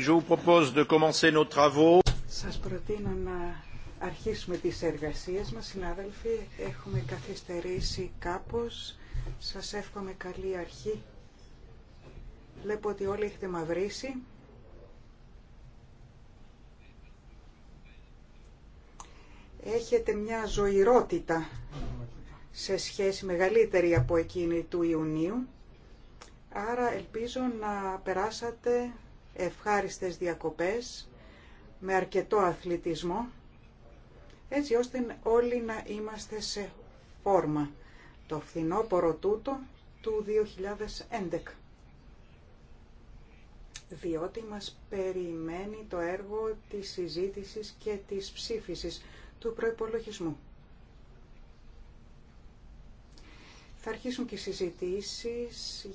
Je Σας προτείνω να αρχίσουμε τις εργασίες μας, συνάδελφοι. Έχουμε καθυστερήσει κάπως. Σας εύχομαι καλή αρχή. Βλέπω ότι όλοι έχετε μαυρίσει. Έχετε μια ζωηρότητα σε σχέση μεγαλύτερη από εκείνη του Ιουνίου. Άρα ελπίζω να περάσατε ευχάριστες διακοπές με αρκετό αθλητισμό έτσι ώστε όλοι να είμαστε σε φόρμα το φθινόπωρο τούτο του 2011 διότι μας περιμένει το έργο της συζήτησης και της ψήφισης του προϋπολογισμού. Θα αρχίσουν και οι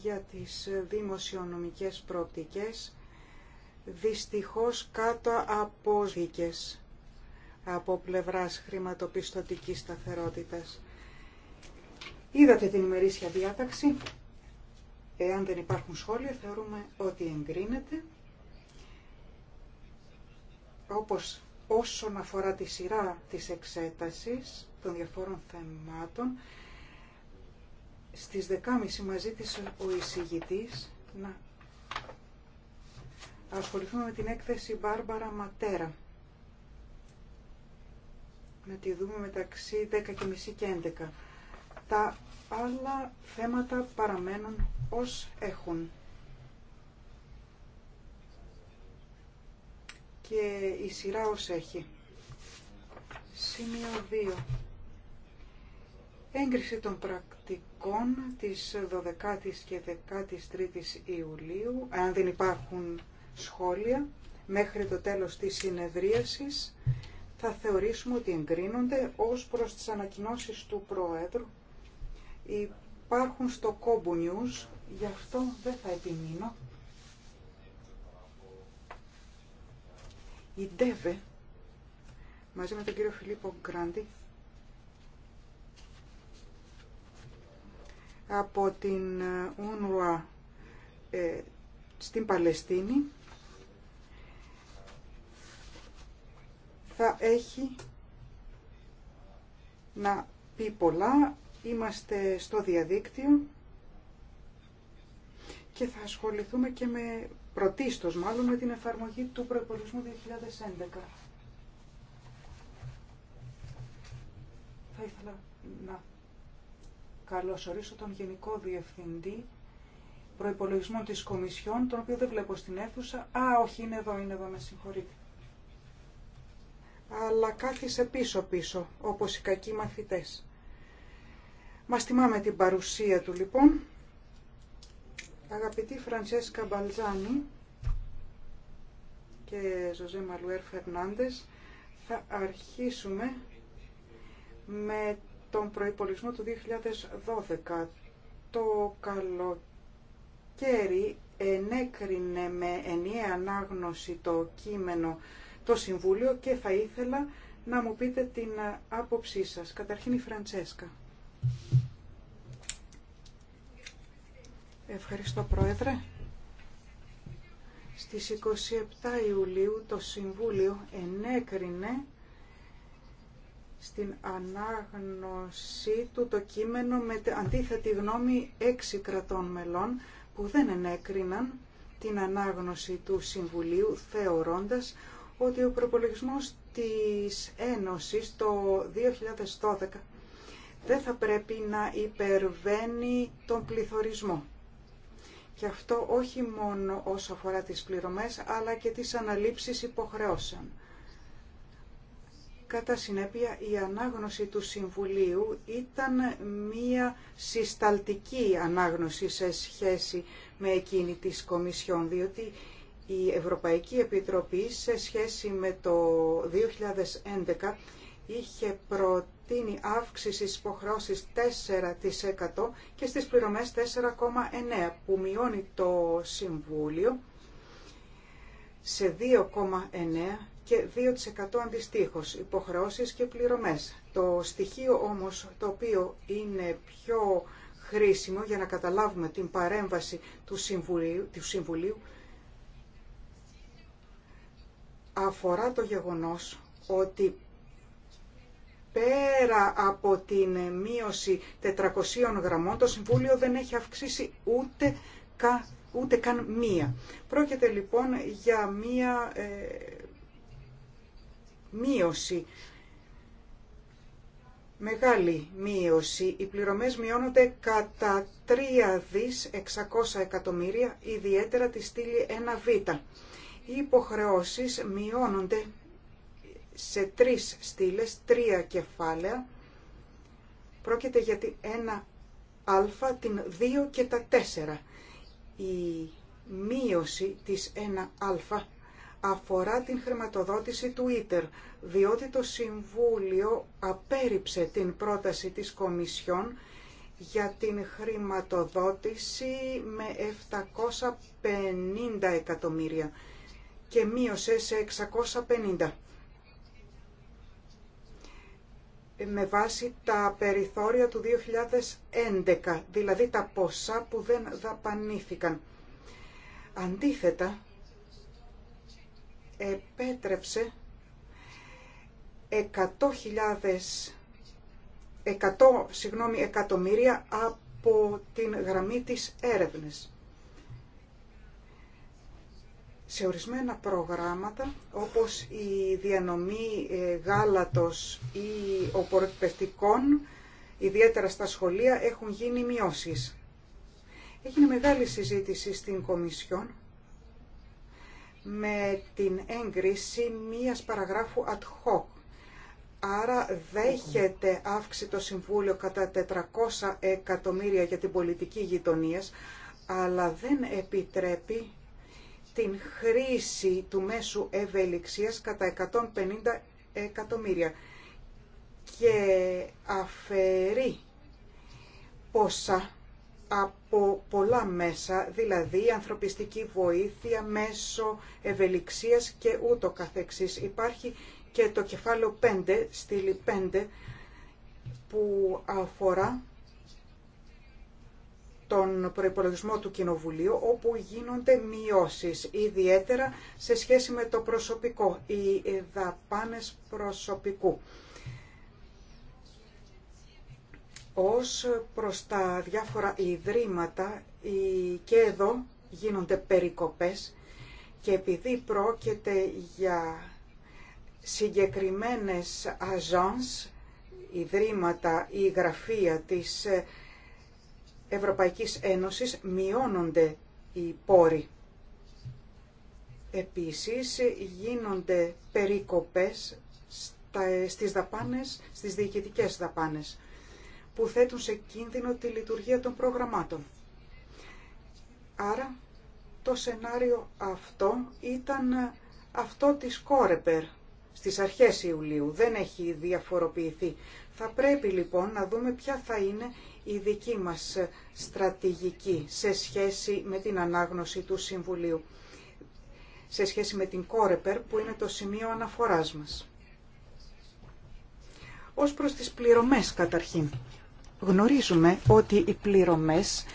για τις δημοσιονομικές προοπτικές δυστυχώς κάτω από δίκες από πλευράς χρηματοπιστωτικής σταθερότητας. Είδατε την ημερήσια διάταξη. Εάν δεν υπάρχουν σχόλια θεωρούμε ότι εγκρίνεται. Όπως όσον αφορά τη σειρά της εξέτασης των διαφόρων θεμάτων, στις 10.30 μαζί της ο εισηγητής να ασχοληθούμε με την έκθεση Μπάρμπαρα Ματέρα. Να τη δούμε μεταξύ 10.30 και 11. Τα άλλα θέματα παραμένουν ως έχουν. Και η σειρά ως έχει. Σημείο 2. Έγκριση των πρακτικών της 12ης και 13ης Ιουλίου, αν δεν υπάρχουν σχόλια μέχρι το τέλος της συνεδρίασης θα θεωρήσουμε ότι εγκρίνονται ως προς τις ανακοινώσεις του Προέδρου. Υπάρχουν στο κόμπου News, γι' αυτό δεν θα επιμείνω. Η Ντέβε, μαζί με τον κύριο Φιλίππο Γκράντι, από την UNRWA ε, ε, στην Παλαιστίνη, θα έχει να πει πολλά. Είμαστε στο διαδίκτυο και θα ασχοληθούμε και με πρωτίστως μάλλον με την εφαρμογή του προϋπολογισμού 2011. Θα ήθελα να καλωσορίσω τον Γενικό Διευθυντή Προϋπολογισμών της Κομισιόν, τον οποίο δεν βλέπω στην αίθουσα. Α, όχι, είναι εδώ, είναι εδώ, με συγχωρείτε αλλά κάθισε πίσω-πίσω, όπως οι κακοί μαθητές. Μας θυμάμαι την παρουσία του λοιπόν. Αγαπητή Φραντσέσκα Μπαλζάνη και Ζωζέ Μαλουέρ Φερνάντες, θα αρχίσουμε με τον προϋπολογισμό του 2012. Το καλοκαίρι ενέκρινε με ενιαία ανάγνωση το κείμενο το Συμβούλιο και θα ήθελα να μου πείτε την ε, άποψή σας. Καταρχήν η Φραντσέσκα. Ευχαριστώ Πρόεδρε. Στις 27 Ιουλίου το Συμβούλιο ενέκρινε στην ανάγνωσή του το κείμενο με αντίθετη γνώμη έξι κρατών μελών που δεν ενέκριναν την ανάγνωση του Συμβουλίου θεωρώντας ότι ο προπολογισμός της Ένωσης το 2012 δεν θα πρέπει να υπερβαίνει τον πληθωρισμό. Και αυτό όχι μόνο όσο αφορά τις πληρωμές, αλλά και τις αναλήψεις υποχρεώσεων. Κατά συνέπεια, η ανάγνωση του Συμβουλίου ήταν μία συσταλτική ανάγνωση σε σχέση με εκείνη της Κομισιόν, διότι η Ευρωπαϊκή Επιτροπή σε σχέση με το 2011 είχε προτείνει αύξηση στις υποχρεώσεις 4% και στις πληρωμές 4,9% που μειώνει το Συμβούλιο σε 2,9% και 2% αντιστοίχως υποχρεώσεις και πληρωμές. Το στοιχείο όμως το οποίο είναι πιο χρήσιμο για να καταλάβουμε την παρέμβαση του Συμβουλίου, του Συμβουλίου αφορά το γεγονός ότι πέρα από την μείωση 400 γραμμών το Συμβούλιο δεν έχει αυξήσει ούτε, κα, ούτε καν μία. Πρόκειται λοιπόν για μία ε, μείωση Μεγάλη μείωση. Οι πληρωμές μειώνονται κατά 3 δις 600 εκατομμύρια, ιδιαίτερα τη στήλη 1β οι υποχρεώσεις μειώνονται σε τρεις στήλες, τρία κεφάλαια. Πρόκειται για την 1α, την 2 και τα 4. Η μείωση της 1α αφορά την χρηματοδότηση του Ίτερ, διότι το Συμβούλιο απέρριψε την πρόταση της Κομισιόν για την χρηματοδότηση με 750 εκατομμύρια και μείωσε σε 650 με βάση τα περιθώρια του 2011, δηλαδή τα ποσά που δεν δαπανήθηκαν. Αντίθετα, επέτρεψε 100.000 100, συγγνώμη, εκατομμύρια από την γραμμή της έρευνες σε ορισμένα προγράμματα όπως η διανομή ε, γάλατος ή οπορεκπαιδευτικών, ιδιαίτερα στα σχολεία, έχουν γίνει μειώσεις. Έγινε μεγάλη συζήτηση στην Κομισιόν με την έγκριση μίας παραγράφου ad hoc. Άρα δέχεται αύξητο το Συμβούλιο κατά 400 εκατομμύρια για την πολιτική γειτονίας, αλλά δεν επιτρέπει την χρήση του μέσου ευελιξίας κατά 150 εκατομμύρια και αφαιρεί πόσα από πολλά μέσα, δηλαδή ανθρωπιστική βοήθεια, μέσο ευελιξίας και ούτω καθεξής. Υπάρχει και το κεφάλαιο 5, στήλη 5, που αφορά τον προϋπολογισμό του Κοινοβουλίου όπου γίνονται μειώσεις, ιδιαίτερα σε σχέση με το προσωπικό, οι δαπάνες προσωπικού. Ως προς τα διάφορα ιδρύματα και εδώ γίνονται περικοπές και επειδή πρόκειται για συγκεκριμένες αζόνς, ιδρύματα ή γραφεία της Ευρωπαϊκής Ένωσης μειώνονται οι πόροι. Επίσης γίνονται περίκοπες στις δαπάνες, στις διοικητικές δαπάνες, που θέτουν σε κίνδυνο τη λειτουργία των προγραμμάτων. Άρα το σενάριο αυτό ήταν αυτό της Κόρεπερ στις αρχές Ιουλίου. Δεν έχει διαφοροποιηθεί. Θα πρέπει λοιπόν να δούμε ποια θα είναι η δική μας στρατηγική σε σχέση με την ανάγνωση του Συμβουλίου, σε σχέση με την Κόρεπερ που είναι το σημείο αναφοράς μας. Ως προς τις πληρωμές καταρχήν. Γνωρίζουμε ότι οι πληρωμές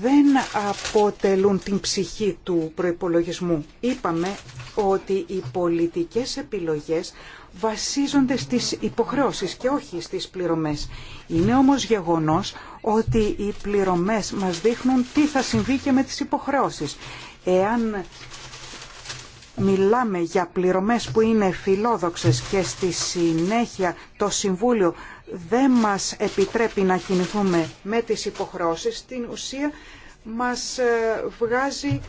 δεν αποτελούν την ψυχή του προϋπολογισμού. Είπαμε ότι οι πολιτικές επιλογές βασίζονται στις υποχρεώσεις και όχι στις πληρωμές. Είναι όμως γεγονός ότι οι πληρωμές μας δείχνουν τι θα συμβεί και με τις υποχρεώσεις. Εάν μιλάμε για πληρωμές που είναι φιλόδοξες και στη συνέχεια το Συμβούλιο δεν μας επιτρέπει να κινηθούμε με τις υποχρεώσεις, στην ουσία μας ε, βγάζει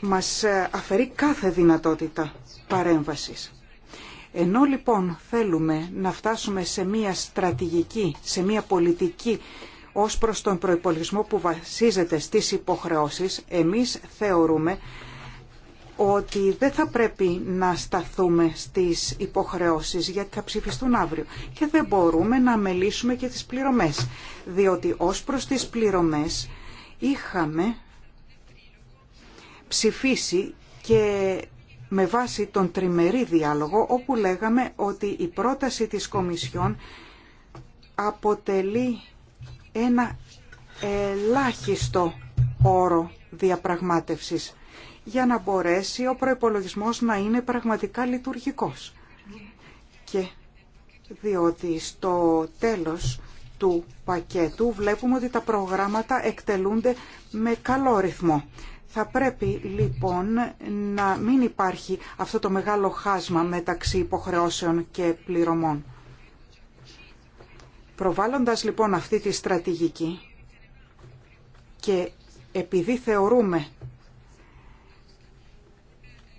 μας ε, αφαιρεί κάθε δυνατότητα παρέμβασης. Ενώ λοιπόν θέλουμε να φτάσουμε σε μια στρατηγική, σε μια πολιτική ως προς τον προϋπολογισμό που βασίζεται στις υποχρεώσεις, εμείς θεωρούμε ότι δεν θα πρέπει να σταθούμε στις υποχρεώσεις γιατί θα ψηφιστούν αύριο και δεν μπορούμε να μελήσουμε και τις πληρωμές διότι ως προς τις πληρωμές είχαμε ψηφίσει και με βάση τον τριμερή διάλογο όπου λέγαμε ότι η πρόταση της Κομισιόν αποτελεί ένα ελάχιστο όρο διαπραγμάτευσης για να μπορέσει ο προϋπολογισμός να είναι πραγματικά λειτουργικός. Και διότι στο τέλος του πακέτου βλέπουμε ότι τα προγράμματα εκτελούνται με καλό ρυθμό. Θα πρέπει λοιπόν να μην υπάρχει αυτό το μεγάλο χάσμα μεταξύ υποχρεώσεων και πληρωμών. Προβάλλοντας λοιπόν αυτή τη στρατηγική και επειδή θεωρούμε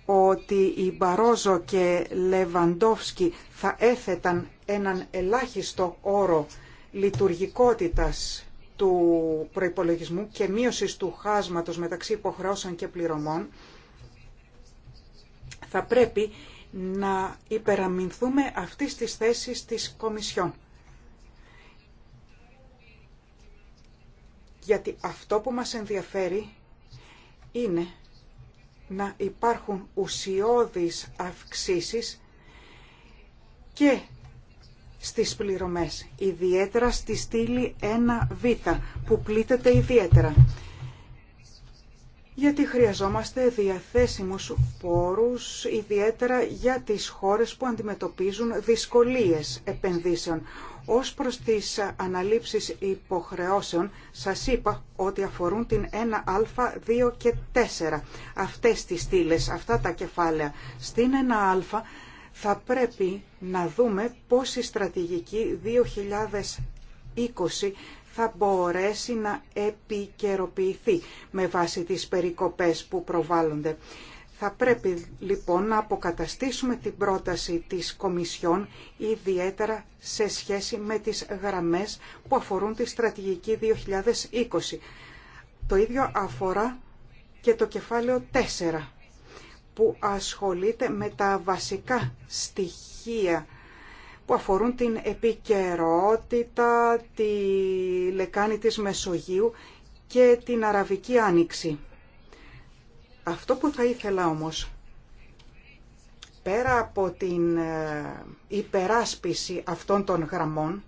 ότι η Μπαρόζο και Λεβαντόφσκι θα έθεταν έναν ελάχιστο όρο λειτουργικότητας του προϋπολογισμού και μείωση του χάσματος μεταξύ υποχρεώσεων και πληρωμών, θα πρέπει να υπεραμεινθούμε αυτή τη θέση της Κομισιόν. Γιατί αυτό που μας ενδιαφέρει είναι να υπάρχουν ουσιώδεις αυξήσεις και στις πληρωμές, ιδιαίτερα στη στήλη 1β που πλήττεται ιδιαίτερα. Γιατί χρειαζόμαστε διαθέσιμους πόρους, ιδιαίτερα για τις χώρες που αντιμετωπίζουν δυσκολίες επενδύσεων. Ως προς τις αναλήψεις υποχρεώσεων, σας είπα ότι αφορούν την 1α, 2 και 4. Αυτές τις στήλες, αυτά τα κεφάλαια. Στην 1α θα πρέπει να δούμε πώς η στρατηγική 2020 θα μπορέσει να επικαιροποιηθεί με βάση τις περικοπές που προβάλλονται. Θα πρέπει λοιπόν να αποκαταστήσουμε την πρόταση της Κομισιόν ιδιαίτερα σε σχέση με τις γραμμές που αφορούν τη στρατηγική 2020. Το ίδιο αφορά και το κεφάλαιο 4 που ασχολείται με τα βασικά στοιχεία που αφορούν την επικαιρότητα, τη λεκάνη της Μεσογείου και την Αραβική Άνοιξη. Αυτό που θα ήθελα όμως, πέρα από την ε, υπεράσπιση αυτών των γραμμών,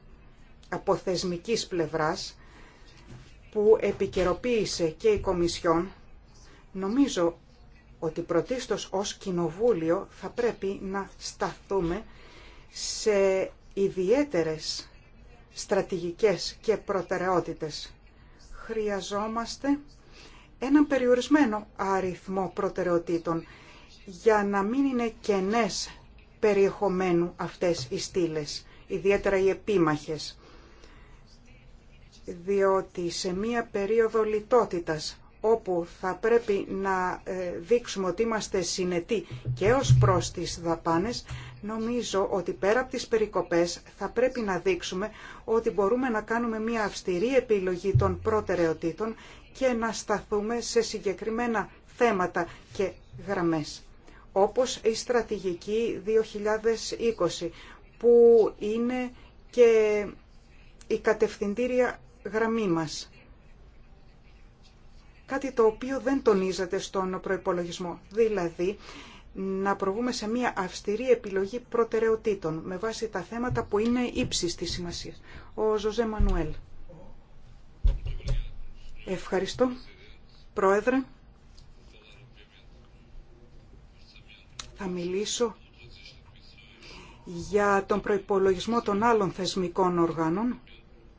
από θεσμικής πλευράς, που επικαιροποίησε και η Κομισιόν, νομίζω ότι πρωτίστως ως κοινοβούλιο θα πρέπει να σταθούμε σε ιδιαίτερες στρατηγικές και προτεραιότητες. Χρειαζόμαστε έναν περιορισμένο αριθμό προτεραιοτήτων για να μην είναι κενές περιεχομένου αυτές οι στήλες, ιδιαίτερα οι επίμαχες. Διότι σε μία περίοδο λιτότητας όπου θα πρέπει να ε, δείξουμε ότι είμαστε συνετοί και ως προς τις δαπάνες, νομίζω ότι πέρα από τις περικοπές θα πρέπει να δείξουμε ότι μπορούμε να κάνουμε μια αυστηρή επιλογή των προτεραιοτήτων και να σταθούμε σε συγκεκριμένα θέματα και γραμμές. Όπως η στρατηγική 2020 που είναι και η κατευθυντήρια γραμμή μας κάτι το οποίο δεν τονίζεται στον προϋπολογισμό. Δηλαδή, να προβούμε σε μια αυστηρή επιλογή προτεραιοτήτων με βάση τα θέματα που είναι ύψη της σημασίας. Ο Ζωζέ Μανουέλ. Ευχαριστώ. Πρόεδρε, θα μιλήσω για τον προϋπολογισμό των άλλων θεσμικών οργάνων,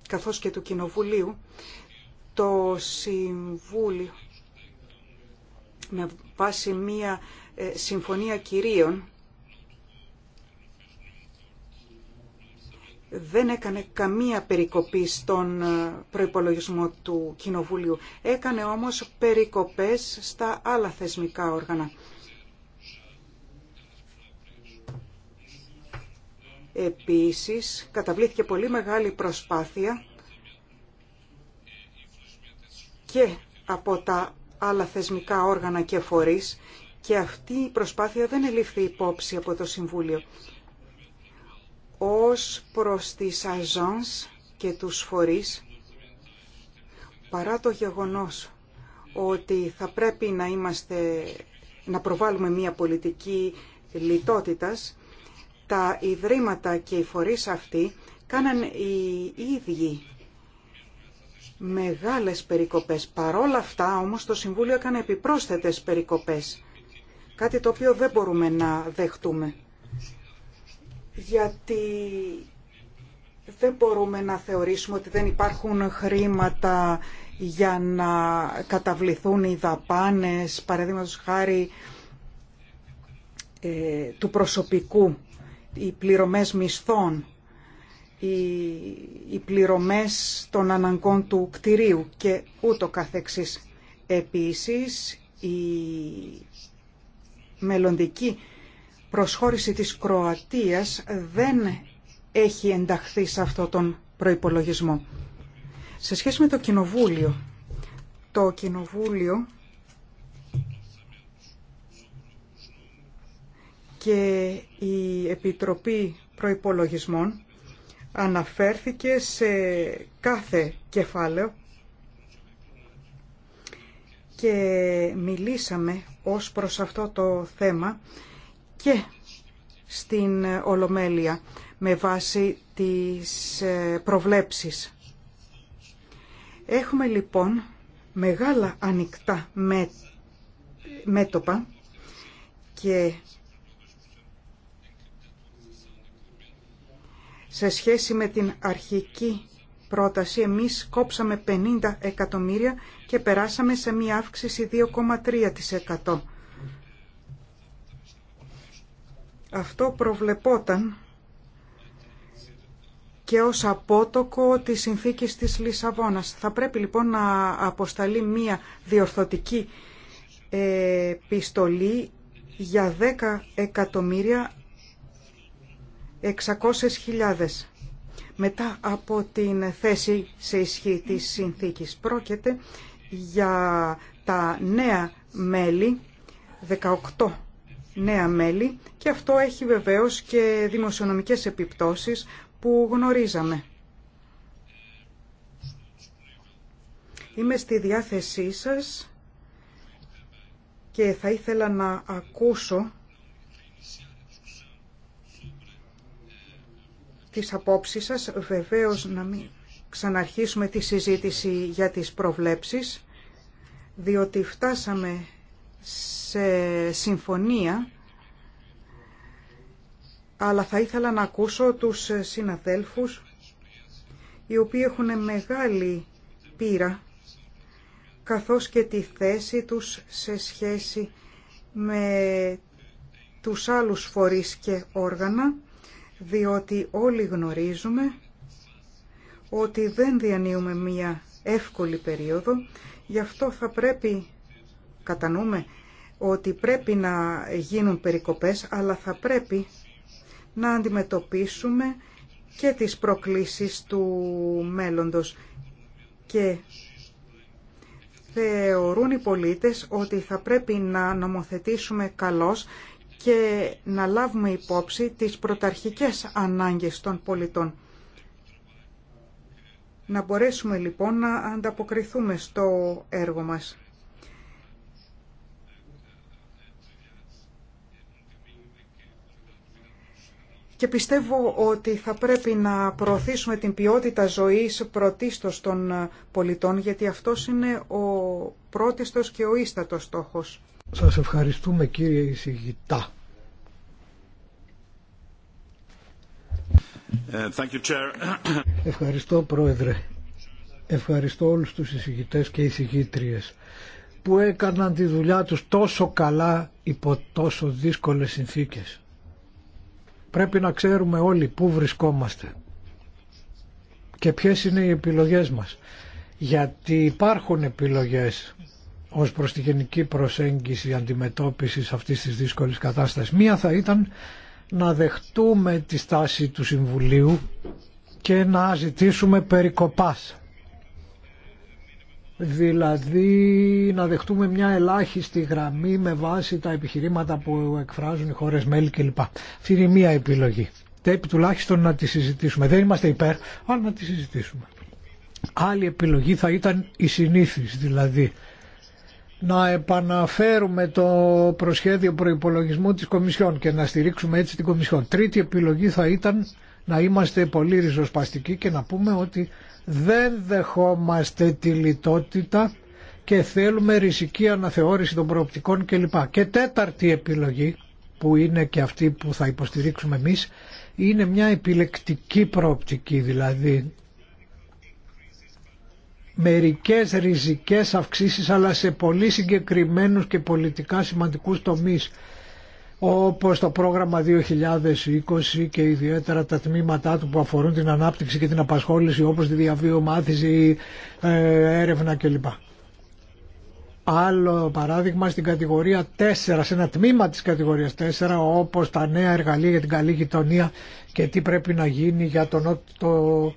καθώς και του Κοινοβουλίου, το Συμβούλιο με βάση μία ε, συμφωνία κυρίων δεν έκανε καμία περικοπή στον ε, προϋπολογισμό του Κοινοβουλίου. Έκανε όμως περικοπές στα άλλα θεσμικά όργανα. Επίσης, καταβλήθηκε πολύ μεγάλη προσπάθεια και από τα άλλα θεσμικά όργανα και φορείς και αυτή η προσπάθεια δεν ελήφθη υπόψη από το Συμβούλιο. Ως προς τις αζόνς και τους φορείς, παρά το γεγονός ότι θα πρέπει να, είμαστε, να προβάλλουμε μια πολιτική λιτότητας, τα ιδρύματα και οι φορείς αυτοί κάναν οι ίδιοι μεγάλες περικοπές. Παρόλα αυτά όμως το Συμβούλιο έκανε επιπρόσθετες περικοπές. Κάτι το οποίο δεν μπορούμε να δεχτούμε. Γιατί δεν μπορούμε να θεωρήσουμε ότι δεν υπάρχουν χρήματα για να καταβληθούν οι δαπάνες, παραδείγματο χάρη ε, του προσωπικού, οι πληρωμές μισθών οι, οι πληρωμές των αναγκών του κτηρίου και ούτω καθεξής. Επίσης, η μελλοντική προσχώρηση της Κροατίας δεν έχει ενταχθεί σε αυτό τον προϋπολογισμό. Σε σχέση με το Κοινοβούλιο, το Κοινοβούλιο και η Επιτροπή Προϋπολογισμών αναφέρθηκε σε κάθε κεφάλαιο και μιλήσαμε ως προς αυτό το θέμα και στην Ολομέλεια με βάση τις ε, προβλέψεις. Έχουμε λοιπόν μεγάλα ανοιχτά μέτωπα και Σε σχέση με την αρχική πρόταση, εμείς κόψαμε 50 εκατομμύρια και περάσαμε σε μία αύξηση 2,3%. Αυτό προβλεπόταν και ως απότοκο της συνθήκης της Λισαβόνας. Θα πρέπει λοιπόν να αποσταλεί μία διορθωτική ε, πιστολή για 10 εκατομμύρια 600.000 μετά από την θέση σε ισχύ της συνθήκης. Πρόκειται για τα νέα μέλη, 18 νέα μέλη και αυτό έχει βεβαίως και δημοσιονομικές επιπτώσεις που γνωρίζαμε. Είμαι στη διάθεσή σας και θα ήθελα να ακούσω τις απόψεις σας. Βεβαίως να μην ξαναρχίσουμε τη συζήτηση για τις προβλέψεις, διότι φτάσαμε σε συμφωνία, αλλά θα ήθελα να ακούσω τους συναδέλφους, οι οποίοι έχουν μεγάλη πείρα, καθώς και τη θέση τους σε σχέση με τους άλλους φορείς και όργανα διότι όλοι γνωρίζουμε ότι δεν διανύουμε μία εύκολη περίοδο, γι' αυτό θα πρέπει, κατανοούμε, ότι πρέπει να γίνουν περικοπές, αλλά θα πρέπει να αντιμετωπίσουμε και τις προκλήσεις του μέλλοντος. Και θεωρούν οι πολίτες ότι θα πρέπει να νομοθετήσουμε καλώς και να λάβουμε υπόψη τις πρωταρχικές ανάγκες των πολιτών. Να μπορέσουμε λοιπόν να ανταποκριθούμε στο έργο μας. Και πιστεύω ότι θα πρέπει να προωθήσουμε την ποιότητα ζωής πρωτίστως των πολιτών, γιατί αυτός είναι ο πρώτιστος και ο ίστατος στόχος. Σας ευχαριστούμε κύριε εισηγητά. Ε, Ευχαριστώ Πρόεδρε. Ευχαριστώ όλους τους εισηγητές και εισηγήτριες που έκαναν τη δουλειά τους τόσο καλά υπό τόσο δύσκολες συνθήκες. Πρέπει να ξέρουμε όλοι πού βρισκόμαστε και ποιες είναι οι επιλογές μας. Γιατί υπάρχουν επιλογές ως προς τη γενική προσέγγιση αντιμετώπισης αυτής της δύσκολης κατάστασης. Μία θα ήταν να δεχτούμε τη στάση του Συμβουλίου και να ζητήσουμε περικοπάς. Δηλαδή να δεχτούμε μια ελάχιστη γραμμή με βάση τα επιχειρήματα που εκφράζουν οι χώρες μέλη κλπ. Αυτή είναι μία επιλογή. Τέπει τουλάχιστον να τη συζητήσουμε. Δεν είμαστε υπέρ, αλλά να τη συζητήσουμε. Άλλη επιλογή θα ήταν η συνήθις, δηλαδή να επαναφέρουμε το προσχέδιο προϋπολογισμού της Κομισιόν και να στηρίξουμε έτσι την Κομισιόν. Τρίτη επιλογή θα ήταν να είμαστε πολύ ριζοσπαστικοί και να πούμε ότι δεν δεχόμαστε τη λιτότητα και θέλουμε ριζική αναθεώρηση των προοπτικών κλπ. Και τέταρτη επιλογή που είναι και αυτή που θα υποστηρίξουμε εμείς είναι μια επιλεκτική προοπτική δηλαδή μερικές ριζικές αυξήσεις αλλά σε πολύ συγκεκριμένους και πολιτικά σημαντικούς τομείς όπως το πρόγραμμα 2020 και ιδιαίτερα τα τμήματά του που αφορούν την ανάπτυξη και την απασχόληση όπως τη διαβίωμάθηση, ε, έρευνα κλπ. Άλλο παράδειγμα στην κατηγορία 4, σε ένα τμήμα της κατηγορίας 4 όπως τα νέα εργαλεία για την καλή γειτονία και τι πρέπει να γίνει για τον νότο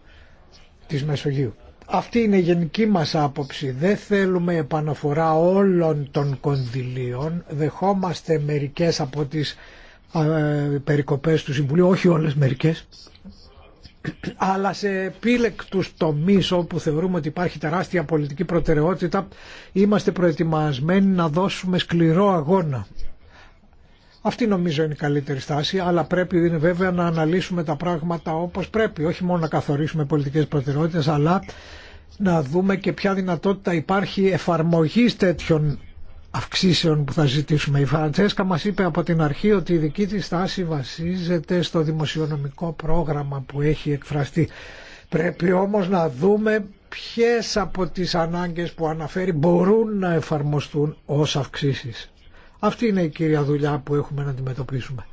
της Μεσογείου. Αυτή είναι η γενική μας άποψη. Δεν θέλουμε επαναφορά όλων των κονδυλίων. Δεχόμαστε μερικές από τις ε, περικοπές του Συμβουλίου, όχι όλες μερικές, αλλά σε επίλεκτους τομείς όπου θεωρούμε ότι υπάρχει τεράστια πολιτική προτεραιότητα είμαστε προετοιμασμένοι να δώσουμε σκληρό αγώνα. Αυτή νομίζω είναι η καλύτερη στάση, αλλά πρέπει βέβαια να αναλύσουμε τα πράγματα όπως πρέπει. Όχι μόνο να καθορίσουμε πολιτικές προτεραιότητες, αλλά να δούμε και ποια δυνατότητα υπάρχει εφαρμογής τέτοιων αυξήσεων που θα ζητήσουμε. Η Φραντσέσκα μας είπε από την αρχή ότι η δική της στάση βασίζεται στο δημοσιονομικό πρόγραμμα που έχει εκφραστεί. Πρέπει όμως να δούμε ποιες από τις ανάγκες που αναφέρει μπορούν να εφαρμοστούν ως αυξήσεις. Αυτή είναι η κυρία δουλειά που έχουμε να αντιμετωπίσουμε.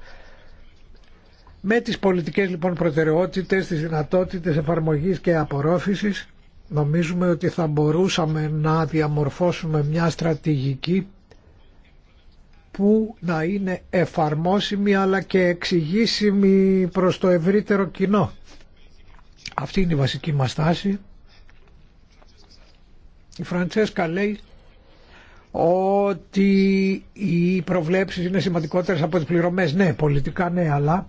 Με τις πολιτικές λοιπόν προτεραιότητες, τις δυνατότητες εφαρμογής και απορρόφησης νομίζουμε ότι θα μπορούσαμε να διαμορφώσουμε μια στρατηγική που να είναι εφαρμόσιμη αλλά και εξηγήσιμη προς το ευρύτερο κοινό. Αυτή είναι η βασική μας τάση. Η Φραντσέσκα λέει ότι οι προβλέψεις είναι σημαντικότερες από τις πληρωμές. Ναι, πολιτικά ναι, αλλά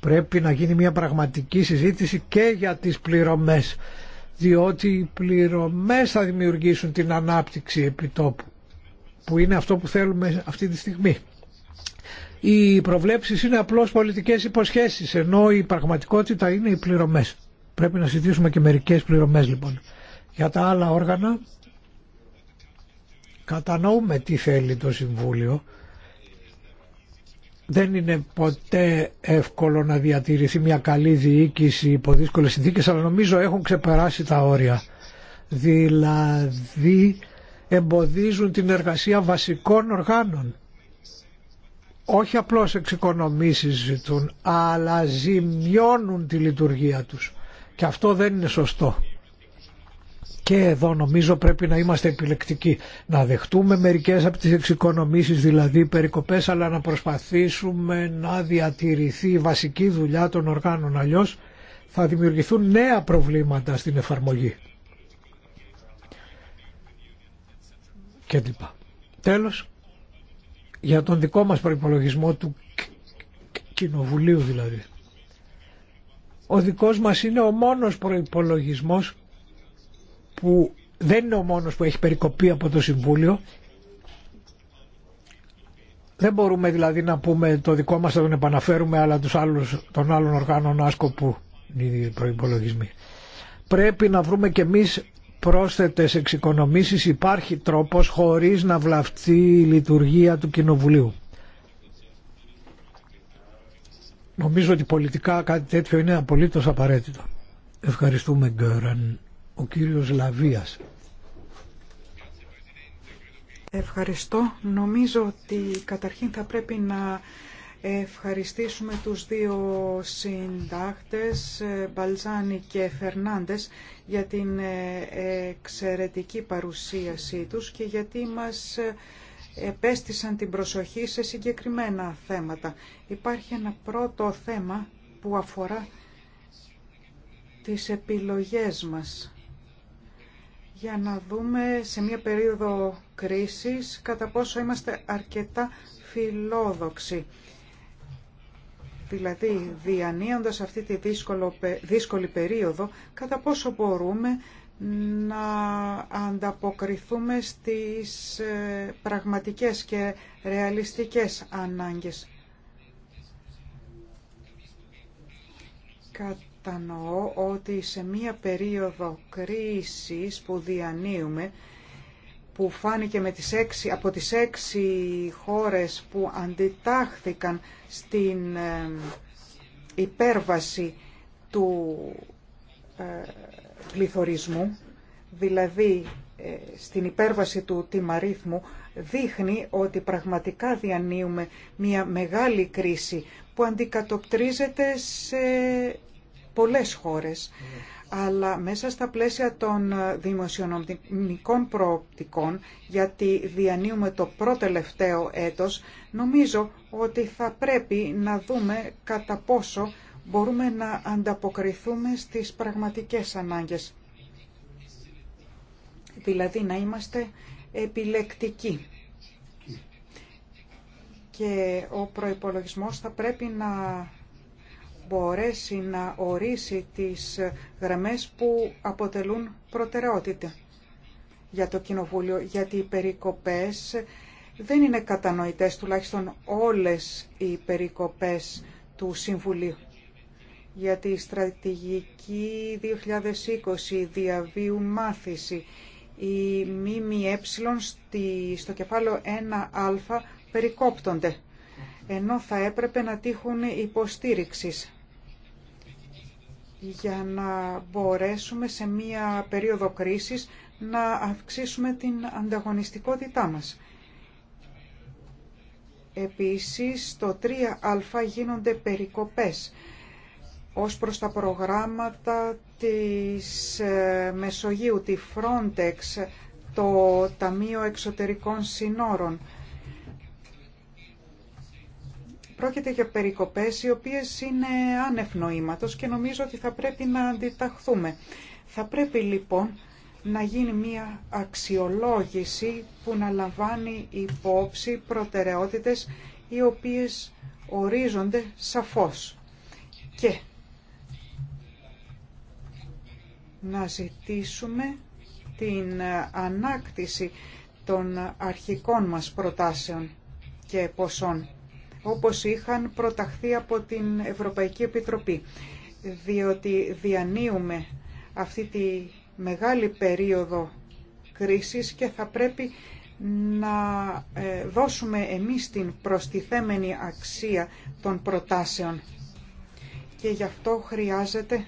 πρέπει να γίνει μια πραγματική συζήτηση και για τις πληρωμές διότι οι πληρωμές θα δημιουργήσουν την ανάπτυξη επιτόπου που είναι αυτό που θέλουμε αυτή τη στιγμή. Οι προβλέψεις είναι απλώς πολιτικές υποσχέσεις ενώ η πραγματικότητα είναι οι πληρωμές. Πρέπει να συζητήσουμε και μερικές πληρωμές λοιπόν. Για τα άλλα όργανα Κατανοούμε τι θέλει το Συμβούλιο. Δεν είναι ποτέ εύκολο να διατηρηθεί μια καλή διοίκηση υπό δύσκολες συνθήκες, αλλά νομίζω έχουν ξεπεράσει τα όρια. Δηλαδή εμποδίζουν την εργασία βασικών οργάνων. Όχι απλώς εξοικονομήσεις ζητούν, αλλά ζημιώνουν τη λειτουργία τους. Και αυτό δεν είναι σωστό. Και εδώ νομίζω πρέπει να είμαστε επιλεκτικοί. Να δεχτούμε μερικές από τις εξοικονομήσεις, δηλαδή περικοπές, αλλά να προσπαθήσουμε να διατηρηθεί η βασική δουλειά των οργάνων. Αλλιώς θα δημιουργηθούν νέα προβλήματα στην εφαρμογή. Και Τέλος, για τον δικό μας προϋπολογισμό του κοινοβουλίου δηλαδή. Ο δικός μας είναι ο μόνος προϋπολογισμός που δεν είναι ο μόνος που έχει περικοπεί από το Συμβούλιο. Δεν μπορούμε δηλαδή να πούμε το δικό μας θα τον επαναφέρουμε αλλά τους άλλους, των άλλων οργάνων άσκοπου είναι οι προϋπολογισμοί. Πρέπει να βρούμε και εμείς πρόσθετες εξοικονομήσεις υπάρχει τρόπος χωρίς να βλαφτεί η λειτουργία του Κοινοβουλίου. Νομίζω ότι πολιτικά κάτι τέτοιο είναι απολύτως απαραίτητο. Ευχαριστούμε Γκέραν ο κύριος Λαβίας. Ευχαριστώ. Νομίζω ότι καταρχήν θα πρέπει να ευχαριστήσουμε τους δύο συντάχτες, Μπαλζάνη και Φερνάντες, για την ε, εξαιρετική παρουσίασή τους και γιατί μας ε, επέστησαν την προσοχή σε συγκεκριμένα θέματα. Υπάρχει ένα πρώτο θέμα που αφορά τις επιλογές μας για να δούμε σε μια περίοδο κρίσης κατά πόσο είμαστε αρκετά φιλόδοξοι. Δηλαδή, διανύοντας αυτή τη δύσκολη περίοδο, κατά πόσο μπορούμε να ανταποκριθούμε στις ε, πραγματικές και ρεαλιστικές ανάγκες κατανοώ ότι σε μία περίοδο κρίσης που διανύουμε, που φάνηκε με τις έξι, από τις έξι χώρες που αντιτάχθηκαν στην υπέρβαση του ε, πληθωρισμού, δηλαδή ε, στην υπέρβαση του τιμαρίθμου, δείχνει ότι πραγματικά διανύουμε μια μεγάλη κρίση που αντικατοπτρίζεται σε πολλές χώρες. Αλλά μέσα στα πλαίσια των δημοσιονομικών προοπτικών, γιατί διανύουμε το πρώτο τελευταίο έτος, νομίζω ότι θα πρέπει να δούμε κατά πόσο μπορούμε να ανταποκριθούμε στις πραγματικές ανάγκες. Δηλαδή να είμαστε επιλεκτικοί. Και ο προϋπολογισμός θα πρέπει να μπορέσει να ορίσει τις γραμμές που αποτελούν προτεραιότητα για το Κοινοβούλιο, γιατί οι περικοπές δεν είναι κατανοητές, τουλάχιστον όλες οι περικοπές του Συμβουλίου. Γιατί η στρατηγική 2020 διαβίου μάθηση, η ΜΜΕ στο κεφάλαιο 1α περικόπτονται, ενώ θα έπρεπε να τύχουν υποστήριξης για να μπορέσουμε σε μία περίοδο κρίσης να αυξήσουμε την ανταγωνιστικότητά μας. Επίσης, το 3α γίνονται περικοπές ως προς τα προγράμματα της ε, Μεσογείου, τη Frontex, το Ταμείο Εξωτερικών Συνόρων Πρόκειται για περικοπές οι οποίες είναι άνευ νοήματος και νομίζω ότι θα πρέπει να αντιταχθούμε. Θα πρέπει λοιπόν να γίνει μια αξιολόγηση που να λαμβάνει υπόψη προτεραιότητες οι οποίες ορίζονται σαφώς και να ζητήσουμε την ανάκτηση των αρχικών μας προτάσεων και ποσών όπως είχαν προταχθεί από την Ευρωπαϊκή Επιτροπή, διότι διανύουμε αυτή τη μεγάλη περίοδο κρίσης και θα πρέπει να ε, δώσουμε εμείς την προστιθέμενη αξία των προτάσεων. Και γι' αυτό χρειάζεται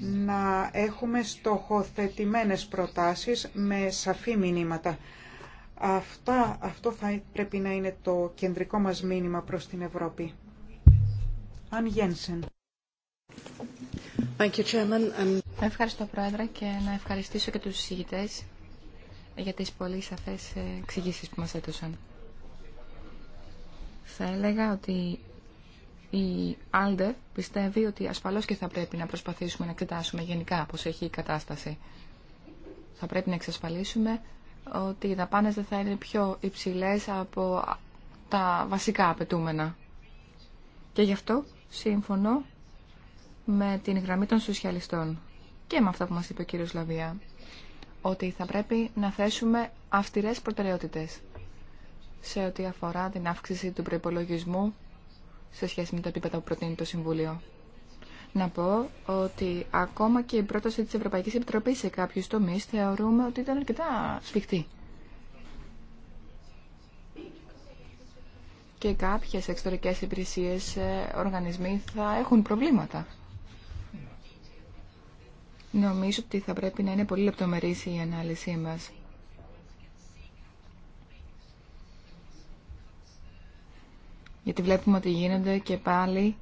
να έχουμε στοχοθετημένες προτάσεις με σαφή μηνύματα. Αυτά, αυτό θα πρέπει να είναι το κεντρικό μας μήνυμα προς την Ευρώπη. Αν Γένσεν. Ευχαριστώ Πρόεδρε και να ευχαριστήσω και τους συζητητές για τις πολύ σαφές εξηγήσεις που μας έδωσαν. Θα έλεγα ότι η Άλντε πιστεύει ότι ασφαλώς και θα πρέπει να προσπαθήσουμε να εξετάσουμε γενικά πώς έχει η κατάσταση. Θα πρέπει να εξασφαλίσουμε ότι οι δαπάνε δεν θα είναι πιο υψηλέ από τα βασικά απαιτούμενα. Και γι' αυτό σύμφωνο με την γραμμή των σοσιαλιστών και με αυτά που μας είπε ο κύριος Λαβία, ότι θα πρέπει να θέσουμε αυστηρές προτεραιότητες σε ό,τι αφορά την αύξηση του προϋπολογισμού σε σχέση με τα επίπεδο που προτείνει το Συμβούλιο να πω ότι ακόμα και η πρόταση της Ευρωπαϊκής Επιτροπής σε κάποιους τομείς θεωρούμε ότι ήταν αρκετά σφιχτή. Και κάποιες εξωτερικές υπηρεσίες, ε, οργανισμοί θα έχουν προβλήματα. Νομίζω ότι θα πρέπει να είναι πολύ λεπτομερής η ανάλυση μας. Γιατί βλέπουμε ότι γίνονται και πάλι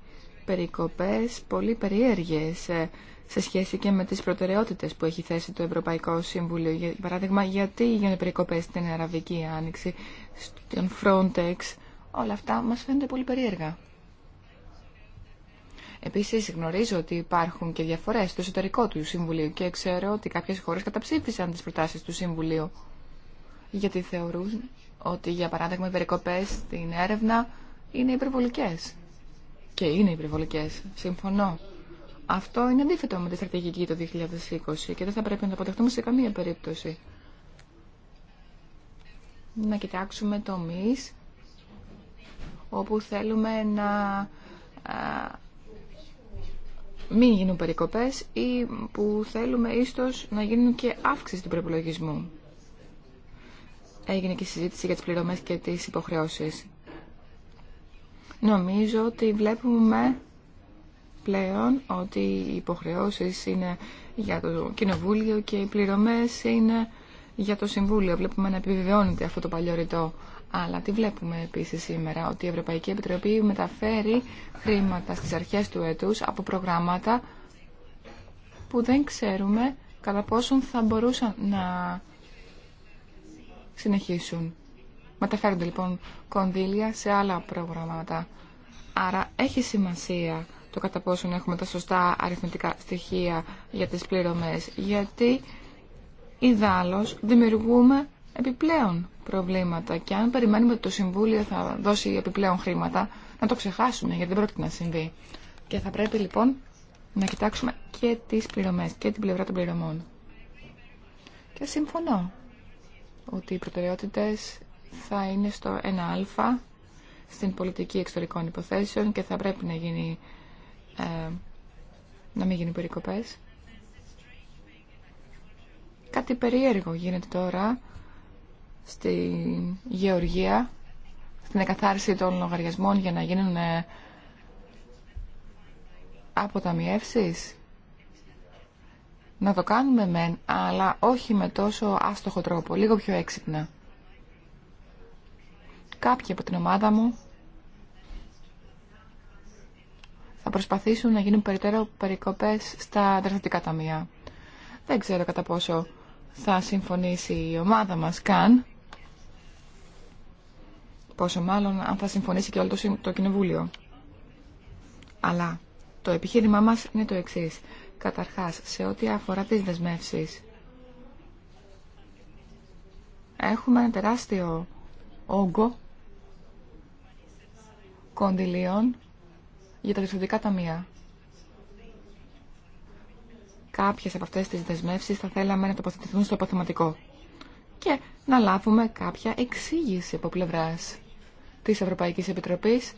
περικοπές πολύ περίεργες ε, σε σχέση και με τις προτεραιότητες που έχει θέσει το Ευρωπαϊκό Συμβούλιο. Για παράδειγμα, γιατί γίνονται περικοπές στην Αραβική Άνοιξη, στον Frontex, όλα αυτά μας φαίνονται πολύ περίεργα. Επίσης γνωρίζω ότι υπάρχουν και διαφορές στο εσωτερικό του Συμβουλίου και ξέρω ότι κάποιες χώρες καταψήφισαν τις προτάσεις του Συμβουλίου γιατί θεωρούν ότι για παράδειγμα οι περικοπές στην έρευνα είναι υπερβολικές και είναι υπερβολικέ. Συμφωνώ. Αυτό είναι αντίθετο με τη στρατηγική το 2020 και δεν θα πρέπει να το αποτεχτούμε σε καμία περίπτωση. Να κοιτάξουμε τομεί όπου θέλουμε να μην γίνουν περικοπές ή που θέλουμε ίστως να γίνουν και αύξηση του προπολογισμού. Έγινε και συζήτηση για τις πληρωμές και τις υποχρεώσεις. Νομίζω ότι βλέπουμε πλέον ότι οι υποχρεώσεις είναι για το Κοινοβούλιο και οι πληρωμές είναι για το Συμβούλιο. Βλέπουμε να επιβεβαιώνεται αυτό το παλιό ρητό. Αλλά τι βλέπουμε επίσης σήμερα, ότι η Ευρωπαϊκή Επιτροπή μεταφέρει χρήματα στις αρχές του έτους από προγράμματα που δεν ξέρουμε κατά πόσον θα μπορούσαν να συνεχίσουν. Μεταφέρονται λοιπόν κονδύλια σε άλλα προγράμματα. Άρα έχει σημασία το κατά πόσον έχουμε τα σωστά αριθμητικά στοιχεία για τις πληρωμές, γιατί ιδάλλως δημιουργούμε επιπλέον προβλήματα και αν περιμένουμε ότι το Συμβούλιο θα δώσει επιπλέον χρήματα, να το ξεχάσουμε γιατί δεν πρόκειται να συμβεί. Και θα πρέπει λοιπόν να κοιτάξουμε και τις πληρωμές και την πλευρά των πληρωμών. Και συμφωνώ ότι οι προτεραιότητες θα είναι στο 1α στην πολιτική εξωτερικών υποθέσεων και θα πρέπει να γίνει ε, να μην γίνει περικοπές. Κάτι περίεργο γίνεται τώρα στη γεωργία, στην εκαθάριση των λογαριασμών για να γίνουν ε, αποταμιεύσεις. Να το κάνουμε μεν, αλλά όχι με τόσο άστοχο τρόπο, λίγο πιο έξυπνα κάποιοι από την ομάδα μου θα προσπαθήσουν να γίνουν περιττέρω περικοπές στα δραστατικά ταμεία. Δεν ξέρω κατά πόσο θα συμφωνήσει η ομάδα μας καν, πόσο μάλλον αν θα συμφωνήσει και όλο το, το Κοινοβούλιο. Αλλά το επιχείρημά μας είναι το εξής. Καταρχάς, σε ό,τι αφορά τις δεσμεύσεις, έχουμε ένα τεράστιο όγκο κονδυλίων για τα διευθυντικά ταμεία. Κάποιε από αυτές τις δεσμεύσει θα θέλαμε να τοποθετηθούν στο αποθεματικό και να λάβουμε κάποια εξήγηση από πλευρά τη Ευρωπαϊκή Επιτροπής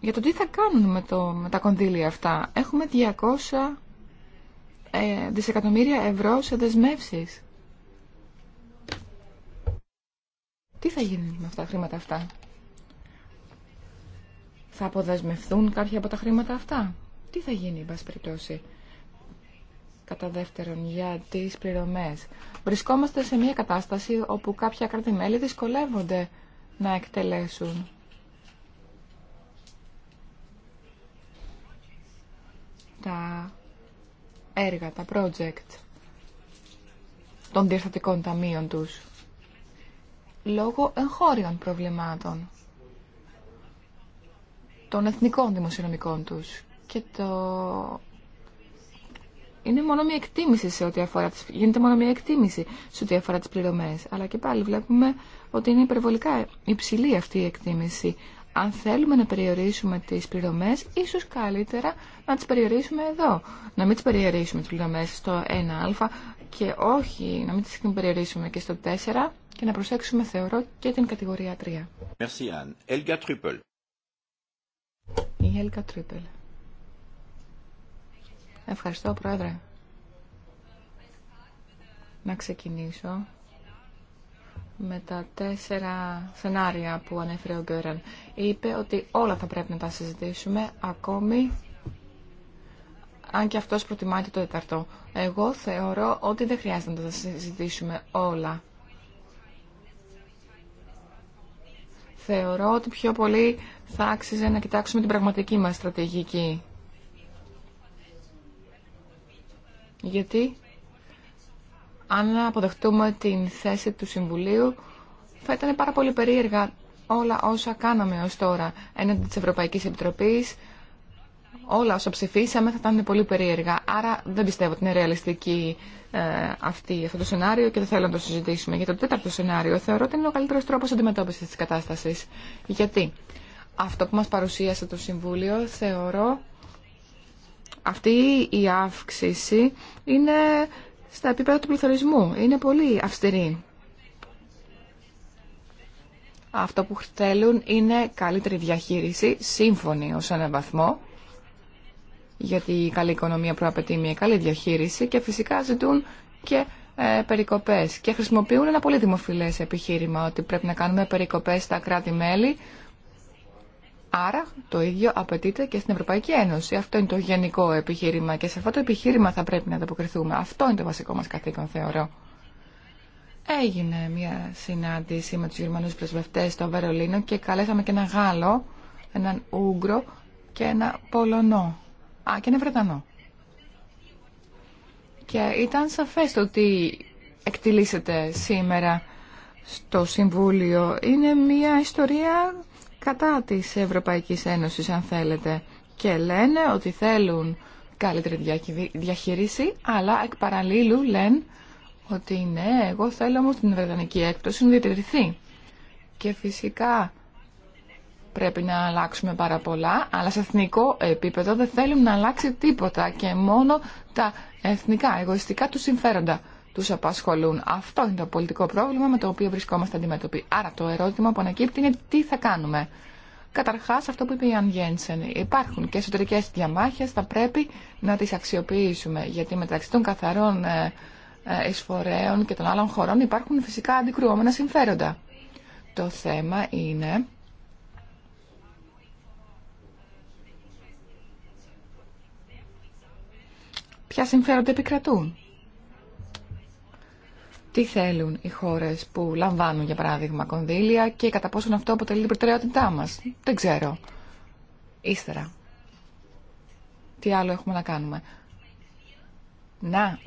για το τι θα κάνουν με, το, με τα κονδύλια αυτά. Έχουμε 200 ε, δισεκατομμύρια ευρώ σε δεσμεύσει. Τι θα γίνει με αυτά τα χρήματα αυτά. Θα αποδεσμευθούν κάποια από τα χρήματα αυτά. Τι θα γίνει, εν πάση Κατά δεύτερον, για τις πληρωμές. Βρισκόμαστε σε μια κατάσταση όπου κάποια κράτη-μέλη δυσκολεύονται να εκτελέσουν τα έργα, τα project των διαστατικών ταμείων τους λόγω εγχώριων προβλημάτων των εθνικών δημοσιονομικών τους. Και το... Είναι μόνο μια εκτίμηση σε ό,τι αφορά τις... Γίνεται μόνο μια εκτίμηση σε ό,τι αφορά τις πληρωμές. Αλλά και πάλι βλέπουμε ότι είναι υπερβολικά υψηλή αυτή η εκτίμηση. Αν θέλουμε να περιορίσουμε τις πληρωμές, ίσως καλύτερα να τις περιορίσουμε εδώ. Να μην τις περιορίσουμε τις πληρωμές στο 1α και όχι να μην τις περιορίσουμε και στο 4 και να προσέξουμε, θεωρώ, και την κατηγορία 3. Merci, Anne. Elga η Γέλικα Τρίπελ. Ευχαριστώ, Πρόεδρε. Να ξεκινήσω με τα τέσσερα σενάρια που ανέφερε ο Γκέραν. Είπε ότι όλα θα πρέπει να τα συζητήσουμε, ακόμη αν και αυτός προτιμάται το τέταρτο. Εγώ θεωρώ ότι δεν χρειάζεται να τα συζητήσουμε όλα. Θεωρώ ότι πιο πολύ θα άξιζε να κοιτάξουμε την πραγματική μας στρατηγική. Γιατί αν αποδεχτούμε την θέση του Συμβουλίου θα ήταν πάρα πολύ περίεργα όλα όσα κάναμε ως τώρα έναντι της Ευρωπαϊκής Επιτροπής όλα όσα ψηφίσαμε θα ήταν πολύ περίεργα. Άρα δεν πιστεύω ότι είναι ρεαλιστική ε, αυτή, αυτό το σενάριο και δεν θέλω να το συζητήσουμε. Για το τέταρτο σενάριο θεωρώ ότι είναι ο καλύτερο τρόπο αντιμετώπιση τη κατάσταση. Γιατί αυτό που μα παρουσίασε το Συμβούλιο θεωρώ αυτή η αύξηση είναι στα επίπεδα του πληθωρισμού. Είναι πολύ αυστηρή. Αυτό που θέλουν είναι καλύτερη διαχείριση, σύμφωνη ως έναν βαθμό, γιατί η καλή οικονομία προαπαιτεί μια καλή διαχείριση και φυσικά ζητούν και ε, περικοπές και χρησιμοποιούν ένα πολύ δημοφιλές επιχείρημα ότι πρέπει να κάνουμε περικοπές στα κράτη-μέλη Άρα το ίδιο απαιτείται και στην Ευρωπαϊκή Ένωση. Αυτό είναι το γενικό επιχείρημα και σε αυτό το επιχείρημα θα πρέπει να ανταποκριθούμε. Αυτό είναι το βασικό μας καθήκον, θεωρώ. Έγινε μια συνάντηση με τους Γερμανούς πρεσβευτές στο Βερολίνο και καλέσαμε και ένα Γάλλο, έναν Ούγγρο και ένα Πολωνό. Α, και είναι Βρετανό. Και ήταν σαφές το ότι εκτιλήσεται σήμερα στο Συμβούλιο. Είναι μια ιστορία κατά της Ευρωπαϊκής Ένωσης, αν θέλετε. Και λένε ότι θέλουν καλύτερη διαχείριση, αλλά εκ παραλίλου λένε ότι ναι, εγώ θέλω όμως την Βρετανική έκπτωση να διατηρηθεί. Και φυσικά πρέπει να αλλάξουμε πάρα πολλά, αλλά σε εθνικό επίπεδο δεν θέλουν να αλλάξει τίποτα και μόνο τα εθνικά, εγωιστικά του συμφέροντα τους απασχολούν. Αυτό είναι το πολιτικό πρόβλημα με το οποίο βρισκόμαστε αντιμέτωποι. Άρα το ερώτημα που ανακύπτει είναι τι θα κάνουμε. Καταρχάς αυτό που είπε η Αν υπάρχουν και εσωτερικέ διαμάχες, θα πρέπει να τις αξιοποιήσουμε, γιατί μεταξύ των καθαρών ε, ε, εισφορέων και των άλλων χωρών υπάρχουν φυσικά αντικρουόμενα συμφέροντα. Το θέμα είναι Ποια συμφέροντα επικρατούν. Τι θέλουν οι χώρες που λαμβάνουν, για παράδειγμα, κονδύλια και κατά πόσον αυτό αποτελεί την προτεραιότητά μα. Δεν ξέρω. Ύστερα. Τι άλλο έχουμε να κάνουμε. Να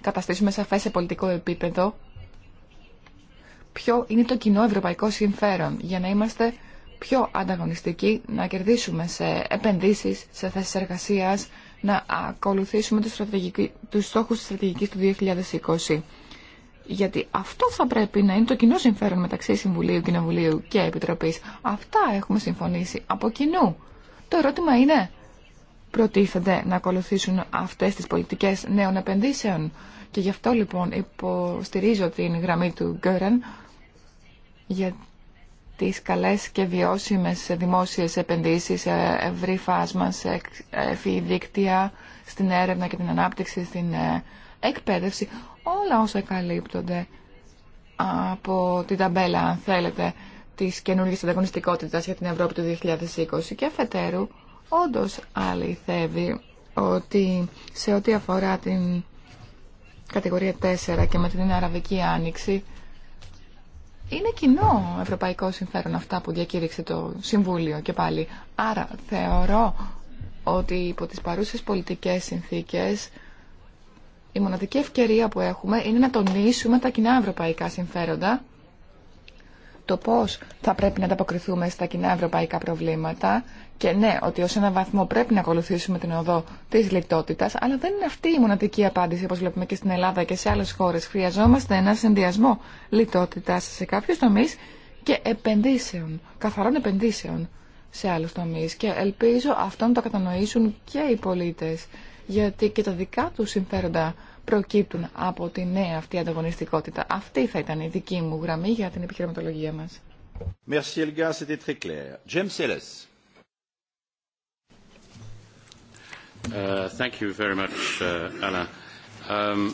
καταστήσουμε σαφέ σε πολιτικό επίπεδο ποιο είναι το κοινό ευρωπαϊκό συμφέρον για να είμαστε πιο ανταγωνιστικοί, να κερδίσουμε σε επενδύσεις, σε θέσεις εργασίας, να ακολουθήσουμε τους, τους στόχους της στρατηγικής του 2020. Γιατί αυτό θα πρέπει να είναι το κοινό συμφέρον μεταξύ Συμβουλίου, Κοινοβουλίου και Επιτροπής. Αυτά έχουμε συμφωνήσει από κοινού. Το ερώτημα είναι, προτίθενται να ακολουθήσουν αυτές τις πολιτικές νέων επενδύσεων. Και γι' αυτό λοιπόν υποστηρίζω την γραμμή του Γκέρεν τις καλές και βιώσιμες δημόσιες επενδύσεις σε ευρύ φάσμα, σε στην έρευνα και την ανάπτυξη, στην ε, εκπαίδευση, όλα όσα καλύπτονται από την ταμπέλα, αν θέλετε, της καινούργιας ανταγωνιστικότητας για την Ευρώπη του 2020 και αφετέρου, όντως αληθεύει ότι σε ό,τι αφορά την κατηγορία 4 και με την Αραβική Άνοιξη, είναι κοινό ευρωπαϊκό συμφέρον αυτά που διακήρυξε το Συμβούλιο και πάλι. Άρα θεωρώ ότι υπό τις παρούσες πολιτικές συνθήκες η μοναδική ευκαιρία που έχουμε είναι να τονίσουμε τα κοινά ευρωπαϊκά συμφέροντα, το πώς θα πρέπει να ανταποκριθούμε στα κοινά ευρωπαϊκά προβλήματα και ναι, ότι ω ένα βαθμό πρέπει να ακολουθήσουμε την οδό τη λιτότητα, αλλά δεν είναι αυτή η μοναδική απάντηση, όπω βλέπουμε και στην Ελλάδα και σε άλλε χώρε. Χρειαζόμαστε ένα συνδυασμό λιτότητα σε κάποιου τομεί και επενδύσεων, καθαρών επενδύσεων σε άλλου τομεί. Και ελπίζω αυτό να το κατανοήσουν και οι πολίτε, γιατί και τα δικά του συμφέροντα προκύπτουν από τη νέα αυτή ανταγωνιστικότητα. Αυτή θα ήταν η δική μου γραμμή για την επιχειρηματολογία μα. Merci Elga, c'était très clair. James Uh, uh, um,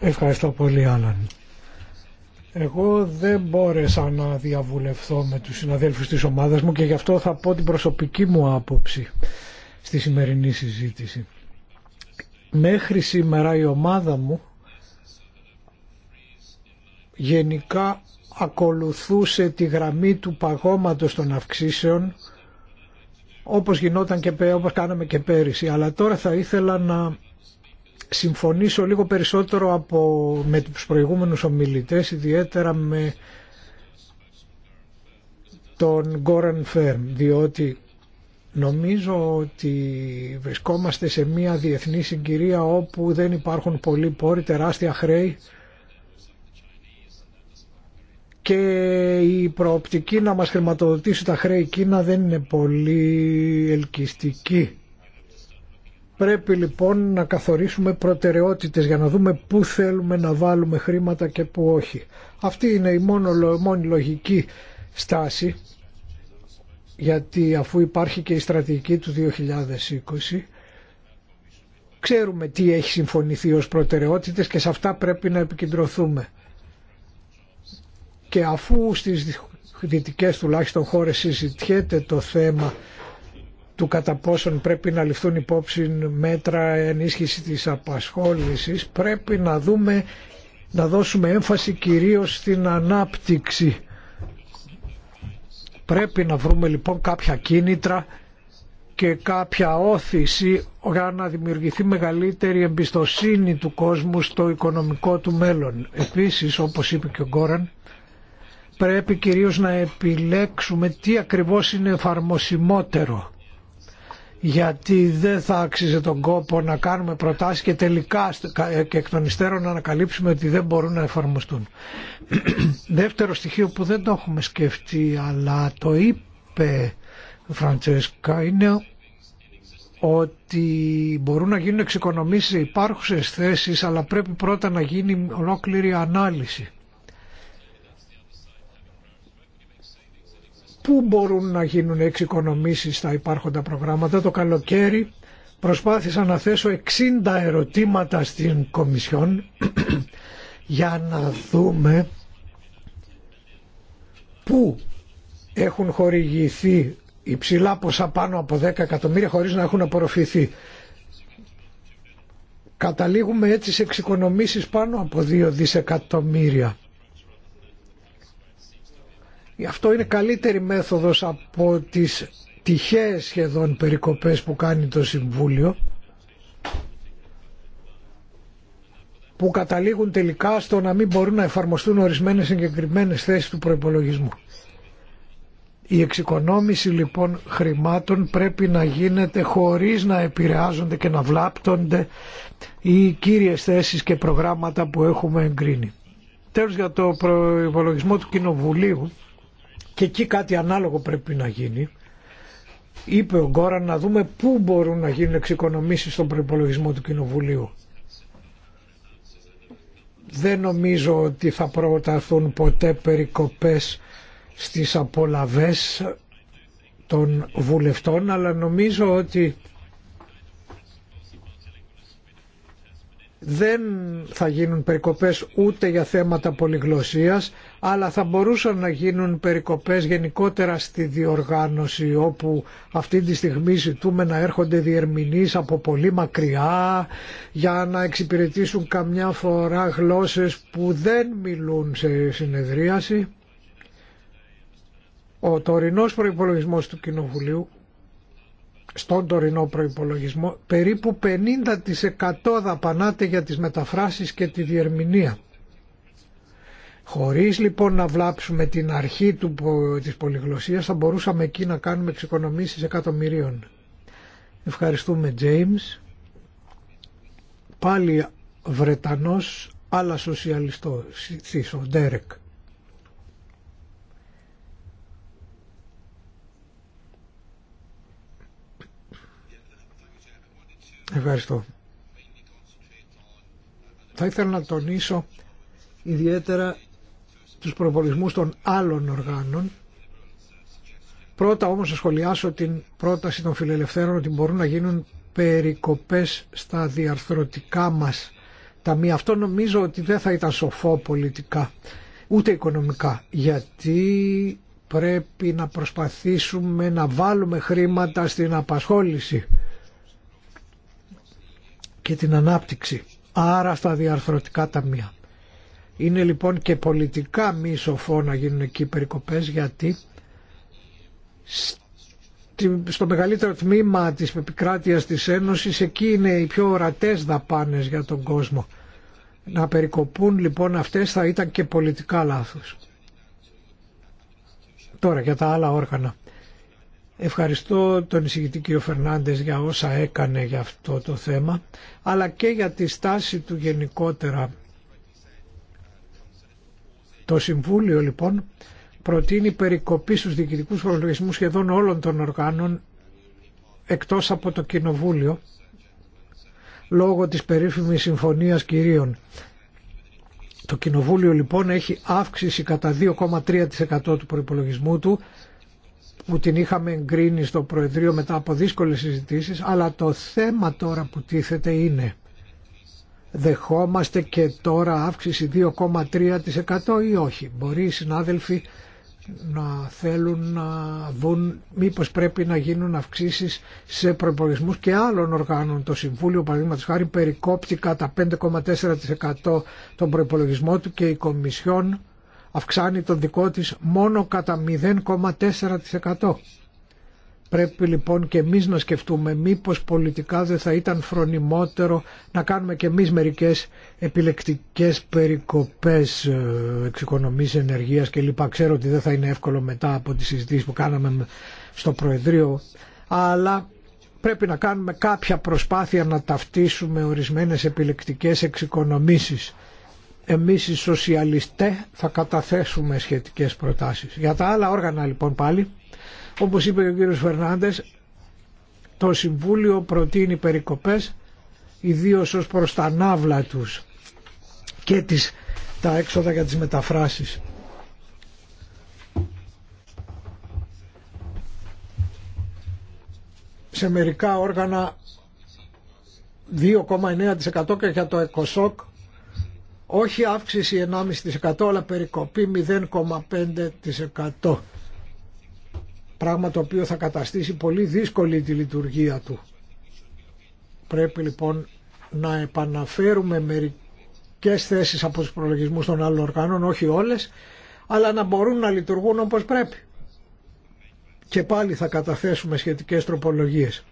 Ευχαριστώ πολύ, Άλαν. Εγώ δεν μπόρεσα να διαβουλευθώ με τους συναδέλφους της ομάδας μου και γι' αυτό θα πω την προσωπική μου άποψη στη σημερινή συζήτηση. Μέχρι σήμερα η ομάδα μου γενικά ακολουθούσε τη γραμμή του παγώματος των αυξήσεων όπως γινόταν και όπως κάναμε και πέρυσι. Αλλά τώρα θα ήθελα να συμφωνήσω λίγο περισσότερο από, με τους προηγούμενους ομιλητές, ιδιαίτερα με τον Γκόραν Φέρμ, διότι νομίζω ότι βρισκόμαστε σε μια διεθνή συγκυρία όπου δεν υπάρχουν πολλοί πόροι, τεράστια χρέη και η προοπτική να μας χρηματοδοτήσει τα χρέη Κίνα δεν είναι πολύ ελκυστική. Πρέπει λοιπόν να καθορίσουμε προτεραιότητες για να δούμε πού θέλουμε να βάλουμε χρήματα και πού όχι. Αυτή είναι η μόνο, μόνη λογική στάση γιατί αφού υπάρχει και η στρατηγική του 2020 ξέρουμε τι έχει συμφωνηθεί ως προτεραιότητες και σε αυτά πρέπει να επικεντρωθούμε και αφού στις δυτικές τουλάχιστον χώρες συζητιέται το θέμα του κατά πόσον πρέπει να ληφθούν υπόψη μέτρα ενίσχυση της απασχόλησης πρέπει να δούμε να δώσουμε έμφαση κυρίως στην ανάπτυξη πρέπει να βρούμε λοιπόν κάποια κίνητρα και κάποια όθηση για να δημιουργηθεί μεγαλύτερη εμπιστοσύνη του κόσμου στο οικονομικό του μέλλον. Επίσης, όπως είπε και ο Γκόραν, πρέπει κυρίως να επιλέξουμε τι ακριβώς είναι εφαρμοσιμότερο γιατί δεν θα άξιζε τον κόπο να κάνουμε προτάσεις και τελικά και εκ των υστέρων να ανακαλύψουμε ότι δεν μπορούν να εφαρμοστούν. Δεύτερο στοιχείο που δεν το έχουμε σκεφτεί αλλά το είπε Φραντσέσκα είναι ότι μπορούν να γίνουν εξοικονομήσεις υπάρχουσες θέσεις αλλά πρέπει πρώτα να γίνει ολόκληρη ανάλυση. πού μπορούν να γίνουν εξοικονομήσεις στα υπάρχοντα προγράμματα. Το καλοκαίρι προσπάθησα να θέσω 60 ερωτήματα στην Κομισιόν για να δούμε πού έχουν χορηγηθεί υψηλά ποσά πάνω από 10 εκατομμύρια χωρίς να έχουν απορροφηθεί. Καταλήγουμε έτσι σε εξοικονομήσεις πάνω από 2 δισεκατομμύρια. Αυτό είναι καλύτερη μέθοδος από τις τυχαίες σχεδόν περικοπές που κάνει το Συμβούλιο που καταλήγουν τελικά στο να μην μπορούν να εφαρμοστούν ορισμένες συγκεκριμένες θέσεις του προϋπολογισμού. Η εξοικονόμηση λοιπόν χρημάτων πρέπει να γίνεται χωρίς να επηρεάζονται και να βλάπτονται οι κύριες θέσεις και προγράμματα που έχουμε εγκρίνει. Τέλος για το προϋπολογισμό του Κοινοβουλίου και εκεί κάτι ανάλογο πρέπει να γίνει. Είπε ο Γκόρα να δούμε πού μπορούν να γίνουν εξοικονομήσεις στον προπολογισμό του Κοινοβουλίου. Δεν νομίζω ότι θα προταθούν ποτέ περικοπές στις απολαβές των βουλευτών αλλά νομίζω ότι δεν θα γίνουν περικοπές ούτε για θέματα πολυγλωσσίας αλλά θα μπορούσαν να γίνουν περικοπές γενικότερα στη διοργάνωση όπου αυτή τη στιγμή ζητούμε να έρχονται διερμηνείς από πολύ μακριά για να εξυπηρετήσουν καμιά φορά γλώσσες που δεν μιλούν σε συνεδρίαση. Ο τωρινός προϋπολογισμός του Κοινοβουλίου στον τωρινό προϋπολογισμό περίπου 50% δαπανάται για τις μεταφράσεις και τη διερμηνία. Χωρίς λοιπόν να βλάψουμε την αρχή του, της πολυγλωσσίας θα μπορούσαμε εκεί να κάνουμε οικονομήσεις εκατομμυρίων. Ευχαριστούμε James. Πάλι Βρετανός αλλά σοσιαλιστός, ο Ντέρεκ. Ευχαριστώ. Θα ήθελα να τονίσω ιδιαίτερα τους προβολισμούς των άλλων οργάνων. Πρώτα όμως να σχολιάσω την πρόταση των φιλελευθέρων ότι μπορούν να γίνουν περικοπές στα διαρθρωτικά μας ταμεία. Αυτό νομίζω ότι δεν θα ήταν σοφό πολιτικά, ούτε οικονομικά, γιατί πρέπει να προσπαθήσουμε να βάλουμε χρήματα στην απασχόληση και την ανάπτυξη, άρα στα διαρθρωτικά ταμεία. Είναι λοιπόν και πολιτικά μη σοφό να γίνουν εκεί περικοπές γιατί στο μεγαλύτερο τμήμα της επικράτειας της Ένωσης εκεί είναι οι πιο ορατές δαπάνες για τον κόσμο. Να περικοπούν λοιπόν αυτές θα ήταν και πολιτικά λάθος. Τώρα για τα άλλα όργανα. Ευχαριστώ τον εισηγητή κ. Φερνάντες για όσα έκανε για αυτό το θέμα, αλλά και για τη στάση του γενικότερα. Το Συμβούλιο λοιπόν προτείνει περικοπή στους διοικητικούς προλογισμούς σχεδόν όλων των οργάνων εκτός από το Κοινοβούλιο λόγω της περίφημης συμφωνίας κυρίων. Το Κοινοβούλιο λοιπόν έχει αύξηση κατά 2,3% του προϋπολογισμού του που την είχαμε εγκρίνει στο Προεδρείο μετά από δύσκολες συζητήσεις, αλλά το θέμα τώρα που τίθεται είναι δεχόμαστε και τώρα αύξηση 2,3% ή όχι. Μπορεί οι συνάδελφοι να θέλουν να δουν μήπως πρέπει να γίνουν αυξήσεις σε προϋπολογισμούς και άλλων οργάνων. Το Συμβούλιο παραδείγματο χάρη περικόπτει κατά 5,4% τον προπολογισμό του και η Κομισιόν αυξάνει τον δικό της μόνο κατά 0,4%. Πρέπει λοιπόν και εμείς να σκεφτούμε μήπως πολιτικά δεν θα ήταν φρονιμότερο να κάνουμε και εμείς μερικές επιλεκτικές περικοπές ε, εξοικονομής ενεργείας λοιπά Ξέρω ότι δεν θα είναι εύκολο μετά από τις συζητήσεις που κάναμε στο Προεδρείο αλλά πρέπει να κάνουμε κάποια προσπάθεια να ταυτίσουμε ορισμένες επιλεκτικές εξοικονομήσεις εμείς οι σοσιαλιστέ θα καταθέσουμε σχετικές προτάσεις. Για τα άλλα όργανα λοιπόν πάλι, όπως είπε ο κύριος Φερνάντες, το Συμβούλιο προτείνει περικοπές ιδίω ως προς τα ναύλα τους και τις, τα έξοδα για τις μεταφράσεις. Σε μερικά όργανα 2,9% και για το ΕΚΟΣΟΚ όχι αύξηση 1,5% αλλά περικοπή 0,5% πράγμα το οποίο θα καταστήσει πολύ δύσκολη τη λειτουργία του. Πρέπει λοιπόν να επαναφέρουμε μερικές θέσεις από τους προλογισμούς των άλλων οργάνων, όχι όλες, αλλά να μπορούν να λειτουργούν όπως πρέπει. Και πάλι θα καταθέσουμε σχετικές τροπολογίες.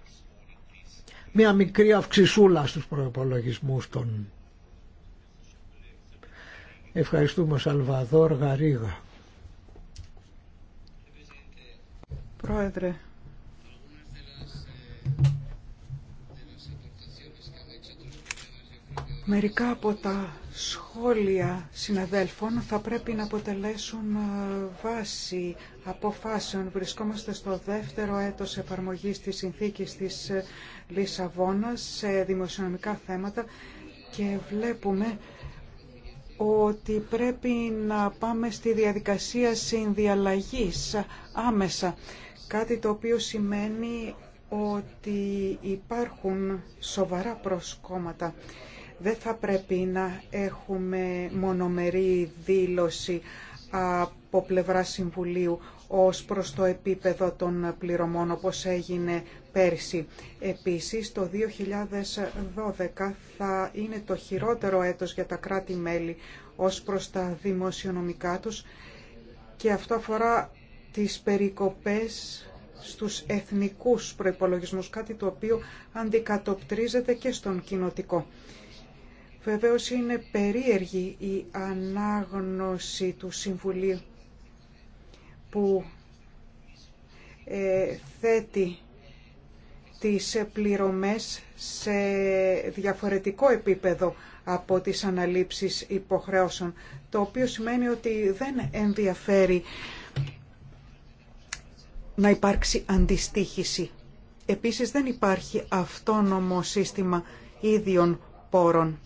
Μια μικρή αυξησούλα στους προπολογισμούς των Ευχαριστούμε, Σαλβαδόρ Γαρίγα. Πρόεδρε, μερικά από τα σχόλια συναδέλφων θα πρέπει να αποτελέσουν ε, βάση αποφάσεων. Βρισκόμαστε στο δεύτερο έτος εφαρμογής της συνθήκης της ε, Λισαβόνας σε δημοσιονομικά θέματα και βλέπουμε ότι πρέπει να πάμε στη διαδικασία συνδιαλλαγής άμεσα. Κάτι το οποίο σημαίνει ότι υπάρχουν σοβαρά προσκόμματα. Δεν θα πρέπει να έχουμε μονομερή δήλωση από πλευρά Συμβουλίου ως προς το επίπεδο των πληρωμών όπως έγινε πέρσι. Επίσης, το 2012 θα είναι το χειρότερο έτος για τα κράτη-μέλη ως προς τα δημοσιονομικά τους και αυτό αφορά τις περικοπές στους εθνικούς προϋπολογισμούς, κάτι το οποίο αντικατοπτρίζεται και στον κοινοτικό. Βεβαίως είναι περίεργη η ανάγνωση του Συμβουλίου που ε, θέτει τις πληρωμές σε διαφορετικό επίπεδο από τις αναλήψεις υποχρεώσεων, το οποίο σημαίνει ότι δεν ενδιαφέρει να υπάρξει αντιστήχηση. Επίσης δεν υπάρχει αυτόνομο σύστημα ίδιων πόρων,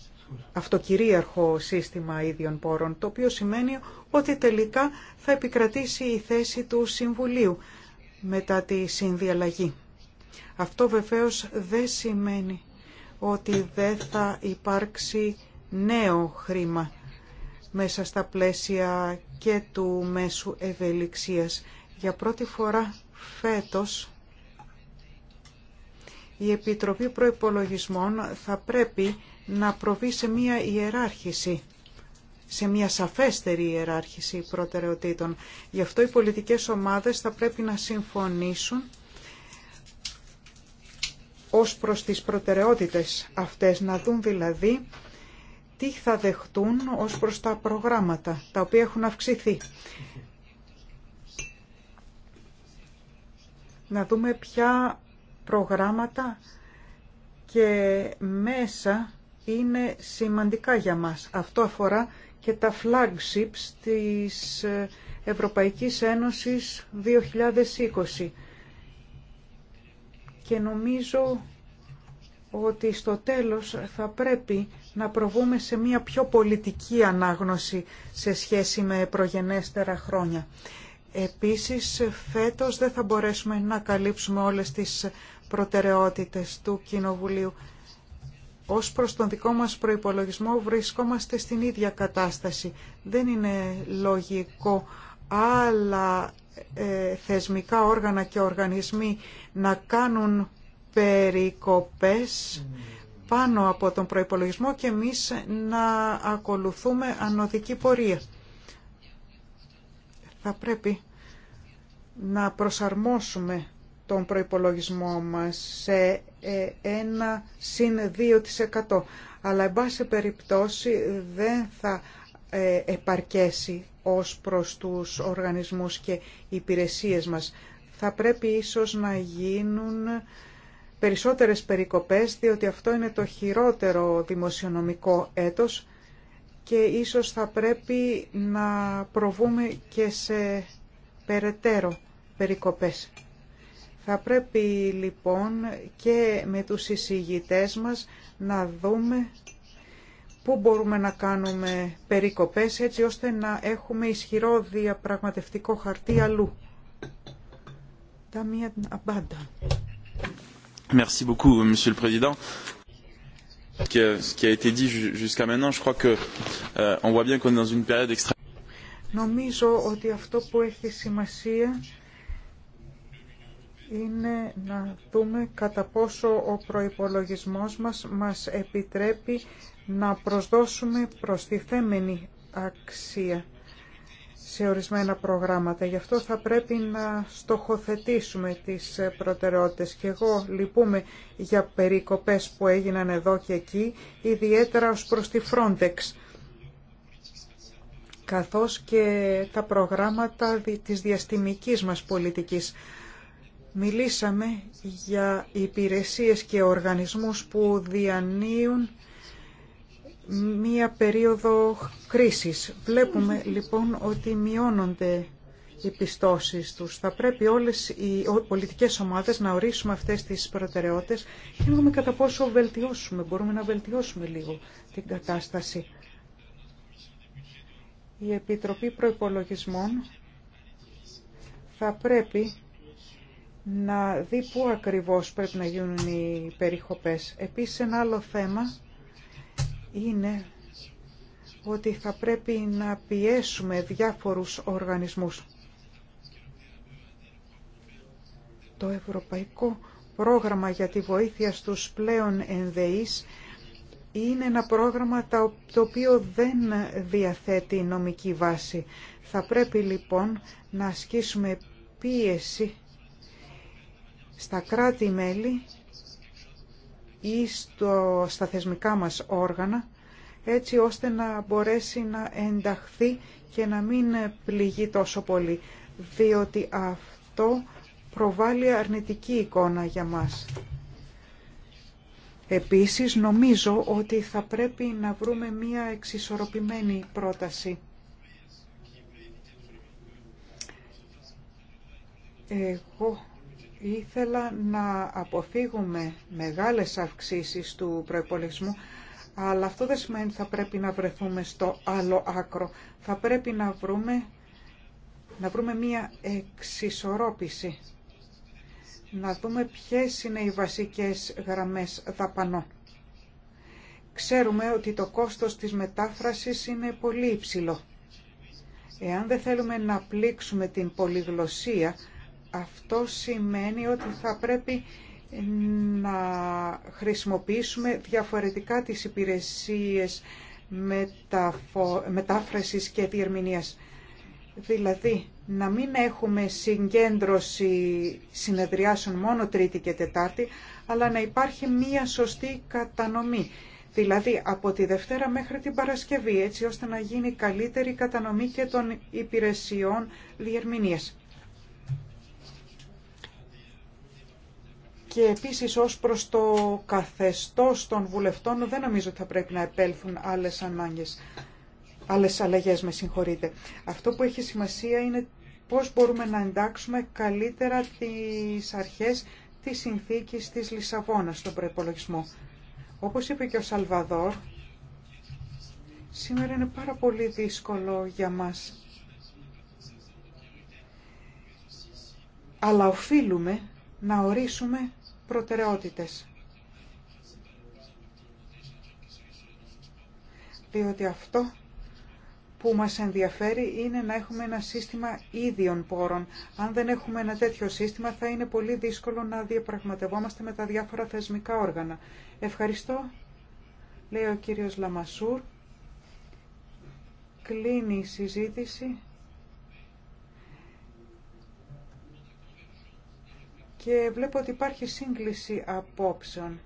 αυτοκυρίαρχο σύστημα ίδιων πόρων, το οποίο σημαίνει ότι τελικά θα επικρατήσει η θέση του Συμβουλίου μετά τη συνδιαλλαγή. Αυτό βεβαίως δεν σημαίνει ότι δεν θα υπάρξει νέο χρήμα μέσα στα πλαίσια και του μέσου ευελιξίας. Για πρώτη φορά φέτος η Επιτροπή Προϋπολογισμών θα πρέπει να προβεί σε μία ιεράρχηση σε μια σαφέστερη ιεράρχηση προτεραιοτήτων. Γι' αυτό οι πολιτικές ομάδες θα πρέπει να συμφωνήσουν ως προς τις προτεραιότητες αυτές, να δουν δηλαδή τι θα δεχτούν ως προς τα προγράμματα, τα οποία έχουν αυξηθεί. Να δούμε ποια προγράμματα και μέσα είναι σημαντικά για μας. Αυτό αφορά και τα flagships της ε, Ευρωπαϊκής Ένωσης 2020. Και νομίζω ότι στο τέλος θα πρέπει να προβούμε σε μια πιο πολιτική ανάγνωση σε σχέση με προγενέστερα χρόνια. Επίσης, φέτος δεν θα μπορέσουμε να καλύψουμε όλες τις προτεραιότητες του Κοινοβουλίου ως προς τον δικό μας προϋπολογισμό βρισκόμαστε στην ίδια κατάσταση. Δεν είναι λογικό άλλα ε, θεσμικά όργανα και οργανισμοί να κάνουν περικοπές πάνω από τον προϋπολογισμό και εμείς να ακολουθούμε ανωδική πορεία. Θα πρέπει να προσαρμόσουμε τον προϋπολογισμό μας σε ε, ένα συν 2%. Αλλά, εν πάση περιπτώσει, δεν θα ε, επαρκέσει ως προς τους οργανισμούς και υπηρεσίες μας. Θα πρέπει ίσως να γίνουν περισσότερες περικοπές, διότι αυτό είναι το χειρότερο δημοσιονομικό έτος και ίσως θα πρέπει να προβούμε και σε περαιτέρω περικοπές. Θα πρέπει λοιπόν και με τους εισηγητές μας να δούμε πού μπορούμε να κάνουμε περικοπές έτσι ώστε να έχουμε ισχυρό διαπραγματευτικό χαρτί αλλού. Τα αμπάντα. Merci beaucoup, Monsieur le Président. Ce qui a été dit jusqu'à maintenant, je crois que euh, on voit bien qu'on est dans une période extrêmement. Νομίζω ότι αυτό που έχει σημασία είναι να δούμε κατά πόσο ο προϋπολογισμός μας μας επιτρέπει να προσδώσουμε προστιθέμενη αξία σε ορισμένα προγράμματα. Γι' αυτό θα πρέπει να στοχοθετήσουμε τις προτεραιότητες. Και εγώ λυπούμε για περικοπές που έγιναν εδώ και εκεί, ιδιαίτερα ως προς τη Frontex, καθώς και τα προγράμματα της διαστημικής μας πολιτικής. Μιλήσαμε για υπηρεσίες και οργανισμούς που διανύουν μία περίοδο κρίσης. Βλέπουμε λοιπόν ότι μειώνονται οι πιστώσεις τους. Θα πρέπει όλες οι πολιτικές ομάδες να ορίσουμε αυτές τις προτεραιότητες και να δούμε κατά πόσο βελτιώσουμε, μπορούμε να βελτιώσουμε λίγο την κατάσταση. Η Επιτροπή Προϋπολογισμών θα πρέπει να δει πού ακριβώς πρέπει να γίνουν οι περιχωπές. Επίσης ένα άλλο θέμα είναι ότι θα πρέπει να πιέσουμε διάφορους οργανισμούς. Το Ευρωπαϊκό Πρόγραμμα για τη Βοήθεια στους πλέον ενδεείς είναι ένα πρόγραμμα το οποίο δεν διαθέτει νομική βάση. Θα πρέπει λοιπόν να ασκήσουμε πίεση στα κράτη-μέλη ή στα θεσμικά μας όργανα, έτσι ώστε να μπορέσει να ενταχθεί και να μην πληγεί τόσο πολύ, διότι αυτό προβάλλει αρνητική εικόνα για μας. Επίσης, νομίζω ότι θα πρέπει να βρούμε μία εξισορροπημένη πρόταση. Εγώ Ήθελα να αποφύγουμε μεγάλες αυξήσεις του προϋπολογισμού, αλλά αυτό δεν σημαίνει ότι θα πρέπει να βρεθούμε στο άλλο άκρο. Θα πρέπει να βρούμε, να βρούμε μία εξισορρόπηση, να δούμε ποιες είναι οι βασικές γραμμές δαπανών. Ξέρουμε ότι το κόστος της μετάφρασης είναι πολύ υψηλό. Εάν δεν θέλουμε να πλήξουμε την πολυγλωσία, αυτό σημαίνει ότι θα πρέπει να χρησιμοποιήσουμε διαφορετικά τις υπηρεσίες μεταφο... μετάφρασης και διερμηνίας. Δηλαδή, να μην έχουμε συγκέντρωση συνεδριάσεων μόνο Τρίτη και Τετάρτη, αλλά να υπάρχει μία σωστή κατανομή. Δηλαδή, από τη Δευτέρα μέχρι την Παρασκευή, έτσι ώστε να γίνει καλύτερη κατανομή και των υπηρεσιών διερμηνίας. Και επίσης ως προς το καθεστώς των βουλευτών δεν νομίζω ότι θα πρέπει να επέλθουν άλλες ανάγκες, άλλες αλλαγές, με συγχωρείτε. Αυτό που έχει σημασία είναι πώς μπορούμε να εντάξουμε καλύτερα τις αρχές της συνθήκης της Λισαβόνας στον προπολογισμό. Όπως είπε και ο Σαλβαδόρ, σήμερα είναι πάρα πολύ δύσκολο για μας. Αλλά οφείλουμε να ορίσουμε προτεραιότητες. Διότι αυτό που μας ενδιαφέρει είναι να έχουμε ένα σύστημα ίδιων πόρων. Αν δεν έχουμε ένα τέτοιο σύστημα θα είναι πολύ δύσκολο να διαπραγματευόμαστε με τα διάφορα θεσμικά όργανα. Ευχαριστώ, λέει ο κύριος Λαμασούρ. Κλείνει η συζήτηση. και βλέπω ότι υπάρχει σύγκληση απόψεων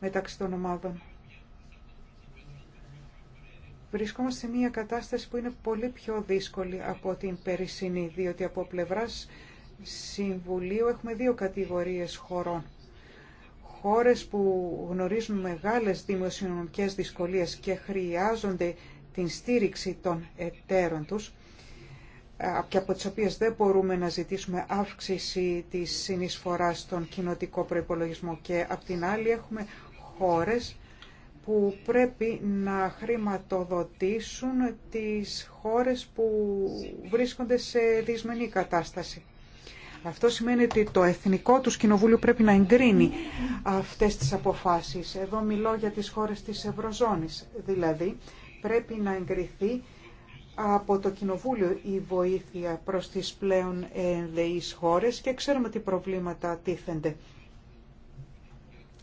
μεταξύ των ομάδων. Βρισκόμαστε σε μια κατάσταση που είναι πολύ πιο δύσκολη από την περισσυνή, διότι από πλευράς Συμβουλίου έχουμε δύο κατηγορίες χωρών. Χώρες που γνωρίζουν μεγάλες δημοσιονομικές δυσκολίες και χρειάζονται την στήριξη των εταίρων τους ε, και από τις οποίες δεν μπορούμε να ζητήσουμε αύξηση της συνεισφοράς στον κοινοτικό προϋπολογισμό και απ' την άλλη έχουμε χώρες που πρέπει να χρηματοδοτήσουν τις χώρες που βρίσκονται σε δυσμενή κατάσταση. Αυτό σημαίνει ότι το εθνικό του κοινοβούλιο πρέπει να εγκρίνει αυτές τις αποφάσεις. Εδώ μιλώ για τις χώρες της Ευρωζώνης, δηλαδή πρέπει να εγκριθεί από το Κοινοβούλιο η βοήθεια προς τις πλέον ενδεείς χώρες και ξέρουμε τι προβλήματα τίθενται.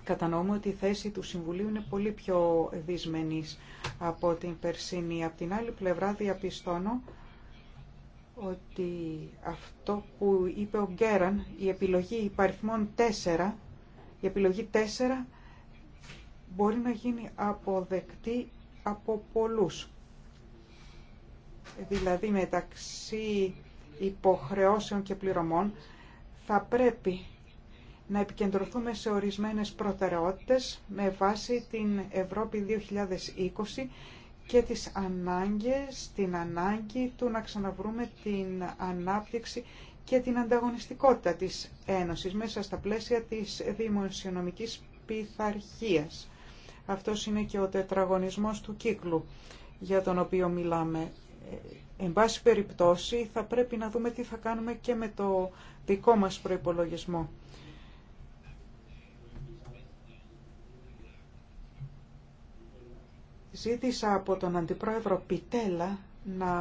Κατανοούμε ότι η θέση του Συμβουλίου είναι πολύ πιο δυσμενής από την Περσίνη. Από την άλλη πλευρά διαπιστώνω ότι αυτό που είπε ο Γκέραν, η επιλογή υπαριθμών 4, η επιλογή 4 μπορεί να γίνει αποδεκτή από πολλούς δηλαδή μεταξύ υποχρεώσεων και πληρωμών, θα πρέπει να επικεντρωθούμε σε ορισμένες προτεραιότητες με βάση την Ευρώπη 2020 και τις ανάγκες, την ανάγκη του να ξαναβρούμε την ανάπτυξη και την ανταγωνιστικότητα της Ένωσης μέσα στα πλαίσια της δημοσιονομικής πειθαρχία. Αυτός είναι και ο τετραγωνισμός του κύκλου για τον οποίο μιλάμε εν πάση περιπτώσει θα πρέπει να δούμε τι θα κάνουμε και με το δικό μας προϋπολογισμό. Ζήτησα από τον Αντιπρόεδρο Πιτέλα να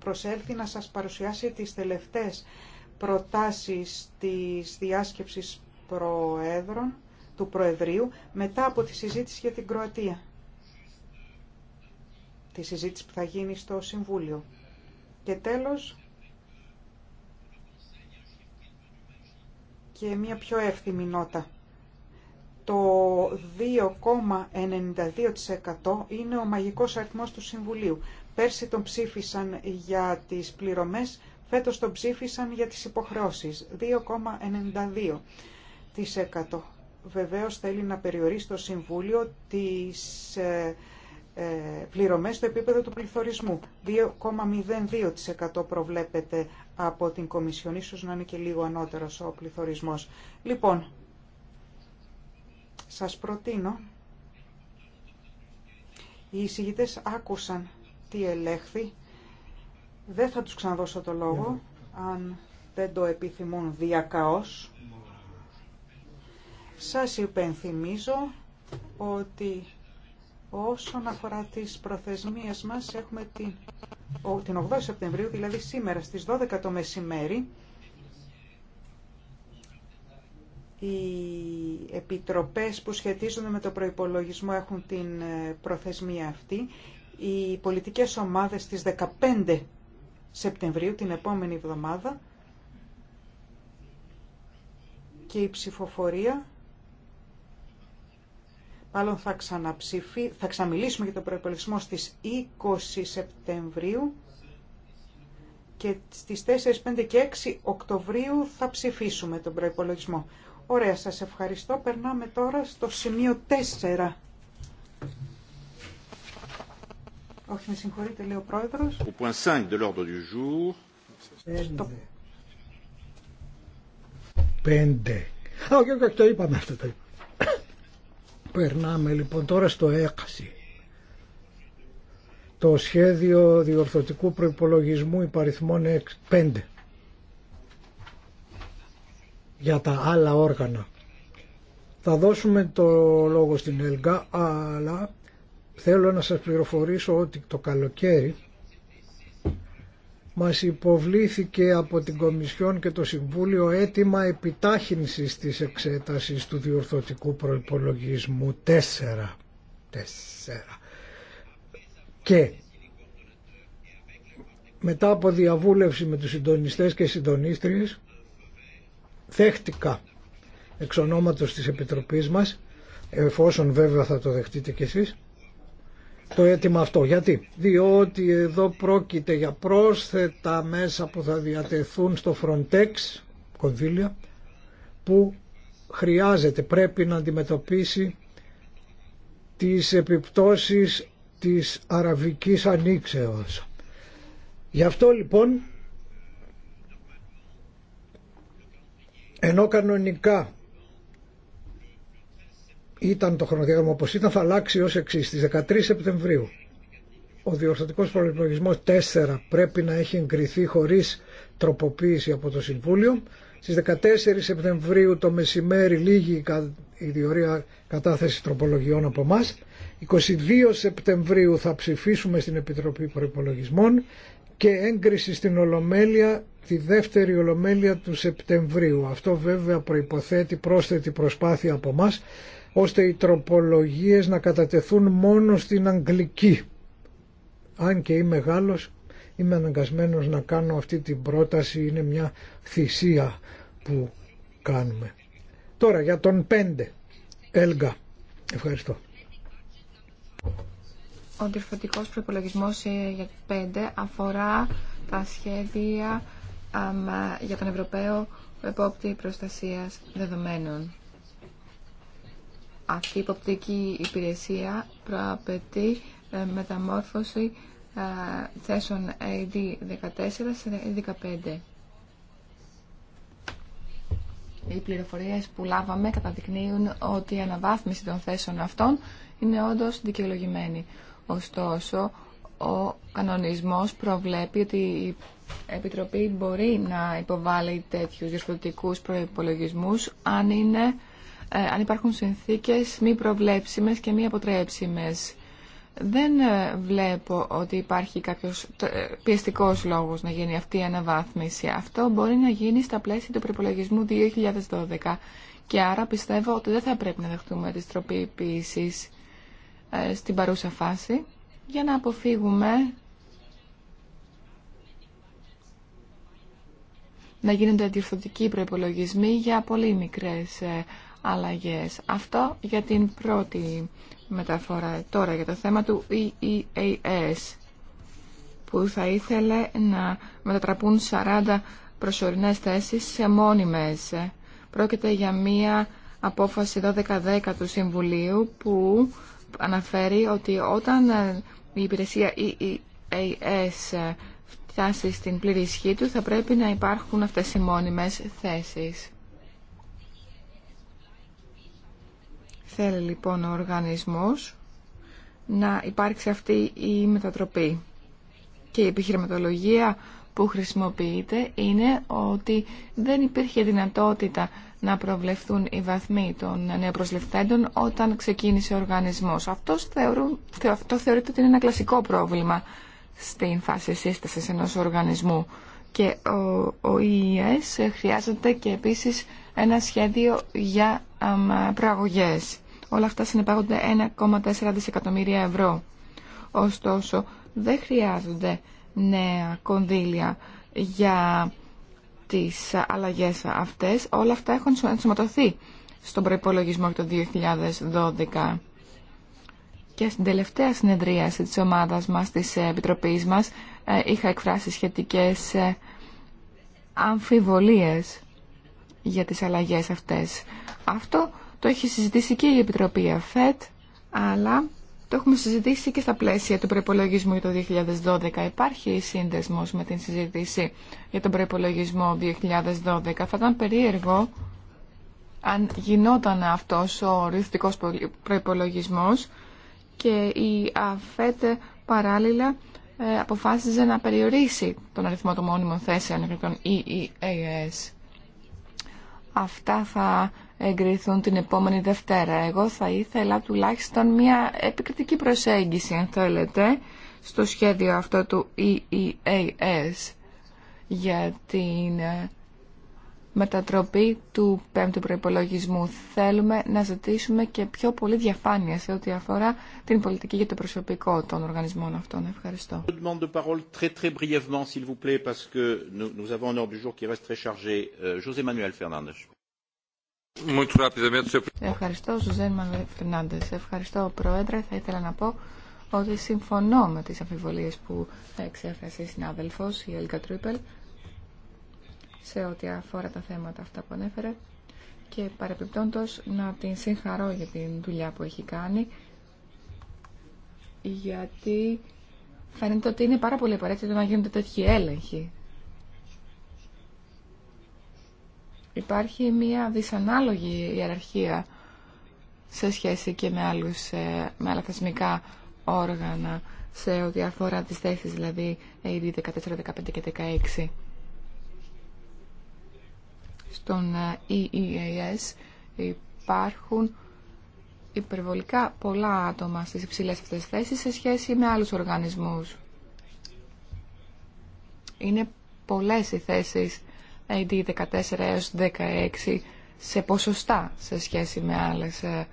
προσέλθει να σας παρουσιάσει τις τελευταίες προτάσεις της διάσκεψης προέδρων του Προεδρίου μετά από τη συζήτηση για την Κροατία τη συζήτηση που θα γίνει στο Συμβούλιο. Και τέλος, και μια πιο εύθυμη νότα. Το 2,92% είναι ο μαγικός αριθμός του Συμβουλίου. Πέρσι τον ψήφισαν για τις πληρωμές, φέτος τον ψήφισαν για τις υποχρεώσεις. 2,92%. Βεβαίως θέλει να περιορίσει το Συμβούλιο τις ε, ε, πληρωμές στο επίπεδο του πληθωρισμού. 2,02% προβλέπεται από την Κομισιόν, ίσως να είναι και λίγο ανώτερος ο πληθωρισμός. Λοιπόν, σας προτείνω, οι εισηγητές άκουσαν τι ελέγχθη, δεν θα τους ξαναδώσω το λόγο, αν δεν το επιθυμούν διακαώς. Σας υπενθυμίζω ότι Όσον αφορά τις προθεσμίες μας, έχουμε την, την 8 Σεπτεμβρίου, δηλαδή σήμερα στις 12 το μεσημέρι, οι επιτροπές που σχετίζονται με το προϋπολογισμό έχουν την ε, προθεσμία αυτή. Οι πολιτικές ομάδες στις 15 Σεπτεμβρίου, την επόμενη εβδομάδα, και η ψηφοφορία Μάλλον θα, ξαναψηφί... θα ξαμιλήσουμε για τον προϋπολογισμό στις 20 Σεπτεμβρίου και στις 4, 5 και 6 Οκτωβρίου θα ψηφίσουμε τον προϋπολογισμό. Ωραία, σας ευχαριστώ. Περνάμε τώρα στο σημείο 4. Όχι, με συγχωρείτε, λέει ο πρόεδρος. Ο point 5 l'ordre du 5. όχι, όχι, το είπαμε αυτό, το Περνάμε λοιπόν τώρα στο έκαση. Το σχέδιο διορθωτικού προϋπολογισμού υπαριθμών 5 για τα άλλα όργανα. Θα δώσουμε το λόγο στην ΕΛΓΑ, αλλά θέλω να σας πληροφορήσω ότι το καλοκαίρι μας υποβλήθηκε από την Κομισιόν και το Συμβούλιο έτοιμα επιτάχυνσης της εξέτασης του διορθωτικού προϋπολογισμού 4. 4. Και μετά από διαβούλευση με τους συντονιστές και συντονίστριες δέχτηκα εξ ονόματος της Επιτροπής μας εφόσον βέβαια θα το δεχτείτε κι εσείς το αίτημα αυτό. Γιατί, διότι εδώ πρόκειται για πρόσθετα μέσα που θα διατεθούν στο Frontex, κονδύλια, που χρειάζεται, πρέπει να αντιμετωπίσει τις επιπτώσεις της Αραβικής Ανοίξεως. Γι' αυτό λοιπόν, ενώ κανονικά ήταν το χρονοδιάγραμμα όπως ήταν θα αλλάξει ως εξή. Στις 13 Σεπτεμβρίου ο διορθωτικός προϋπολογισμός 4 πρέπει να έχει εγκριθεί χωρίς τροποποίηση από το Συμβούλιο. Στις 14 Σεπτεμβρίου το μεσημέρι λίγη η διορία κατάθεση τροπολογιών από εμά. 22 Σεπτεμβρίου θα ψηφίσουμε στην Επιτροπή Προϋπολογισμών και έγκριση στην Ολομέλεια, τη δεύτερη Ολομέλεια του Σεπτεμβρίου. Αυτό βέβαια προϋποθέτει πρόσθετη προσπάθεια από εμά ώστε οι τροπολογίες να κατατεθούν μόνο στην αγγλική. Αν και είμαι Γάλλος, είμαι αναγκασμένος να κάνω αυτή την πρόταση, είναι μια θυσία που κάνουμε. Τώρα για τον 5, Έλγα. Ευχαριστώ. Ο διορθωτικός προϋπολογισμός ε, για 5 αφορά τα σχέδια ε, για τον Ευρωπαίο Επόπτη Προστασίας Δεδομένων. Αυτή η υποπτική υπηρεσία προαπαιτεί ε, μεταμόρφωση ε, θέσεων AD14 σε AD15. Οι πληροφορίες που λάβαμε καταδεικνύουν ότι η αναβάθμιση των θέσεων αυτών είναι όντως δικαιολογημένη. Ωστόσο, ο κανονισμός προβλέπει ότι η Επιτροπή μπορεί να υποβάλει τέτοιους διορθωτικούς προϋπολογισμούς αν είναι ε, αν υπάρχουν συνθήκες μη προβλέψιμες και μη αποτρέψιμες. Δεν ε, βλέπω ότι υπάρχει κάποιος ε, πιεστικός λόγος να γίνει αυτή η αναβάθμιση. Αυτό μπορεί να γίνει στα πλαίσια του προπολογισμού 2012 και άρα πιστεύω ότι δεν θα πρέπει να δεχτούμε τις τροποποιήσεις στην παρούσα φάση για να αποφύγουμε να γίνονται αντιορθωτικοί προπολογισμοί για πολύ μικρές αλλαγές. Αυτό για την πρώτη μεταφορά τώρα για το θέμα του EEAS που θα ήθελε να μετατραπούν 40 προσωρινές θέσεις σε μόνιμες. Πρόκειται για μία απόφαση 12-10 του Συμβουλίου που αναφέρει ότι όταν η υπηρεσία EEAS φτάσει στην πλήρη ισχύ του θα πρέπει να υπάρχουν αυτές οι μόνιμες θέσεις. Θέλει λοιπόν ο οργανισμός να υπάρξει αυτή η μετατροπή. Και η επιχειρηματολογία που χρησιμοποιείται είναι ότι δεν υπήρχε δυνατότητα να προβλεφθούν οι βαθμοί των νεοπροσληφθέντων όταν ξεκίνησε ο οργανισμός. αυτό θεωρείται ότι είναι ένα κλασικό πρόβλημα στην φάση σύστασης ενός οργανισμού. Και ο, ο ΙΕΣ χρειάζεται και επίσης ένα σχέδιο για α, Όλα αυτά συνεπάγονται 1,4 δισεκατομμύρια ευρώ. Ωστόσο, δεν χρειάζονται νέα κονδύλια για τις αλλαγές αυτές. Όλα αυτά έχουν ενσωματωθεί στον προϋπολογισμό το 2012. Και στην τελευταία συνεδρίαση της ομάδας μας, της Επιτροπής μας, ε, είχα εκφράσει σχετικές ε, αμφιβολίες για τις αλλαγές αυτές. Αυτό το έχει συζητήσει και η Επιτροπή ΑΦΕΤ, αλλά το έχουμε συζητήσει και στα πλαίσια του προπολογισμού για το 2012. Υπάρχει σύνδεσμος με την συζήτηση για τον προπολογισμό 2012. Θα ήταν περίεργο αν γινόταν αυτός ο ρυθμικός προϋπολογισμός και η ΑΦΕΤ παράλληλα ε, αποφάσιζε να περιορίσει τον αριθμό των μόνιμων θέσεων για τον EEAS. Αυτά θα εγκριθούν την επόμενη Δευτέρα. Εγώ θα ήθελα τουλάχιστον μια επικριτική προσέγγιση, αν θέλετε, στο σχέδιο αυτό του EEAS για την ε, μετατροπή του πέμπτου προϋπολογισμού. Θέλουμε να ζητήσουμε και πιο πολύ διαφάνεια σε ό,τι αφορά την πολιτική για το προσωπικό των οργανισμών αυτών. Ευχαριστώ. Ευχαριστώ, Ζουζέν Μανουέλ Φερνάντε. Ευχαριστώ, Πρόεδρε. Θα ήθελα να πω ότι συμφωνώ με τι αμφιβολίες που εξέφρασε η συνάδελφο, η Ελκα Τρίπελ, σε ό,τι αφορά τα θέματα αυτά που ανέφερε και παρεπιπτόντω να την συγχαρώ για την δουλειά που έχει κάνει γιατί φαίνεται ότι είναι πάρα πολύ απαραίτητο να γίνονται τέτοιοι έλεγχοι Υπάρχει μια δυσανάλογη ιεραρχία σε σχέση και με, άλλους, ε, με άλλα θεσμικά όργανα σε ό,τι αφορά τις θέσεις, δηλαδή AD 14, 15 και 16. Στον ε, EEAS υπάρχουν υπερβολικά πολλά άτομα στις υψηλές αυτές θέσεις σε σχέση με άλλους οργανισμούς. Είναι πολλές οι θέσεις AD ε, 14 έως 16 σε ποσοστά σε σχέση με, άλλες, ε,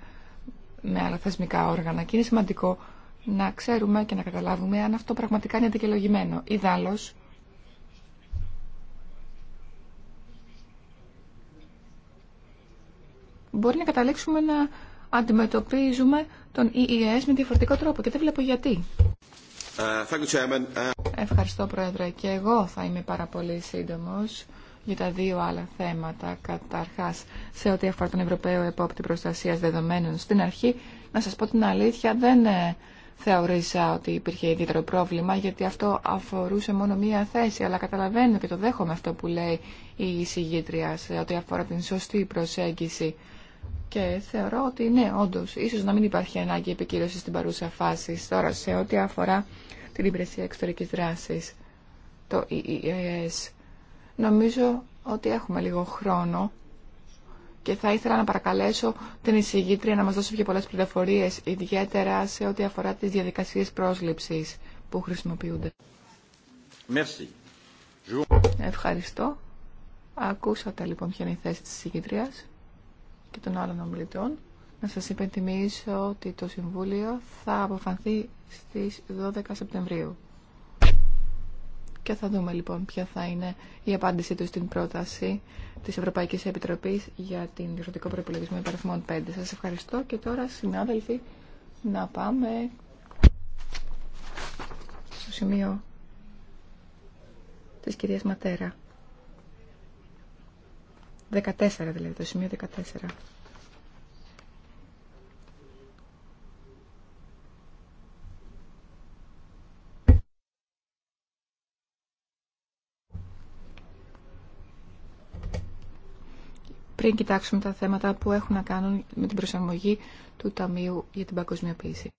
με άλλα θεσμικά όργανα. Και είναι σημαντικό να ξέρουμε και να καταλάβουμε αν αυτό πραγματικά είναι δικαιολογημένο. Ιδάλλως, μπορεί να καταλήξουμε να αντιμετωπίζουμε τον EES με διαφορετικό τρόπο και δεν βλέπω γιατί. Ε, Ευχαριστώ, Πρόεδρε. Και εγώ θα είμαι πάρα πολύ σύντομος για τα δύο άλλα θέματα. Καταρχάς, σε ό,τι αφορά τον Ευρωπαίο Επόπτη Προστασίας Δεδομένων στην αρχή, να σας πω την αλήθεια, δεν ε, θεωρήσα ότι υπήρχε ιδιαίτερο πρόβλημα, γιατί αυτό αφορούσε μόνο μία θέση, αλλά καταλαβαίνω και το δέχομαι αυτό που λέει η εισηγήτρια σε ό,τι αφορά την σωστή προσέγγιση. Και θεωρώ ότι ναι, όντω, ίσω να μην υπάρχει ανάγκη επικύρωση στην παρούσα φάση. Τώρα, σε ό,τι αφορά την υπηρεσία εξωτερική δράση, το e e Νομίζω ότι έχουμε λίγο χρόνο και θα ήθελα να παρακαλέσω την εισηγήτρια να μας δώσει πιο πολλές πληροφορίες, ιδιαίτερα σε ό,τι αφορά τις διαδικασίες πρόσληψης που χρησιμοποιούνται. Merci. Ευχαριστώ. Ακούσατε λοιπόν ποια είναι η θέση της εισηγήτριας και των άλλων ομιλητών. Να σας υπενθυμίσω ότι το Συμβούλιο θα αποφανθεί στις 12 Σεπτεμβρίου. Και θα δούμε λοιπόν ποια θα είναι η απάντησή του στην πρόταση της Ευρωπαϊκής Επιτροπής για την διορθωτικό προπολογισμό υπαριθμών 5. Σας ευχαριστώ και τώρα συνάδελφοι να πάμε στο σημείο της κυρίας Ματέρα. 14 δηλαδή, το σημείο 14. πριν κοιτάξουμε τα θέματα που έχουν να κάνουν με την προσαρμογή του Ταμείου για την Παγκοσμιοποίηση.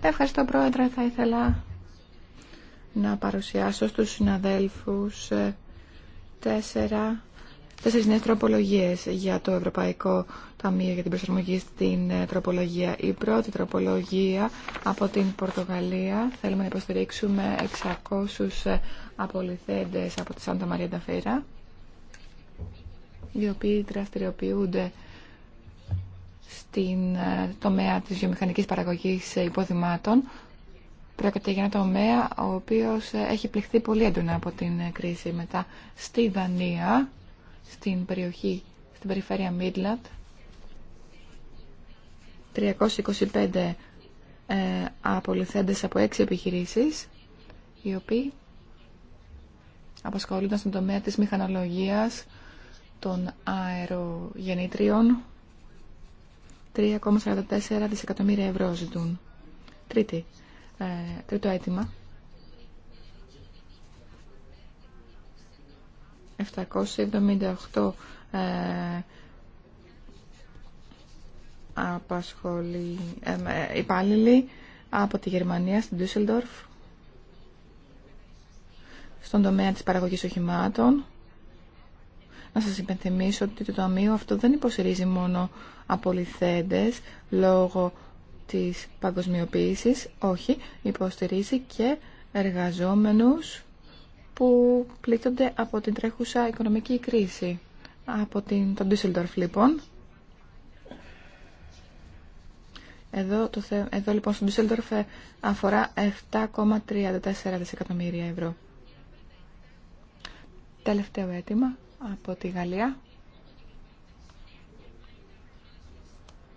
Ευχαριστώ, Πρόεδρε. Θα ήθελα να παρουσιάσω στους συναδέλφους ε, τέσσερα τέσσερις νέες τροπολογίες για το Ευρωπαϊκό Ταμείο για την προσαρμογή στην ε, τροπολογία. Η πρώτη τροπολογία από την Πορτογαλία. Θέλουμε να υποστηρίξουμε 600 ε, απολυθέντες από τη Σάντα Μαρία Νταφέρα, οι οποίοι δραστηριοποιούνται στην ε, τομέα της βιομηχανικής παραγωγής υποδημάτων. Πρόκειται για ένα τομέα ο οποίος έχει πληχθεί πολύ έντονα από την κρίση μετά στη Δανία στην περιοχή, στην περιφέρεια Μίτλαντ. 325 ε, απολυθέντες από έξι επιχειρήσεις, οι οποίοι απασχολούνταν στον τομέα της μηχανολογίας των αερογεννήτριων. 3,44 δισεκατομμύρια ευρώ ζητούν. Τρίτη, ε, τρίτο αίτημα 778 ε, ε, υπάλληλοι από τη Γερμανία στην Τούσελντορφ στον τομέα της παραγωγής οχημάτων. Να σας υπενθυμίσω ότι το τομείο αυτό δεν υποστηρίζει μόνο απολυθέντες λόγω της παγκοσμιοποίησης, όχι, υποστηρίζει και εργαζόμενους που πλήττονται από την τρέχουσα οικονομική κρίση. Από την, τον Düsseldorf λοιπόν. Εδώ, το εδώ λοιπόν στον Düsseldorf ε, αφορά 7,34 δισεκατομμύρια ευρώ. Τελευταίο αίτημα από τη Γαλλία.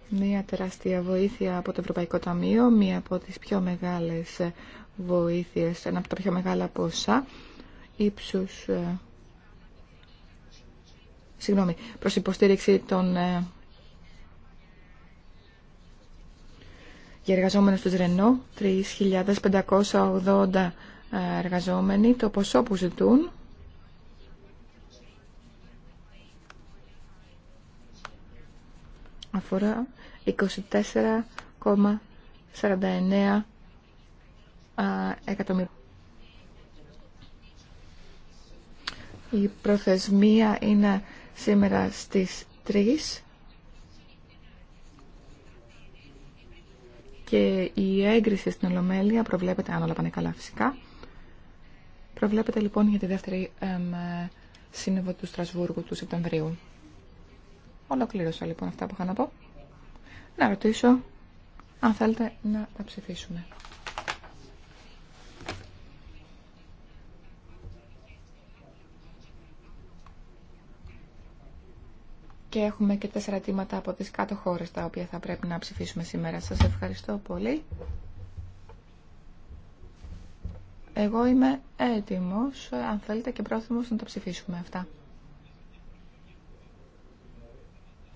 Μία τεράστια βοήθεια από το Ευρωπαϊκό Ταμείο, μία από τις πιο μεγάλες βοήθειες, ένα από τα πιο μεγάλα ποσά ύψους ε, συγγνώμη, προς υποστήριξη των ε, για εργαζόμενους του Ρενό 3.580 ε, εργαζόμενοι το ποσό που ζητούν αφορά 24,49 εκατομμύρια Η προθεσμία είναι σήμερα στις 3 και η έγκριση στην Ολομέλεια προβλέπεται, αν όλα πάνε καλά φυσικά, προβλέπεται λοιπόν για τη δεύτερη εμ, σύνοδο του Στρασβούργου του Σεπτεμβρίου. Ολοκλήρωσα λοιπόν αυτά που είχα να πω. Να ρωτήσω αν θέλετε να τα ψηφίσουμε. και έχουμε και τέσσερα αιτήματα από τις κάτω χώρες τα οποία θα πρέπει να ψηφίσουμε σήμερα. Σας ευχαριστώ πολύ. Εγώ είμαι έτοιμος, αν θέλετε και πρόθυμος να τα ψηφίσουμε αυτά.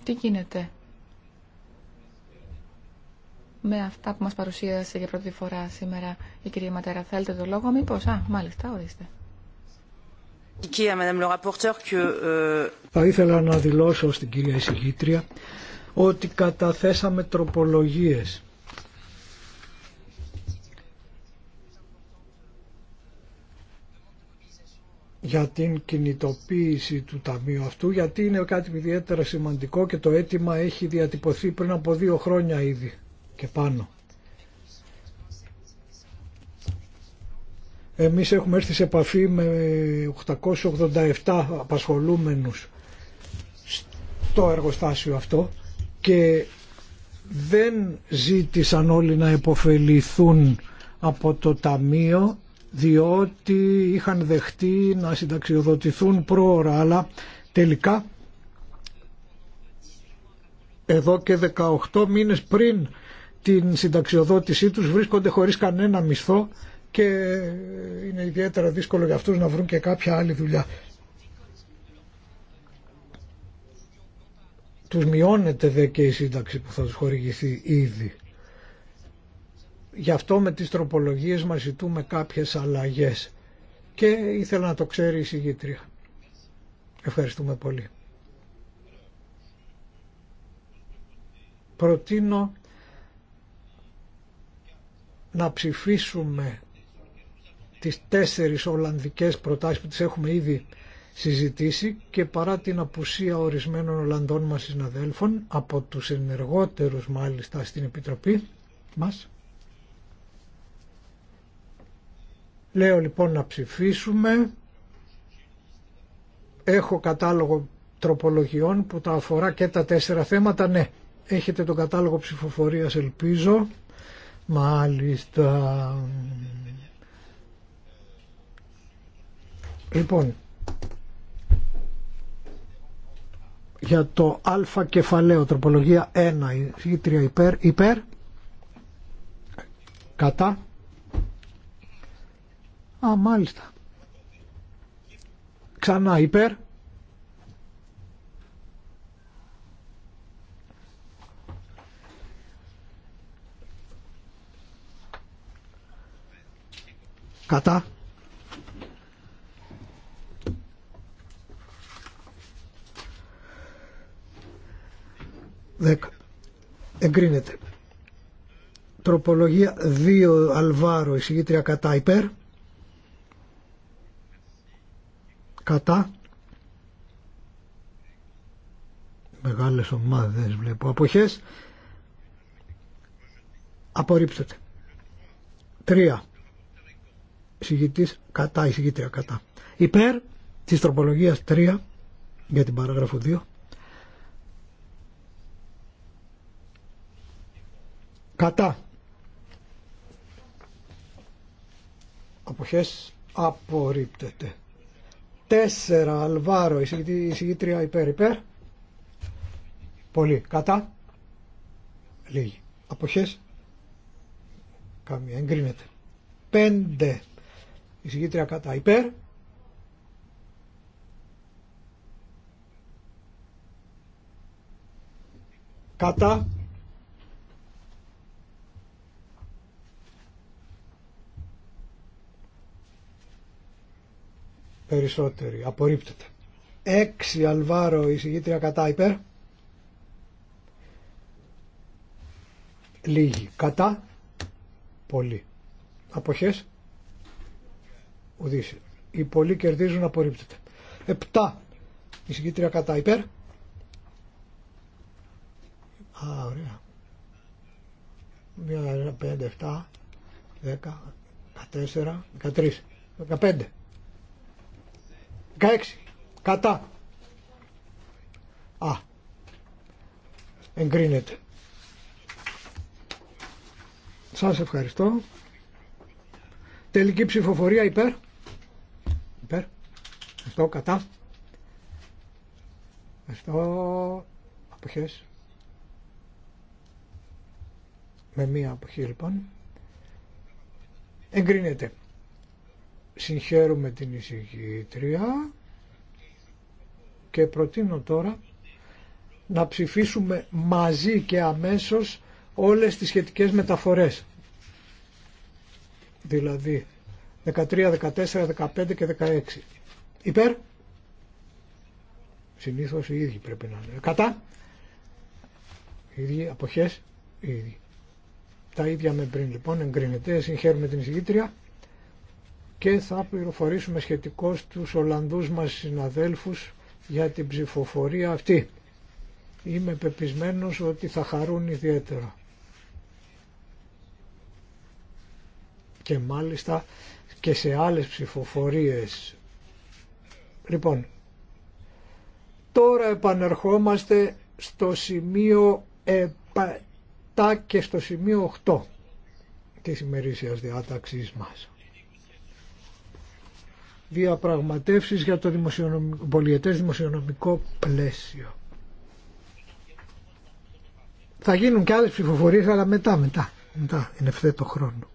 Τι γίνεται με αυτά που μας παρουσίασε για πρώτη φορά σήμερα η κυρία Ματέρα. Θέλετε το λόγο μήπως. Α, μάλιστα, ορίστε. Euh, Θα ήθελα να δηλώσω στην κυρία εισηγήτρια ότι καταθέσαμε τροπολογίες. για την κινητοποίηση του ταμείου αυτού, γιατί είναι κάτι ιδιαίτερα σημαντικό και το αίτημα έχει διατυπωθεί πριν από δύο χρόνια ήδη και πάνω. Εμείς έχουμε έρθει σε επαφή με 887 απασχολούμενους στο εργοστάσιο αυτό και δεν ζήτησαν όλοι να επωφεληθούν από το Ταμείο διότι είχαν δεχτεί να συνταξιοδοτηθούν πρόωρα αλλά τελικά εδώ και 18 μήνες πριν την συνταξιοδότησή τους βρίσκονται χωρίς κανένα μισθό και είναι ιδιαίτερα δύσκολο για αυτούς να βρουν και κάποια άλλη δουλειά. Τους μειώνεται δε και η σύνταξη που θα τους χορηγηθεί ήδη. Γι' αυτό με τις τροπολογίες μας ζητούμε κάποιες αλλαγές. Και ήθελα να το ξέρει η συγγήτρια. Ευχαριστούμε πολύ. Προτείνω να ψηφίσουμε τις τέσσερις Ολλανδικές προτάσεις που τις έχουμε ήδη συζητήσει και παρά την απουσία ορισμένων Ολλανδών μας συναδέλφων, από τους ενεργότερους μάλιστα στην Επιτροπή μας, Λέω λοιπόν να ψηφίσουμε. Έχω κατάλογο τροπολογιών που τα αφορά και τα τέσσερα θέματα. Ναι, έχετε τον κατάλογο ψηφοφορίας ελπίζω. Μάλιστα. Λοιπόν, για το α κεφαλαίο, τροπολογία 1, η 3 υπέρ, υπέρ, κατά. Α, μάλιστα. Ξανά υπέρ. Κατά. 10 εγκρίνεται τροπολογία 2 Αλβάρο εισηγήτρια κατά υπέρ κατά μεγάλες ομάδες βλέπω αποχές απορριψετε 3 εισηγητής κατά εισηγήτρια κατά υπέρ της τροπολογίας 3 για την παράγραφο 2 Κατά. Αποχές απορρίπτεται. Τέσσερα. Αλβάρο, η συγκίτρια υπέρ υπέρ. Πολύ. Κατά. Λίγοι. Αποχές. Καμία. Εγκρίνεται. Πέντε. η συγκίτρια κατά υπέρ. Κατά. περισσότεροι. Απορρίπτεται. 6 Αλβάρο εισηγήτρια κατά υπέρ. Κατά. Πολλοί. Αποχές. Ουδήσει. Οι πολλοί κερδίζουν απορρίπτεται. 7 εισηγήτρια κατά υπέρ. Α, ωραία. 1, 5, 7, 10, 14, 13, 15. 16. Κατά. Α. Εγκρίνεται. Σας ευχαριστώ. Τελική ψηφοφορία υπέρ. Υπέρ. Αυτό Κατά. Αυτό. Αποχές. Με μία αποχή λοιπόν. Εγκρίνεται. Συγχαίρουμε την εισηγήτρια και προτείνω τώρα να ψηφίσουμε μαζί και αμέσως όλες τις σχετικές μεταφορές. Δηλαδή 13, 14, 15 και 16. Υπέρ. Συνήθως οι ίδιοι πρέπει να είναι. Κατά. Οι ίδιοι αποχές. Οι ίδιοι. Τα ίδια με πριν λοιπόν εγκρίνεται. Συγχαίρουμε την εισηγήτρια και θα πληροφορήσουμε σχετικώς τους Ολλανδούς μας συναδέλφους για την ψηφοφορία αυτή. Είμαι πεπισμένος ότι θα χαρούν ιδιαίτερα. Και μάλιστα και σε άλλες ψηφοφορίες. Λοιπόν, τώρα επανερχόμαστε στο σημείο 7 και στο σημείο 8 της ημερήσιας διάταξής μας διαπραγματεύσεις για το δημοσιονομικό, πολιετές δημοσιονομικό πλαίσιο. Θα γίνουν και άλλες ψηφοφορίες, αλλά μετά, μετά, μετά, είναι ευθέτω χρόνο.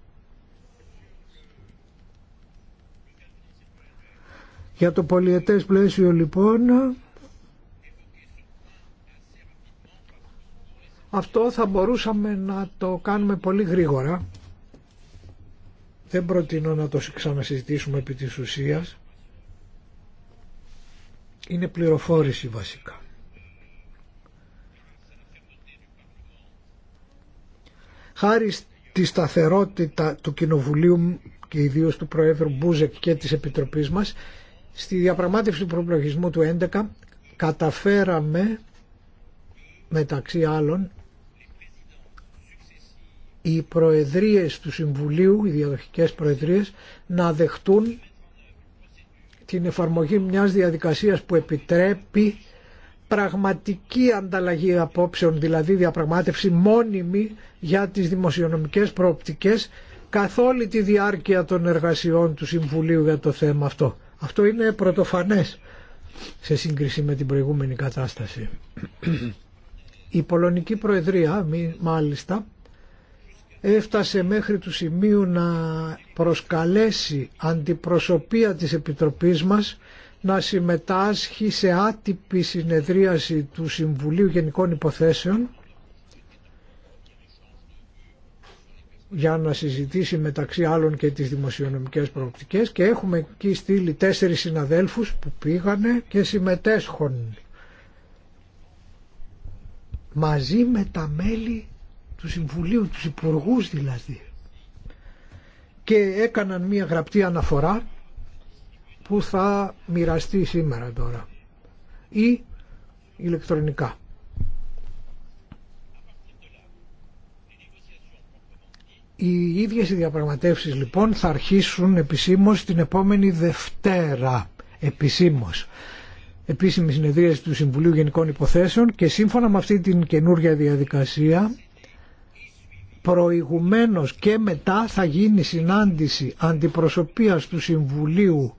Για το πολιετές πλαίσιο λοιπόν, αυτό θα μπορούσαμε να το κάνουμε πολύ γρήγορα, δεν προτείνω να το ξανασυζητήσουμε επί της ουσίας. Είναι πληροφόρηση βασικά. Χάρη στη σταθερότητα του Κοινοβουλίου και ιδίως του Προέδρου Μπούζεκ και της Επιτροπής μας, στη διαπραγμάτευση του προπλογισμού του 11 καταφέραμε μεταξύ άλλων οι προεδρίες του Συμβουλίου, οι διαδοχικές προεδρίες, να δεχτούν την εφαρμογή μιας διαδικασίας που επιτρέπει πραγματική ανταλλαγή απόψεων, δηλαδή διαπραγμάτευση μόνιμη για τις δημοσιονομικές προοπτικές καθ' όλη τη διάρκεια των εργασιών του Συμβουλίου για το θέμα αυτό. Αυτό είναι πρωτοφανές σε σύγκριση με την προηγούμενη κατάσταση. Η Πολωνική Προεδρία, μάλιστα, έφτασε μέχρι του σημείου να προσκαλέσει αντιπροσωπεία της Επιτροπής μας να συμμετάσχει σε άτυπη συνεδρίαση του Συμβουλίου Γενικών Υποθέσεων για να συζητήσει μεταξύ άλλων και τις δημοσιονομικές προοπτικές και έχουμε εκεί στείλει τέσσερις συναδέλφους που πήγανε και συμμετέσχον μαζί με τα μέλη του Συμβουλίου, του υπουργού δηλαδή. Και έκαναν μία γραπτή αναφορά που θα μοιραστεί σήμερα τώρα ή ηλεκτρονικά. Οι ίδιες οι διαπραγματεύσεις λοιπόν θα αρχίσουν επισήμως την επόμενη Δευτέρα επισήμως επίσημη συνεδρίαση του Συμβουλίου Γενικών Υποθέσεων και σύμφωνα με αυτή την καινούργια διαδικασία προηγουμένως και μετά θα γίνει συνάντηση αντιπροσωπείας του Συμβουλίου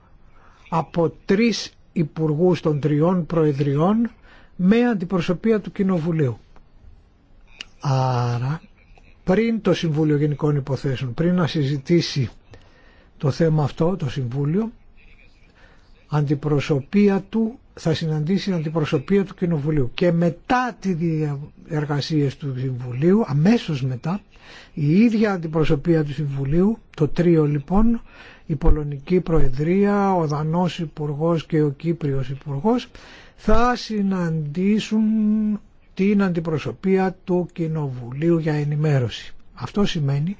από τρεις υπουργούς των τριών προεδριών με αντιπροσωπεία του Κοινοβουλίου. Άρα πριν το Συμβούλιο Γενικών Υποθέσεων, πριν να συζητήσει το θέμα αυτό, το Συμβούλιο, αντιπροσωπεία του θα συναντήσει αντιπροσωπεία του Κοινοβουλίου και μετά τις εργασίες του Συμβουλίου, αμέσως μετά, η ίδια αντιπροσωπεία του Συμβουλίου, το τρίο λοιπόν, η Πολωνική Προεδρία, ο Δανός Υπουργός και ο Κύπριος Υπουργός, θα συναντήσουν την αντιπροσωπεία του Κοινοβουλίου για ενημέρωση. Αυτό σημαίνει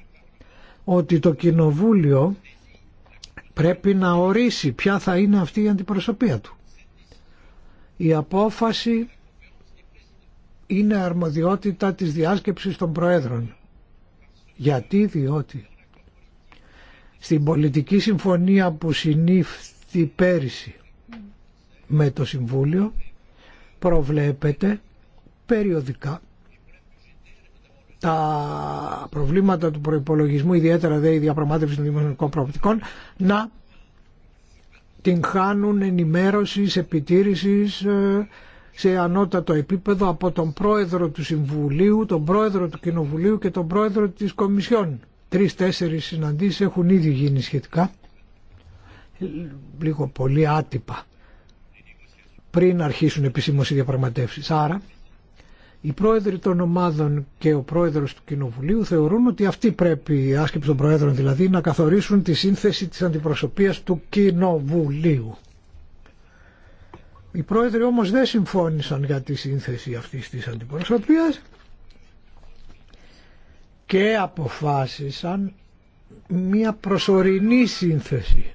ότι το Κοινοβούλιο πρέπει να ορίσει ποια θα είναι αυτή η αντιπροσωπεία του. Η απόφαση είναι αρμοδιότητα της διάσκεψης των Προέδρων. Γιατί, διότι στην πολιτική συμφωνία που συνήφθη πέρυσι με το Συμβούλιο προβλέπεται περιοδικά τα προβλήματα του προϋπολογισμού, ιδιαίτερα δε η διαπραγμάτευση των δημοσιονομικών προοπτικών, να την χάνουν ενημέρωσης, επιτήρησης ε, σε ανώτατο επίπεδο από τον πρόεδρο του Συμβουλίου, τον πρόεδρο του Κοινοβουλίου και τον πρόεδρο της Κομισιόν. Τρεις-τέσσερις συναντήσεις έχουν ήδη γίνει σχετικά, λίγο πολύ άτυπα, πριν αρχίσουν επισήμως οι διαπραγματεύσεις. Άρα οι πρόεδροι των ομάδων και ο πρόεδρος του Κοινοβουλίου θεωρούν ότι αυτοί πρέπει, οι ο των πρόεδρων δηλαδή, να καθορίσουν τη σύνθεση της αντιπροσωπείας του Κοινοβουλίου. Οι πρόεδροι όμως δεν συμφώνησαν για τη σύνθεση αυτής της αντιπροσωπείας και αποφάσισαν μια προσωρινή σύνθεση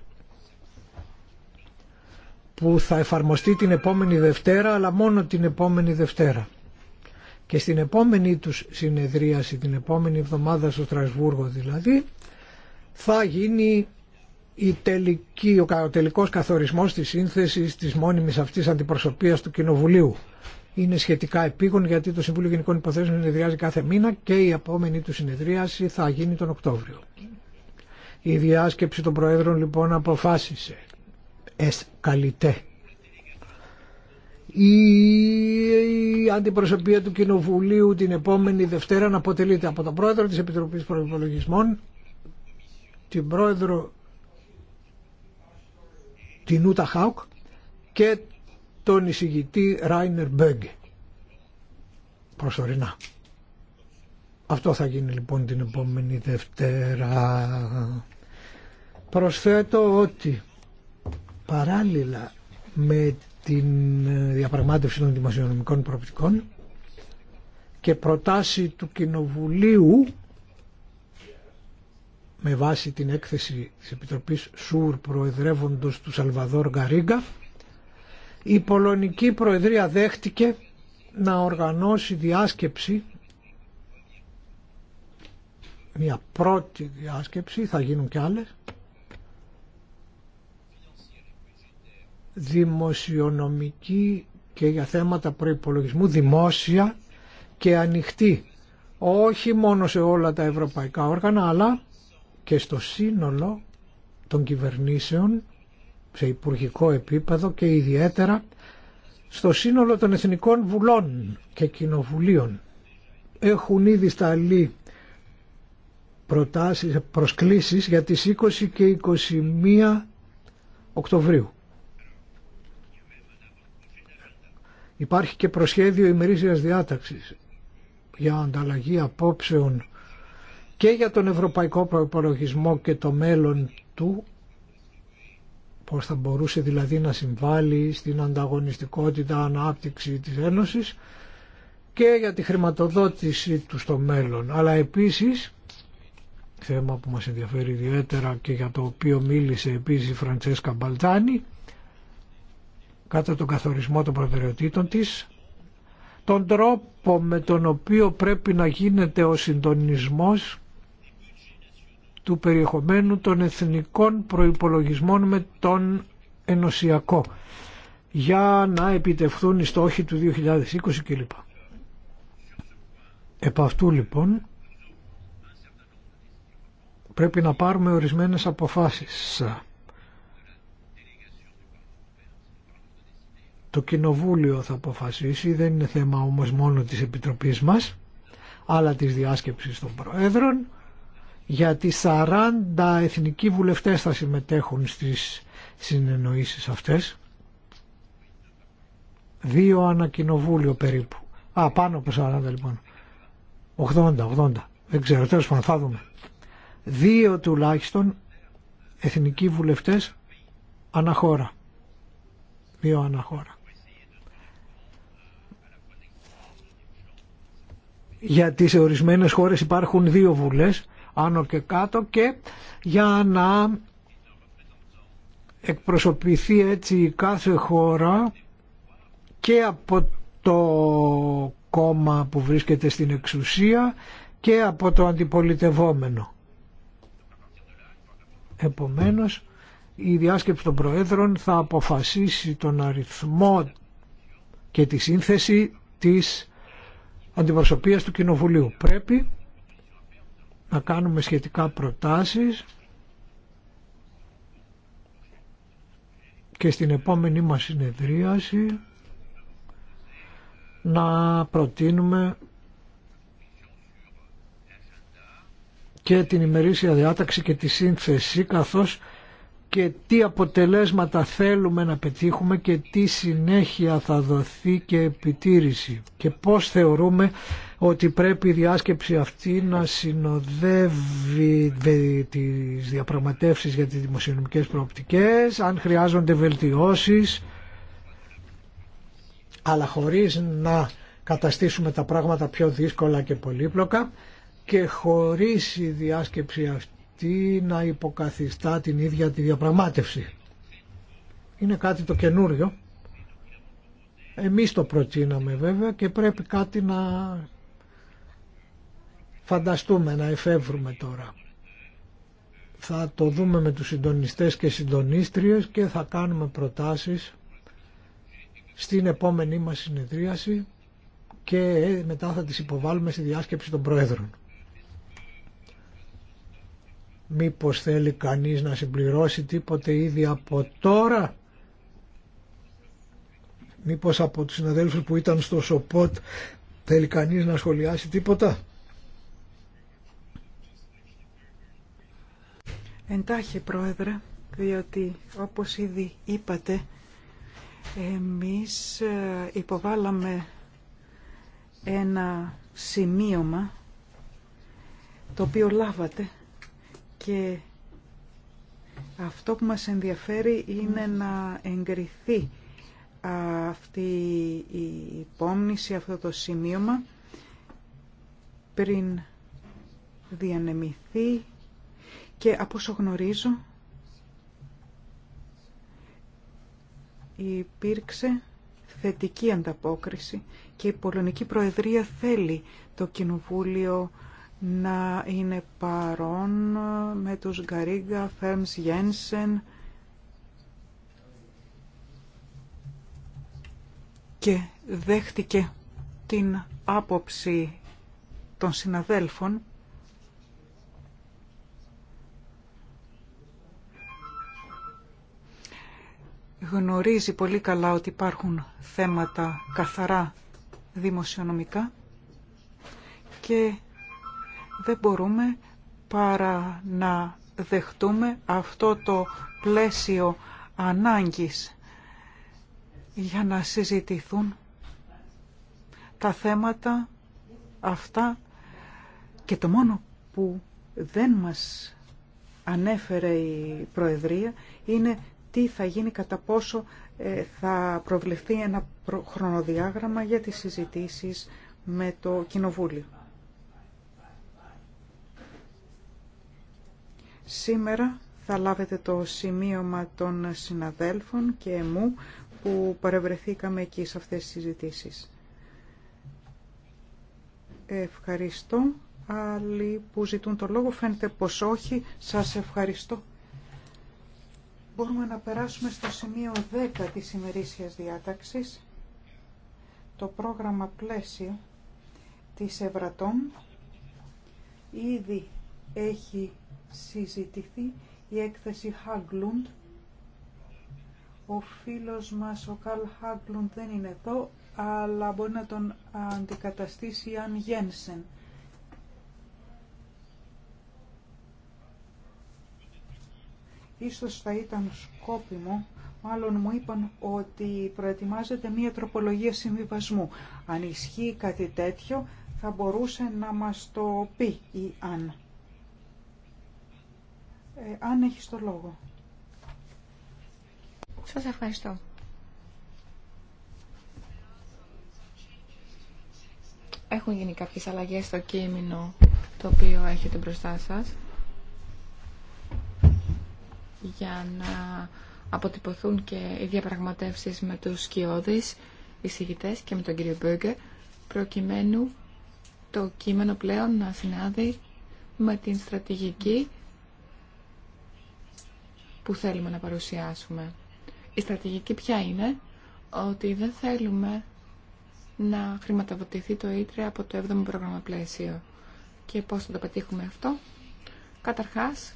που θα εφαρμοστεί την επόμενη Δευτέρα αλλά μόνο την επόμενη Δευτέρα και στην επόμενη τους συνεδρίαση, την επόμενη εβδομάδα στο Στρασβούργο δηλαδή, θα γίνει η τελική, ο τελικός καθορισμός της σύνθεσης της μόνιμης αυτής αντιπροσωπείας του Κοινοβουλίου. Είναι σχετικά επίγον γιατί το Συμβούλιο Γενικών Υποθέσεων συνεδριάζει κάθε μήνα και η επόμενη του συνεδρίαση θα γίνει τον Οκτώβριο. Η διάσκεψη των Προέδρων λοιπόν αποφάσισε. Εσ η αντιπροσωπεία του Κοινοβουλίου την επόμενη Δευτέρα να αποτελείται από τον πρόεδρο της Επιτροπής Προϋπολογισμών, την πρόεδρο την Ούτα Χάουκ και τον εισηγητή Ράινερ Μπέγκε. Προσωρινά. Αυτό θα γίνει λοιπόν την επόμενη Δευτέρα. Προσθέτω ότι παράλληλα με την ε, διαπραγμάτευση των δημοσιονομικών προοπτικών και προτάσει του Κοινοβουλίου με βάση την έκθεση της Επιτροπής ΣΟΥΡ προεδρεύοντος του Σαλβαδόρ Γκαρίγκα η Πολωνική Προεδρία δέχτηκε να οργανώσει διάσκεψη μια πρώτη διάσκεψη, θα γίνουν και άλλες δημοσιονομική και για θέματα προϋπολογισμού δημόσια και ανοιχτή όχι μόνο σε όλα τα ευρωπαϊκά όργανα αλλά και στο σύνολο των κυβερνήσεων σε υπουργικό επίπεδο και ιδιαίτερα στο σύνολο των εθνικών βουλών και κοινοβουλίων. Έχουν ήδη σταλεί προτάσεις, προσκλήσεις για τις 20 και 21 Οκτωβρίου. Υπάρχει και προσχέδιο ημερήσιας διάταξης για ανταλλαγή απόψεων και για τον ευρωπαϊκό προπολογισμό και το μέλλον του, πώς θα μπορούσε δηλαδή να συμβάλλει στην ανταγωνιστικότητα ανάπτυξη της Ένωσης και για τη χρηματοδότηση του στο μέλλον. Αλλά επίσης, θέμα που μας ενδιαφέρει ιδιαίτερα και για το οποίο μίλησε επίσης η Φραντσέσκα Μπαλτζάνη κατά τον καθορισμό των προτεραιοτήτων της, τον τρόπο με τον οποίο πρέπει να γίνεται ο συντονισμός του περιεχομένου των εθνικών προϋπολογισμών με τον ενωσιακό για να επιτευχθούν οι στόχοι του 2020 κλπ. Επ' αυτού λοιπόν πρέπει να πάρουμε ορισμένες αποφάσεις το Κοινοβούλιο θα αποφασίσει, δεν είναι θέμα όμως μόνο της Επιτροπής μας, αλλά της διάσκεψης των Προέδρων, γιατί 40 εθνικοί βουλευτές θα συμμετέχουν στις συνεννοήσεις αυτές, δύο ανακοινοβούλιο περίπου. Α, πάνω από 40 λοιπόν. 80, 80. Δεν ξέρω, τέλος πάντων θα δούμε. Δύο τουλάχιστον εθνικοί βουλευτές αναχώρα. Δύο αναχώρα. γιατί σε ορισμένες χώρες υπάρχουν δύο βουλές, άνω και κάτω, και για να εκπροσωπηθεί έτσι η κάθε χώρα και από το κόμμα που βρίσκεται στην εξουσία και από το αντιπολιτευόμενο. Επομένως, η διάσκεψη των Προέδρων θα αποφασίσει τον αριθμό και τη σύνθεση της αντιπροσωπείας του Κοινοβουλίου. Πρέπει να κάνουμε σχετικά προτάσεις και στην επόμενή μας συνεδρίαση να προτείνουμε και την ημερήσια διάταξη και τη σύνθεση καθώς και τι αποτελέσματα θέλουμε να πετύχουμε και τι συνέχεια θα δοθεί και επιτήρηση και πώς θεωρούμε ότι πρέπει η διάσκεψη αυτή να συνοδεύει τις διαπραγματεύσεις για τις δημοσιονομικές προοπτικές, αν χρειάζονται βελτιώσεις, αλλά χωρίς να καταστήσουμε τα πράγματα πιο δύσκολα και πολύπλοκα και χωρίς η διάσκεψη αυτή τι να υποκαθιστά την ίδια τη διαπραγμάτευση. Είναι κάτι το καινούριο. Εμείς το προτείναμε βέβαια και πρέπει κάτι να φανταστούμε, να εφεύρουμε τώρα. Θα το δούμε με τους συντονιστές και συντονίστριες και θα κάνουμε προτάσεις στην επόμενή μας συνεδρίαση και μετά θα τις υποβάλουμε στη διάσκεψη των Προέδρων. Μήπως θέλει κανείς να συμπληρώσει τίποτε ήδη από τώρα. Μήπως από τους συναδέλφους που ήταν στο ΣΟΠΟΤ θέλει κανείς να σχολιάσει τίποτα. Εντάχει πρόεδρε, διότι όπως ήδη είπατε εμείς ε, υποβάλαμε ένα σημείωμα το οποίο λάβατε και αυτό που μας ενδιαφέρει είναι να εγκριθεί αυτή η υπόμνηση, αυτό το σημείωμα πριν διανεμηθεί και από όσο γνωρίζω υπήρξε θετική ανταπόκριση και η Πολωνική Προεδρία θέλει το Κοινοβούλιο να είναι παρόν με τους Γκαρίγκα, Φέρμς Γένσεν και δέχτηκε την άποψη των συναδέλφων γνωρίζει πολύ καλά ότι υπάρχουν θέματα καθαρά δημοσιονομικά και δεν μπορούμε παρά να δεχτούμε αυτό το πλαίσιο ανάγκης για να συζητηθούν τα θέματα αυτά και το μόνο που δεν μας ανέφερε η Προεδρία είναι τι θα γίνει κατά πόσο ε, θα προβλεφθεί ένα χρονοδιάγραμμα για τις συζητήσεις με το Κοινοβούλιο. Σήμερα θα λάβετε το σημείωμα των συναδέλφων και μου που παρευρεθήκαμε εκεί σε αυτές τις συζητήσεις. Ευχαριστώ. Άλλοι που ζητούν το λόγο φαίνεται πως όχι. Σας ευχαριστώ. Μπορούμε να περάσουμε στο σημείο 10 της ημερήσιας διάταξης. Το πρόγραμμα πλαίσιο της Ευρατών ήδη έχει συζητηθεί η έκθεση Haglund Ο φίλος μας ο Καλ Χάγκλουντ δεν είναι εδώ, αλλά μπορεί να τον αντικαταστήσει η Αν Γένσεν. Ίσως θα ήταν σκόπιμο, μάλλον μου είπαν ότι προετοιμάζεται μία τροπολογία συμβιβασμού. Αν ισχύει κάτι τέτοιο, θα μπορούσε να μας το πει η Αν. Ε, αν έχεις το λόγο. Σας ευχαριστώ. Έχουν γίνει κάποιες αλλαγές στο κείμενο το οποίο έχετε μπροστά σας για να αποτυπωθούν και οι διαπραγματεύσεις με τους οι εισηγητέ και με τον κύριο Μπέγκε προκειμένου το κείμενο πλέον να συνάδει με την στρατηγική που θέλουμε να παρουσιάσουμε. Η στρατηγική ποια είναι ότι δεν θέλουμε να χρηματοδοτηθεί το ίτρε από το 7ο πρόγραμμα πλαίσιο. Και πώς θα το πετύχουμε αυτό. Καταρχάς,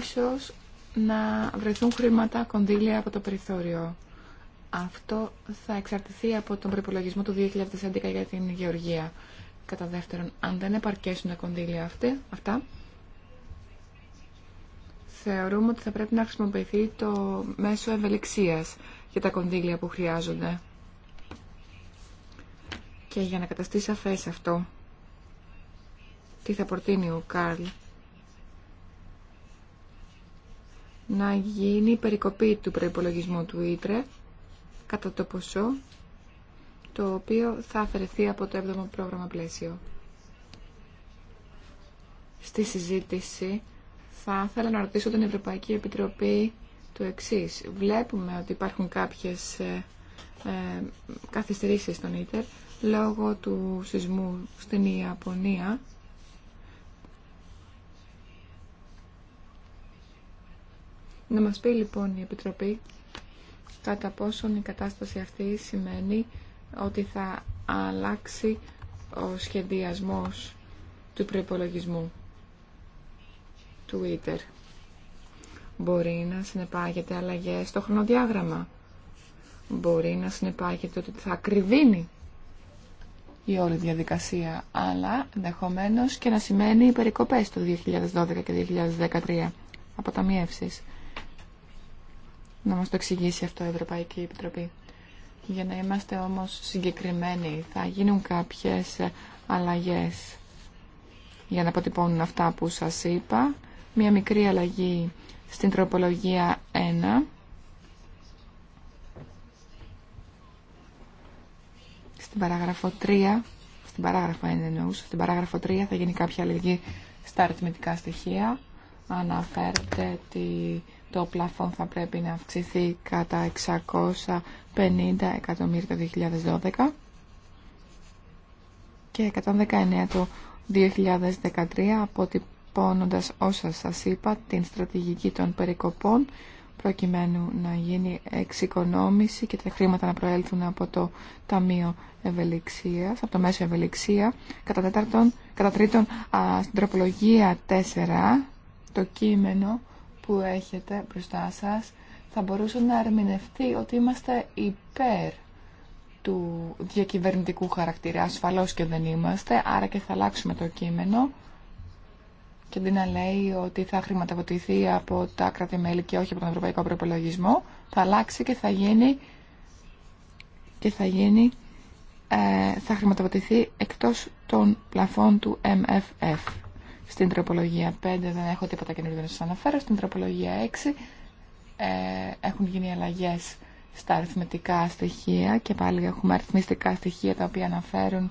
ίσως να βρεθούν χρήματα κονδύλια από το περιθώριο. Αυτό θα εξαρτηθεί από τον προπολογισμό του 2011 για την Γεωργία. Κατά δεύτερον, αν δεν επαρκέσουν τα κονδύλια αυτά, θεωρούμε ότι θα πρέπει να χρησιμοποιηθεί το μέσο ευελιξίας για τα κονδύλια που χρειάζονται. Και για να καταστεί σαφές αυτό, τι θα προτείνει ο Κάρλ. Να γίνει περικοπή του προϋπολογισμού του Ήτρε κατά το ποσό το οποίο θα αφαιρεθεί από το 7ο πρόγραμμα πλαίσιο. Στη συζήτηση θα ήθελα να ρωτήσω την Ευρωπαϊκή Επιτροπή το εξή. Βλέπουμε ότι υπάρχουν κάποιες ε, ε, στον ΙΤΕΡ λόγω του σεισμού στην Ιαπωνία. Να μας πει λοιπόν η Επιτροπή κατά πόσον η κατάσταση αυτή σημαίνει ότι θα αλλάξει ο σχεδιασμός του προϋπολογισμού. Twitter μπορεί να συνεπάγεται αλλαγές στο χρονοδιάγραμμα. Μπορεί να συνεπάγεται ότι θα ακριβίνει η όλη διαδικασία, αλλά ενδεχομένω και να σημαίνει οι περικοπές το 2012 και 2013 αποταμιεύσεις. Να μα το εξηγήσει αυτό η Ευρωπαϊκή Επιτροπή. Για να είμαστε όμως συγκεκριμένοι, θα γίνουν κάποιες αλλαγές για να αποτυπώνουν αυτά που σας είπα μια μικρή αλλαγή στην τροπολογία 1. Στην παράγραφο 3, στην παράγραφο 1 στην παράγραφο 3 θα γίνει κάποια αλλαγή στα αριθμητικά στοιχεία. Αναφέρεται ότι το πλαφόν θα πρέπει να αυξηθεί κατά 650 εκατομμύρια το 2012 και 119 το 2013 από ό,τι εκπώνοντας όσα σας είπα την στρατηγική των περικοπών προκειμένου να γίνει εξοικονόμηση και τα χρήματα να προέλθουν από το Ταμείο Ευελιξίας, από το Μέσο Ευελιξία. Κατά, τέταρτον, κατά τρίτον, α, στην τροπολογία 4, το κείμενο που έχετε μπροστά σας, θα μπορούσε να ερμηνευτεί ότι είμαστε υπέρ του διακυβερνητικού χαρακτήρα. Ασφαλώς και δεν είμαστε, άρα και θα αλλάξουμε το κείμενο και να λέει ότι θα χρηματοδοτηθεί από τα κράτη-μέλη και όχι από τον Ευρωπαϊκό Προπολογισμό, θα αλλάξει και θα γίνει και θα γίνει ε, θα χρηματοδοτηθεί εκτός των πλαφών του MFF. Στην τροπολογία 5 δεν έχω τίποτα καινούργιο να σας αναφέρω. Στην τροπολογία 6 ε, έχουν γίνει αλλαγές στα αριθμητικά στοιχεία και πάλι έχουμε αριθμιστικά στοιχεία τα οποία αναφέρουν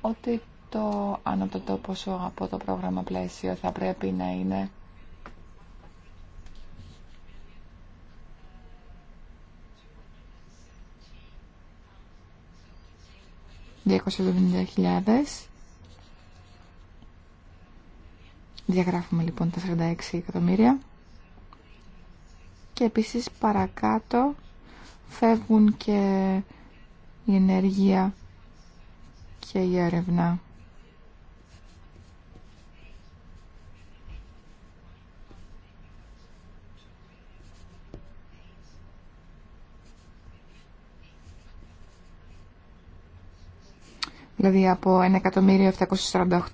ότι το ανώτατο ποσό από το πρόγραμμα πλαίσιο θα πρέπει να είναι 270.000 Διαγράφουμε λοιπόν τα 46 εκατομμύρια. Και επίσης παρακάτω φεύγουν και η ενέργεια και η έρευνα. δηλαδή από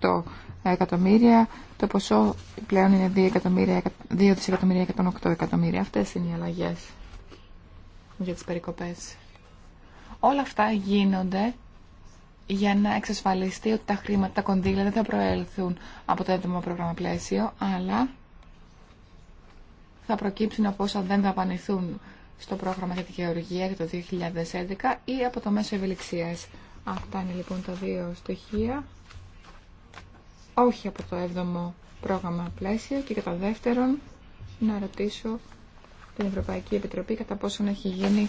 1.748 εκατομμύρια, το ποσό πλέον είναι 2 εκατομμύρια, 2 δισεκατομμύρια 108 εκατομμύρια. Αυτές είναι οι αλλαγές για τις περικοπές. Όλα αυτά γίνονται για να εξασφαλιστεί ότι τα χρήματα, τα κονδύλια δεν θα προέλθουν από το έντομο πρόγραμμα πλαίσιο, αλλά θα προκύψουν από όσα δεν θα απανηθούν στο πρόγραμμα για τη γεωργία για το 2011 ή από το μέσο ευελιξίας. Αυτά είναι λοιπόν τα δύο στοιχεία. Όχι από το 7ο πρόγραμμα πλαίσιο και κατά δεύτερον να ρωτήσω την Ευρωπαϊκή Επιτροπή κατά πόσον έχει γίνει,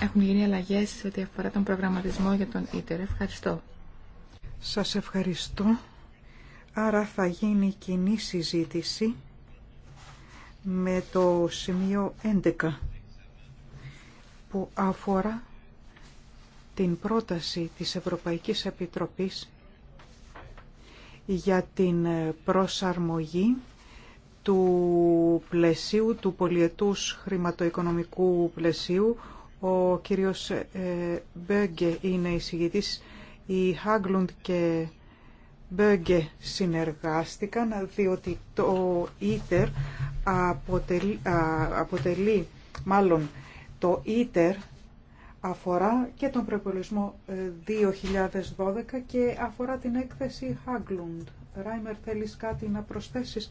έχουν γίνει αλλαγές σε ό,τι αφορά τον προγραμματισμό για τον ίτερ. Ευχαριστώ. Σας ευχαριστώ. Άρα θα γίνει κοινή συζήτηση με το σημείο 11 που αφορά την πρόταση της Ευρωπαϊκής Επιτροπής για την προσαρμογή του πλαισίου, του πολιετούς χρηματοοικονομικού πλαισίου. Ο κύριος ε, Μπέγκε είναι εισηγητής. Η Χάγκλουντ και Μπέγκε συνεργάστηκαν διότι το ίτερ αποτελεί, αποτελεί μάλλον το ίτερ αφορά και τον προπολογισμό 2012 ε, και αφορά την έκθεση Haglund. Ράιμερ, θέλεις κάτι να προσθέσεις.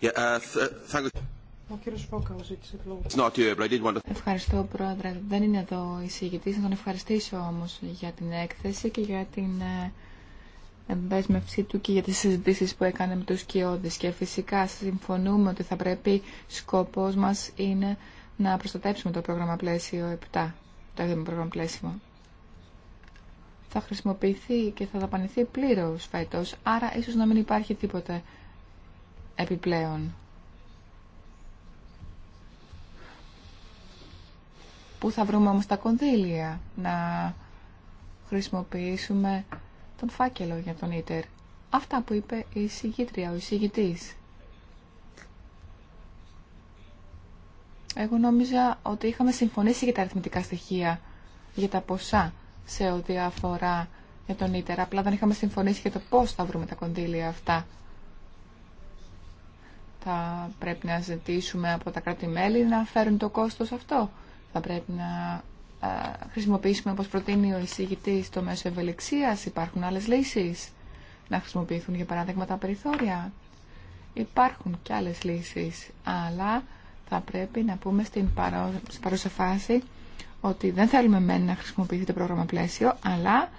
Yeah, uh, ο κύριος ζήτησε το λόγο. Ευχαριστώ, Πρόεδρε. Δεν είναι εδώ η συγητής. Θα τον ευχαριστήσω όμως για την έκθεση και για την ε, εμπέσμευσή του και για τις συζητήσεις που έκανε με τους κοιόδης. Και φυσικά συμφωνούμε ότι θα πρέπει σκοπός μας είναι να προστατέψουμε το πρόγραμμα πλαίσιο 7, το 7 πρόγραμμα πλαίσιο. Θα χρησιμοποιηθεί και θα δαπανηθεί πλήρως φέτος, άρα ίσως να μην υπάρχει τίποτε επιπλέον. Πού θα βρούμε όμως τα κονδύλια να χρησιμοποιήσουμε τον φάκελο για τον Ίτερ. Αυτά που είπε η συγκήτρια, ο εισηγητής. Εγώ νόμιζα ότι είχαμε συμφωνήσει για τα αριθμητικά στοιχεία, για τα ποσά σε ό,τι αφορά για τον Ίτερ. Απλά δεν είχαμε συμφωνήσει για το πώς θα βρούμε τα κονδύλια αυτά. Θα πρέπει να ζητήσουμε από τα κράτη-μέλη να φέρουν το κόστος αυτό. Θα πρέπει να χρησιμοποιήσουμε, όπως προτείνει ο εισηγητής, το μέσο ευελιξία. Υπάρχουν άλλες λύσεις. Να χρησιμοποιηθούν, για παράδειγμα, τα περιθώρια. Υπάρχουν και άλλες λύσεις, αλλά θα πρέπει να πούμε στην παρούσα φάση ότι δεν θέλουμε μεν να χρησιμοποιηθεί το πρόγραμμα πλαίσιο, αλλά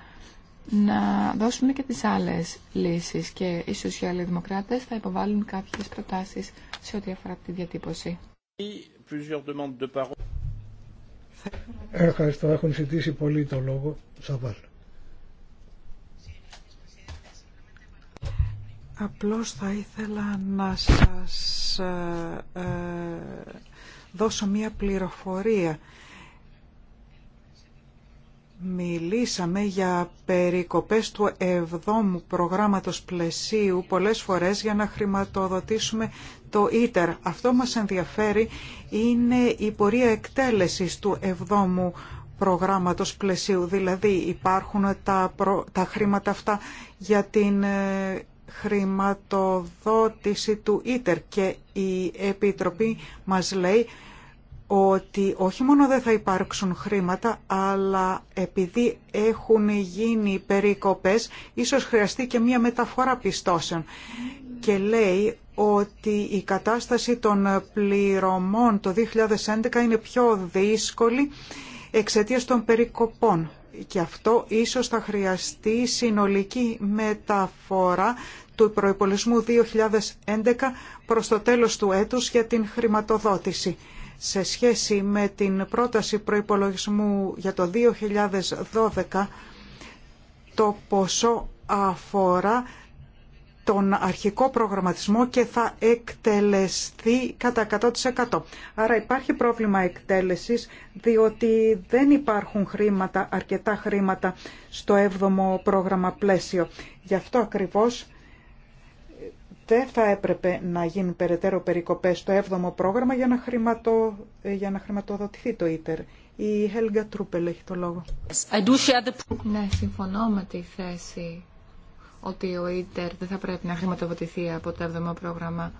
να δώσουμε και τις άλλες λύσεις και οι σοσιαλδημοκράτες θα υποβάλουν κάποιες προτάσεις σε ό,τι αφορά τη διατύπωση. Ευχαριστώ. Έχουν ζητήσει πολύ το λόγο. Σαβάλ. Απλώς θα ήθελα να σας ε, ε, δώσω μία πληροφορία. Μιλήσαμε για περικοπές του εβδόμου ου προγράμματος πλαισίου πολλές φορές για να χρηματοδοτήσουμε το ίτερ. Αυτό μας ενδιαφέρει είναι η πορεία εκτέλεσης του εβδόμου ου προγράμματος πλαισίου. Δηλαδή υπάρχουν τα, τα χρήματα αυτά για την ε, χρηματοδότηση του ΙΤΕΡ και η Επιτροπή μας λέει ότι όχι μόνο δεν θα υπάρξουν χρήματα, αλλά επειδή έχουν γίνει περίκοπες, ίσως χρειαστεί και μία μεταφορά πιστώσεων. Και λέει ότι η κατάσταση των πληρωμών το 2011 είναι πιο δύσκολη εξαιτίας των περικοπών και αυτό ίσως θα χρειαστεί συνολική μεταφορά του προϋπολισμού 2011 προς το τέλος του έτους για την χρηματοδότηση. Σε σχέση με την πρόταση προϋπολογισμού για το 2012, το ποσό αφορά τον αρχικό προγραμματισμό και θα εκτελεστεί κατά 100%. Άρα υπάρχει πρόβλημα εκτέλεσης διότι δεν υπάρχουν χρήματα, αρκετά χρήματα στο 7ο πρόγραμμα πλαίσιο. Γι' αυτό ακριβώς δεν θα έπρεπε να γίνουν περαιτέρω περικοπές στο 7ο πρόγραμμα για να, χρηματο, για να χρηματοδοτηθεί το ίτερ. Η Helga Τρούπελ έχει το λόγο. Ναι, συμφωνώ με τη θέση ότι ο ΙΤΕΡ δεν θα πρέπει να χρηματοδοτηθεί από το 7ο πρόγραμμα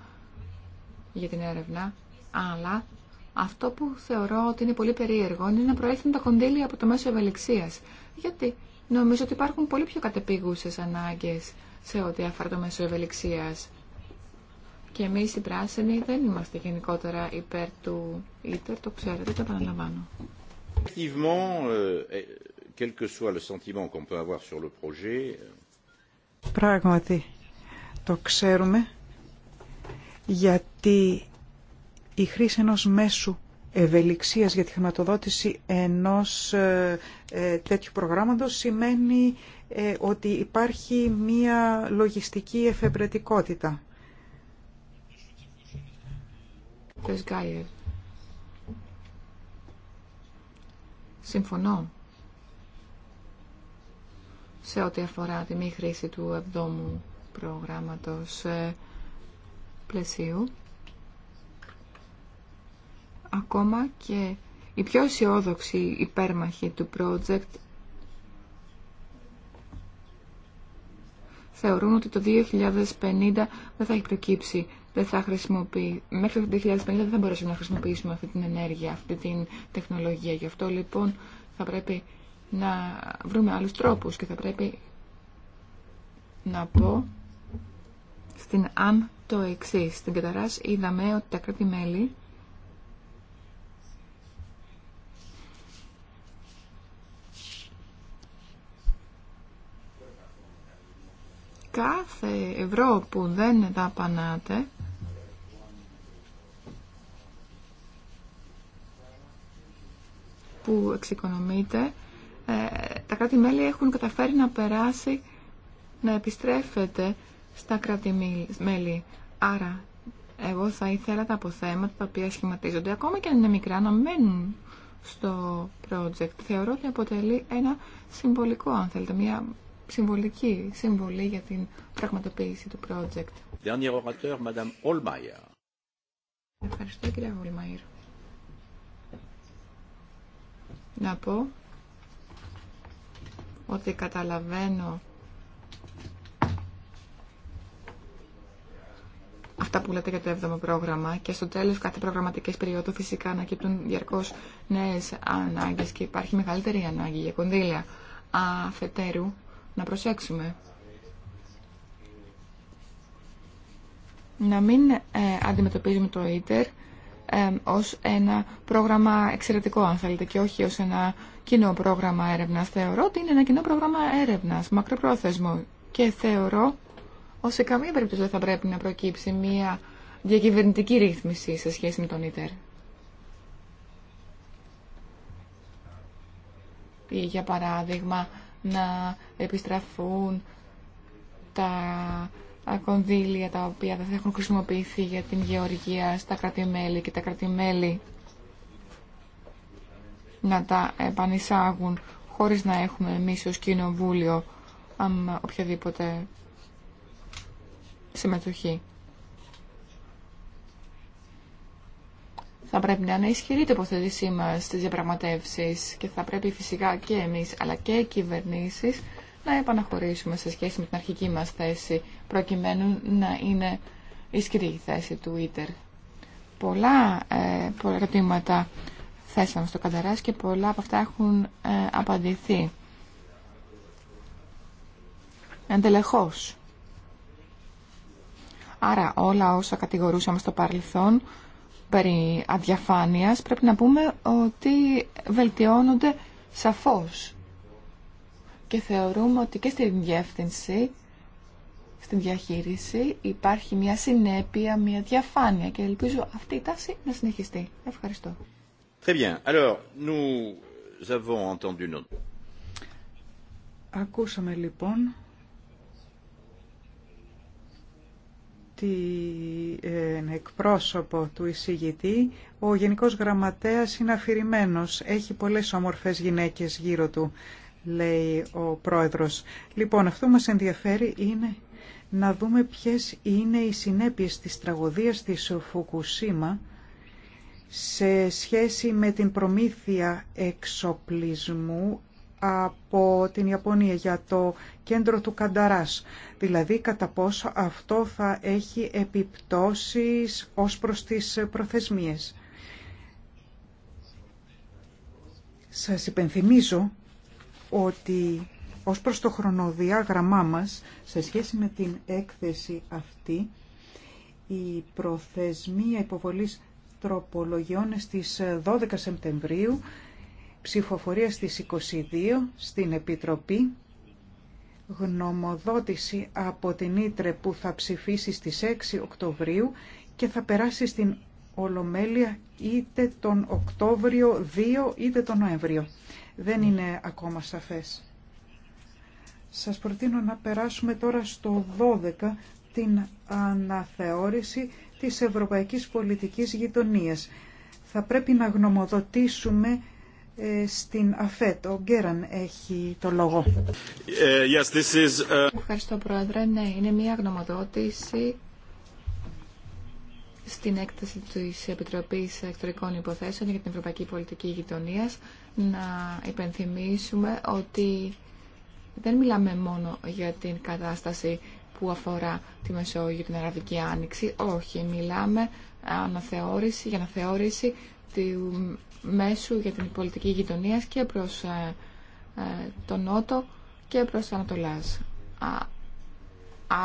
για την έρευνα, αλλά αυτό που θεωρώ ότι είναι πολύ περίεργο είναι να προέλθουν τα κονδύλια από το μέσο ευελιξία. Γιατί νομίζω ότι υπάρχουν πολύ πιο κατεπίγουσε ανάγκε σε ό,τι αφορά το μέσο ευελιξία. Και εμεί οι πράσινοι δεν είμαστε γενικότερα υπέρ του ΙΤΕΡ, το ξέρετε, το επαναλαμβάνω. Effectivement, euh, quel que soit le sentiment qu'on peut avoir sur le projet, Πράγματι, το ξέρουμε γιατί η χρήση ενός μέσου ευελιξίας για τη χρηματοδότηση ενός ε, ε, τέτοιου προγράμματος σημαίνει ε, ότι υπάρχει μία λογιστική εφευρετικότητα. Συμφωνώ σε ό,τι αφορά τη μη χρήση του εβδόμου προγράμματος ε, πλαισίου. Ακόμα και οι πιο αισιόδοξοι υπέρμαχοι του project θεωρούν ότι το 2050 δεν θα έχει προκύψει, δεν θα χρησιμοποιεί, μέχρι το 2050 δεν θα μπορέσουμε να χρησιμοποιήσουμε αυτή την ενέργεια, αυτή την τεχνολογία. Γι' αυτό λοιπόν θα πρέπει να βρούμε άλλους τρόπους και θα πρέπει να πω στην αν το εξή. Στην Καταράς είδαμε ότι τα κράτη-μέλη κάθε ευρώ που δεν δαπανάτε που εξοικονομείται ε, τα κράτη-μέλη έχουν καταφέρει να περάσει, να επιστρέφεται στα κράτη-μέλη. Άρα, εγώ θα ήθελα τα αποθέματα τα οποία σχηματίζονται, ακόμα και αν είναι μικρά, να μένουν στο project. Θεωρώ ότι αποτελεί ένα συμβολικό, αν θέλετε, μια συμβολική συμβολή για την πραγματοποίηση του project. Ευχαριστώ, κυρία Να πω ότι καταλαβαίνω αυτά που λέτε για το 7ο πρόγραμμα και στο τέλος κάθε προγραμματικής περίοδου φυσικά ανακύπτουν διαρκώς νέες ανάγκες και υπάρχει μεγαλύτερη ανάγκη για κονδύλια αφετέρου να προσέξουμε. Να μην ε, αντιμετωπίζουμε το ίτερ ε, ως ένα πρόγραμμα εξαιρετικό αν θέλετε και όχι ως ένα κοινό πρόγραμμα έρευνας. Θεωρώ ότι είναι ένα κοινό πρόγραμμα έρευνας, μακροπρόθεσμο. Και θεωρώ ότι σε καμία περίπτωση δεν θα πρέπει να προκύψει μία διακυβερνητική ρύθμιση σε σχέση με τον ΙΤΕΡ. Ή για παράδειγμα να επιστραφούν τα κονδύλια τα οποία δεν θα έχουν χρησιμοποιηθεί για την γεωργία στα κρατημέλη και τα κρατημέλη να τα επανεισάγουν χωρίς να έχουμε εμείς ως κοινοβούλιο αν οποιαδήποτε συμμετοχή. Θα πρέπει να είναι ισχυρή τοποθέτησή μα στις διαπραγματεύσει και θα πρέπει φυσικά και εμείς αλλά και οι κυβερνήσει να επαναχωρήσουμε σε σχέση με την αρχική μας θέση προκειμένου να είναι ισχυρή η θέση του Ίτερ. Πολλά ε, ερωτήματα θέσαμε στο Κανταράς και πολλά από αυτά έχουν ε, απαντηθεί εντελεχώς. Άρα όλα όσα κατηγορούσαμε στο παρελθόν περί αδιαφάνειας πρέπει να πούμε ότι βελτιώνονται σαφώς. Και θεωρούμε ότι και στην διεύθυνση, στην διαχείριση υπάρχει μια συνέπεια, μια διαφάνεια και ελπίζω αυτή η τάση να συνεχιστεί. Ευχαριστώ. Ακούσαμε λοιπόν την ε, εκπρόσωπο του εισηγητή. Ο Γενικός Γραμματέας είναι αφηρημένος. Έχει πολλές όμορφες γυναίκες γύρω του, λέει ο πρόεδρος. Λοιπόν, αυτό που μας ενδιαφέρει είναι να δούμε ποιες είναι οι συνέπειες της τραγωδίας της Φουκουσίμα σε σχέση με την προμήθεια εξοπλισμού από την Ιαπωνία για το κέντρο του Κανταράς. Δηλαδή κατά πόσο αυτό θα έχει επιπτώσεις ως προς τις προθεσμίες. Σας υπενθυμίζω ότι ως προς το χρονοδιάγραμμά μας, σε σχέση με την έκθεση αυτή, η προθεσμία υποβολής τροπολογιών στις 12 ε, Σεπτεμβρίου, ψηφοφορία στις 22 στην Επιτροπή, γνωμοδότηση από την Ήτρε που θα ψηφίσει στις 6 Οκτωβρίου και θα περάσει στην Ολομέλεια είτε τον Οκτώβριο 2 είτε τον Νοέμβριο. Δεν είναι ακόμα σαφές. Σας προτείνω να περάσουμε τώρα στο 12 την αναθεώρηση της ευρωπαϊκής πολιτικής γειτονίας. Θα πρέπει να γνωμοδοτήσουμε ε, στην ΑΦΕΤ. Ο Γκέραν έχει το λόγο. Ε, yes, this is... Ε, Ευχαριστώ Πρόεδρε. Ναι, είναι μια γνωμοδότηση στην έκταση της Επιτροπής Εκτορικών Υποθέσεων για την Ευρωπαϊκή Πολιτική Γειτονία να υπενθυμίσουμε ότι δεν μιλάμε μόνο για την κατάσταση που αφορά τη Μεσόγειο, την Αραβική Άνοιξη. Όχι, μιλάμε αναθεώρηση, για αναθεώρηση του μέσου για την πολιτική γειτονία και προς ε, ε, τον Νότο και προς τον Ανατολάς.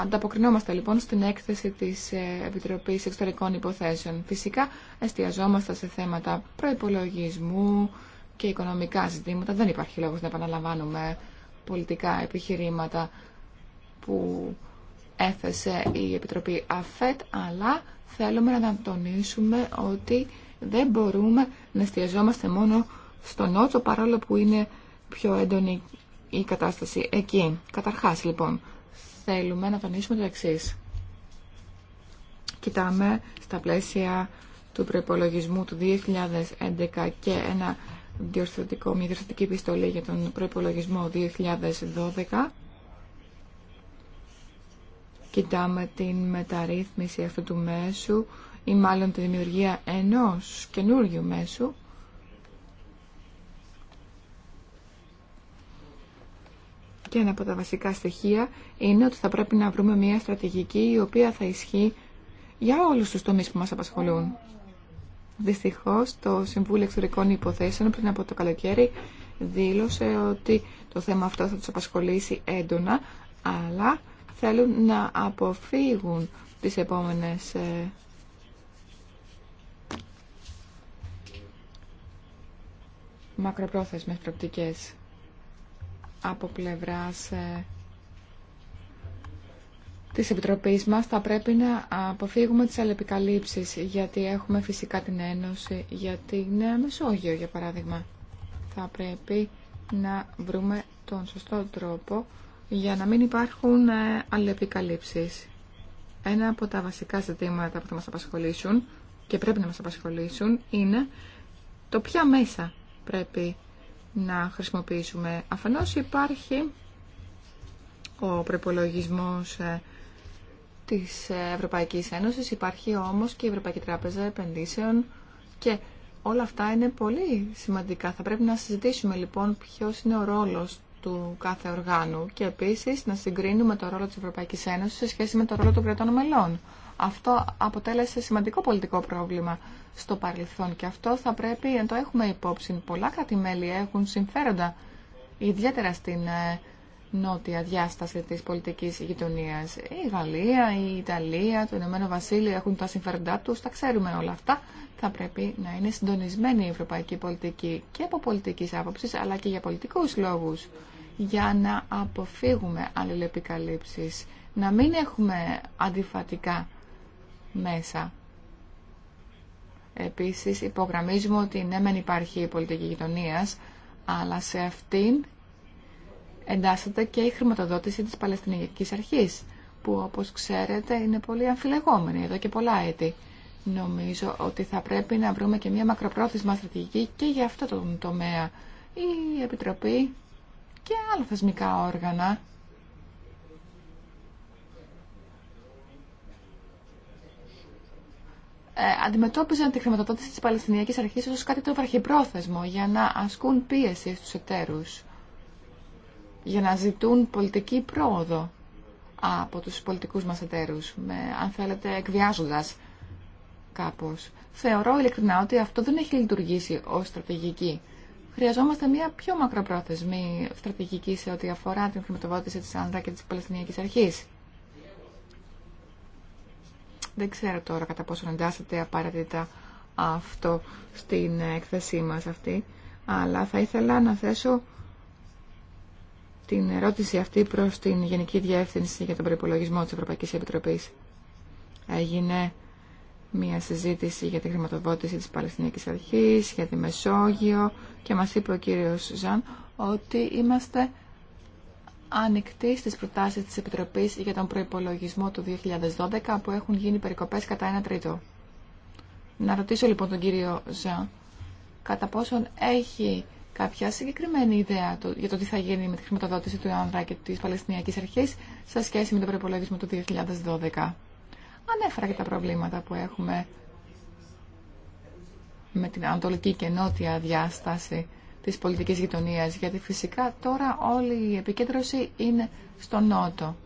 Ανταποκρινόμαστε λοιπόν στην έκθεση της ε, Επιτροπής Εξωτερικών Υποθέσεων. Φυσικά εστιαζόμαστε σε θέματα προϋπολογισμού και οικονομικά ζητήματα. Δεν υπάρχει λόγος να επαναλαμβάνουμε πολιτικά επιχειρήματα που έθεσε η Επιτροπή ΑΦΕΤ, αλλά θέλουμε να τονίσουμε ότι δεν μπορούμε να εστιαζόμαστε μόνο στο νότο, παρόλο που είναι πιο έντονη η κατάσταση εκεί. Καταρχάς, λοιπόν, θέλουμε να τονίσουμε το εξή, Κοιτάμε στα πλαίσια του προϋπολογισμού του 2011 και ένα διορθωτικό, μια διορθωτική επιστολή για τον προϋπολογισμό 2012 κοιτάμε την μεταρρύθμιση αυτού του μέσου ή μάλλον τη δημιουργία ενός καινούριου μέσου και ένα από τα βασικά στοιχεία είναι ότι θα πρέπει να βρούμε μια στρατηγική η μαλλον τη δημιουργια ενος καινουργιου μεσου και ενα απο τα βασικα στοιχεια ειναι οτι θα ισχύει για όλους τους τομείς που μας απασχολούν. Δυστυχώς το Συμβούλιο Εξωτερικών Υποθέσεων πριν από το καλοκαίρι δήλωσε ότι το θέμα αυτό θα τους απασχολήσει έντονα αλλά θέλουν να αποφύγουν τις επόμενες ε, μακροπρόθεσμες προπτικές από πλευράς ε, της Επιτροπής μας θα πρέπει να αποφύγουμε τις αλεπικαλύψεις γιατί έχουμε φυσικά την Ένωση για την ε, Μεσόγειο για παράδειγμα θα πρέπει να βρούμε τον σωστό τρόπο για να μην υπάρχουν ε, αλληλεπικαλύψεις. Ένα από τα βασικά ζητήματα που θα μας απασχολήσουν και πρέπει να μας απασχολήσουν είναι το ποια μέσα πρέπει να χρησιμοποιήσουμε. Αφενός υπάρχει ο προπολογισμό ε, της Ευρωπαϊκής Ένωσης, υπάρχει όμως και η Ευρωπαϊκή Τράπεζα Επενδύσεων και όλα αυτά είναι πολύ σημαντικά. Θα πρέπει να συζητήσουμε λοιπόν ποιος είναι ο ρόλος του κάθε οργάνου και επίσης να συγκρίνουμε το ρόλο της Ευρωπαϊκής Ένωσης σε σχέση με το ρόλο των κρατών μελών. Αυτό αποτέλεσε σημαντικό πολιτικό πρόβλημα στο παρελθόν και αυτό θα πρέπει να το έχουμε υπόψη. Πολλά κράτη-μέλη έχουν συμφέροντα, ιδιαίτερα στην ε, νότια διάσταση της πολιτικής γειτονίας. Η Γαλλία, η Ιταλία, το Ηνωμένο Βασίλειο έχουν τα συμφέροντά τους, τα ξέρουμε όλα αυτά. Θα πρέπει να είναι συντονισμένη η ευρωπαϊκή πολιτική και από πολιτικής άποψης, αλλά και για πολιτικούς λόγους για να αποφύγουμε αλληλεπικαλύψεις, να μην έχουμε αντιφατικά μέσα. Επίσης υπογραμμίζουμε ότι ναι μεν υπάρχει η πολιτική γειτονία, αλλά σε αυτήν εντάσσεται και η χρηματοδότηση της Παλαιστινιακής Αρχής, που όπως ξέρετε είναι πολύ αμφιλεγόμενη εδώ και πολλά έτη. Νομίζω ότι θα πρέπει να βρούμε και μια μακροπρόθεσμα στρατηγική και για αυτό το τομέα. Η Επιτροπή και άλλα θεσμικά όργανα ε, αντιμετώπιζαν τη χρηματοδότηση της Παλαιστινιακής Αρχής ως κάτι το βραχυπρόθεσμο για να ασκούν πίεση στους εταίρους, για να ζητούν πολιτική πρόοδο από τους πολιτικούς μας εταίρους, με, αν θέλετε εκβιάζοντας κάπως. Θεωρώ ειλικρινά ότι αυτό δεν έχει λειτουργήσει ως στρατηγική Χρειαζόμαστε μια πιο μακροπρόθεσμη στρατηγική σε ό,τι αφορά την χρηματοδότηση της ΑΝΔΑ και της Παλαιστινιακής Αρχής. Δεν ξέρω τώρα κατά πόσο εντάσσεται απαραίτητα αυτό στην έκθεσή μας αυτή, αλλά θα ήθελα να θέσω την ερώτηση αυτή προς την Γενική Διεύθυνση για τον Προϋπολογισμό της Ευρωπαϊκής Επιτροπής. Έγινε μια συζήτηση για τη χρηματοδότηση της Παλαιστινιακής Αρχής, για τη Μεσόγειο και μας είπε ο κύριος Ζαν ότι είμαστε ανοιχτοί στις προτάσεις της Επιτροπής για τον προϋπολογισμό του 2012 που έχουν γίνει περικοπές κατά ένα τρίτο. Να ρωτήσω λοιπόν τον κύριο Ζαν κατά πόσον έχει κάποια συγκεκριμένη ιδέα για το τι θα γίνει με τη χρηματοδότηση του Άνδρα και της Παλαιστινιακής Αρχής σε σχέση με τον προϋπολογισμό του 2012 ανέφερα και τα προβλήματα που έχουμε με την ανατολική και νότια διάσταση της πολιτικής γειτονίας, γιατί φυσικά τώρα όλη η επικέντρωση είναι στο νότο.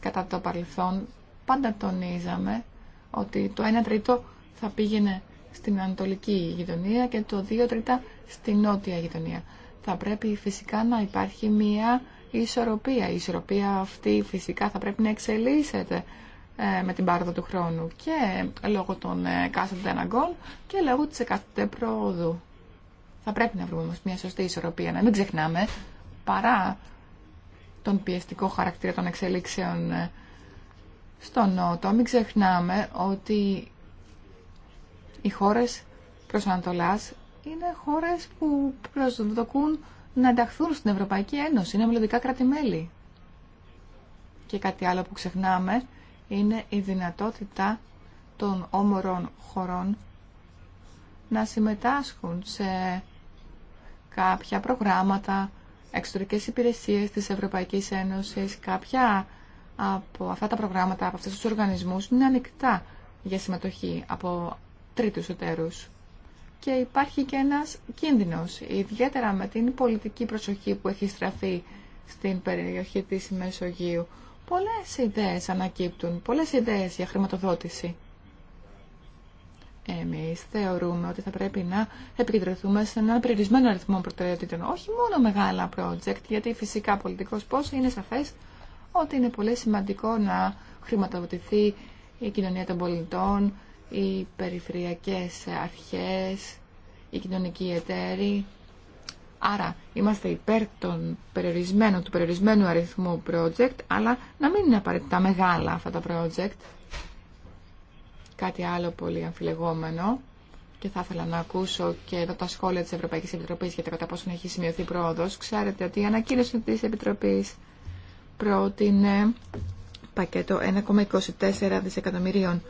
Κατά το παρελθόν πάντα τονίζαμε ότι το 1 τρίτο θα πήγαινε στην ανατολική γειτονία και το 2 τρίτα στην νότια γειτονία. Θα πρέπει φυσικά να υπάρχει μια η ισορροπία. Η ισορροπία αυτή φυσικά θα πρέπει να εξελίσσεται ε, με την πάροδο του χρόνου και λόγω των ε, εκάστοτε αναγκών και λόγω της εκάστοτε πρόοδου. Θα πρέπει να βρούμε όμως μια σωστή ισορροπία, να μην ξεχνάμε παρά τον πιεστικό χαρακτήρα των εξελίξεων ε, στον Νότο. Μην ξεχνάμε ότι οι χώρες προς Ανατολάς είναι χώρες που προσδοκούν να ενταχθούν στην Ευρωπαϊκή Ένωση. Είναι μελλοντικά Και κάτι άλλο που ξεχνάμε είναι η δυνατότητα των όμορων χωρών να συμμετάσχουν σε κάποια προγράμματα, εξωτερικές υπηρεσίες της Ευρωπαϊκής Ένωσης, κάποια από αυτά τα προγράμματα, από αυτούς τους οργανισμούς είναι ανοιχτά για συμμετοχή από τρίτους εταίρους και υπάρχει και ένας κίνδυνος, ιδιαίτερα με την πολιτική προσοχή που έχει στραφεί στην περιοχή της Μεσογείου. Πολλές ιδέες ανακύπτουν, πολλές ιδέες για χρηματοδότηση. Εμείς θεωρούμε ότι θα πρέπει να επικεντρωθούμε σε έναν περιορισμένο αριθμό προτεραιότητων, όχι μόνο μεγάλα project, γιατί φυσικά πολιτικός πόσο είναι σαφές ότι είναι πολύ σημαντικό να χρηματοδοτηθεί η κοινωνία των πολιτών, οι περιφερειακές αρχές, οι κοινωνικοί εταίροι. Άρα είμαστε υπέρ των περιορισμένων, του περιορισμένου αριθμού project, αλλά να μην είναι απαραίτητα μεγάλα αυτά τα project. Κάτι άλλο πολύ αμφιλεγόμενο και θα ήθελα να ακούσω και εδώ τα σχόλια της Ευρωπαϊκής Επιτροπής για το κατά πόσο έχει σημειωθεί πρόοδος. Ξέρετε ότι η ανακοίνωση της Επιτροπής πρότεινε πακέτο 1,24 δισεκατομμυρίων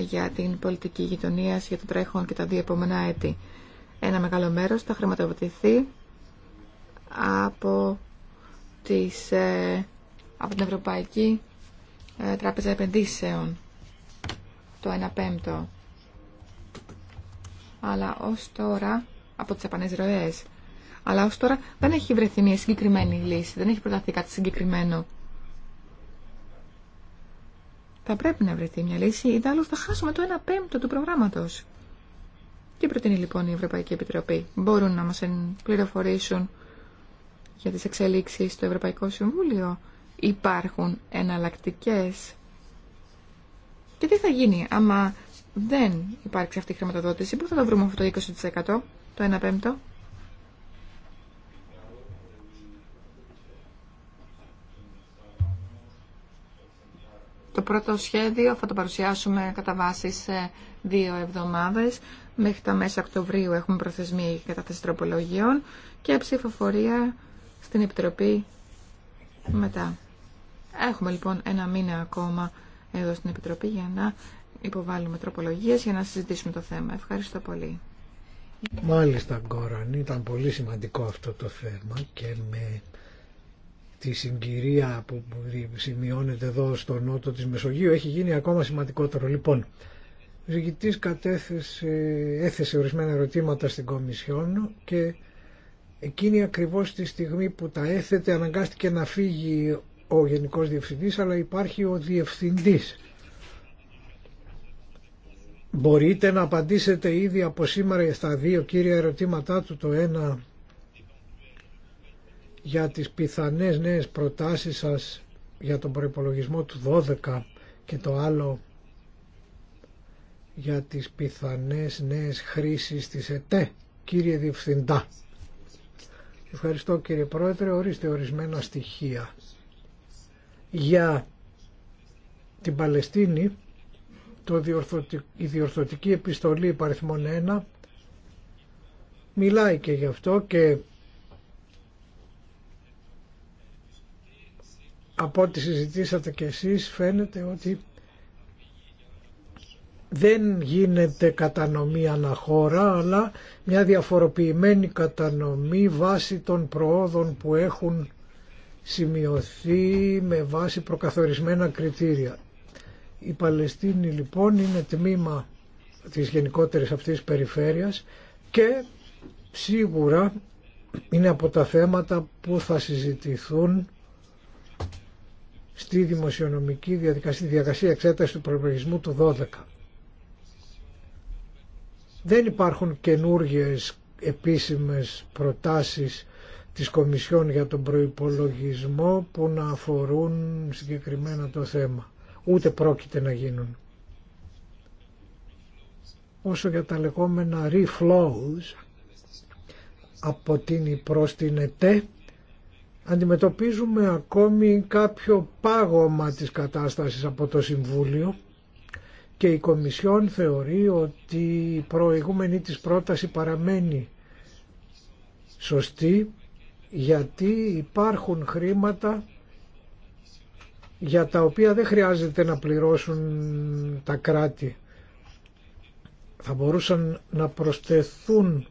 για την πολιτική γειτονία για το τρέχον και τα δύο επόμενα έτη. Ένα μεγάλο μέρος θα χρηματοδοτηθεί από, τις, ε, από την Ευρωπαϊκή ε, Τράπεζα Επενδύσεων το 1 πέμπτο. Αλλά ως τώρα, από τις απανές αλλά ως τώρα δεν έχει βρεθεί μια συγκεκριμένη λύση, δεν έχει προταθεί κάτι συγκεκριμένο. Θα πρέπει να βρεθεί μια λύση, ή θα χάσουμε το 1 πέμπτο του προγράμματος. Τι προτείνει λοιπόν η Ευρωπαϊκή Επιτροπή. Μπορούν να μας πληροφορήσουν για τις εξελίξεις στο Ευρωπαϊκό Συμβούλιο. Υπάρχουν εναλλακτικέ. Και τι θα γίνει άμα δεν υπάρξει αυτή η χρηματοδότηση. Πού θα το βρούμε αυτό το 20% το 1 πέμπτο. Το πρώτο σχέδιο θα το παρουσιάσουμε κατά βάση σε δύο εβδομάδες. Μέχρι τα μέσα Οκτωβρίου έχουμε προθεσμία για κατάθεση τροπολογιών και ψηφοφορία στην Επιτροπή μετά. Έχουμε λοιπόν ένα μήνα ακόμα εδώ στην Επιτροπή για να υποβάλουμε τροπολογίες για να συζητήσουμε το θέμα. Ευχαριστώ πολύ. Μάλιστα Γκόραν, ήταν πολύ σημαντικό αυτό το θέμα και με τη συγκυρία που σημειώνεται εδώ στο νότο της Μεσογείου έχει γίνει ακόμα σημαντικότερο. Λοιπόν, ο ζητητής κατέθεσε, έθεσε ορισμένα ερωτήματα στην Κομισιόν και εκείνη ακριβώς τη στιγμή που τα έθετε αναγκάστηκε να φύγει ο Γενικός Διευθυντής αλλά υπάρχει ο Διευθυντής. Μπορείτε να απαντήσετε ήδη από σήμερα στα δύο κύρια ερωτήματά του το ένα για τις πιθανές νέες προτάσεις σας για τον προϋπολογισμό του 12 και το άλλο για τις πιθανές νέες χρήσεις της ΕΤΕ, κύριε Διευθυντά. Ευχαριστώ κύριε Πρόεδρε, ορίστε ορισμένα στοιχεία. Για την Παλαιστίνη, το η διορθωτική επιστολή υπαριθμών 1 μιλάει και γι' αυτό και από ό,τι συζητήσατε και εσείς φαίνεται ότι δεν γίνεται κατανομή αναχώρα αλλά μια διαφοροποιημένη κατανομή βάσει των προόδων που έχουν σημειωθεί με βάση προκαθορισμένα κριτήρια. Η Παλαιστίνη λοιπόν είναι τμήμα της γενικότερης αυτής περιφέρειας και σίγουρα είναι από τα θέματα που θα συζητηθούν στη δημοσιονομική διαδικασία, στη διαδικασία εξέταση του προπολογισμού του 12. Δεν υπάρχουν καινούργιες επίσημες προτάσεις της Κομισιόν για τον προϋπολογισμό που να αφορούν συγκεκριμένα το θέμα. Ούτε πρόκειται να γίνουν. Όσο για τα λεγόμενα reflows από την προς την ΕΤΕ αντιμετωπίζουμε ακόμη κάποιο πάγωμα της κατάστασης από το Συμβούλιο και η Κομισιόν θεωρεί ότι η προηγούμενη της πρόταση παραμένει σωστή γιατί υπάρχουν χρήματα για τα οποία δεν χρειάζεται να πληρώσουν τα κράτη. Θα μπορούσαν να προσθεθούν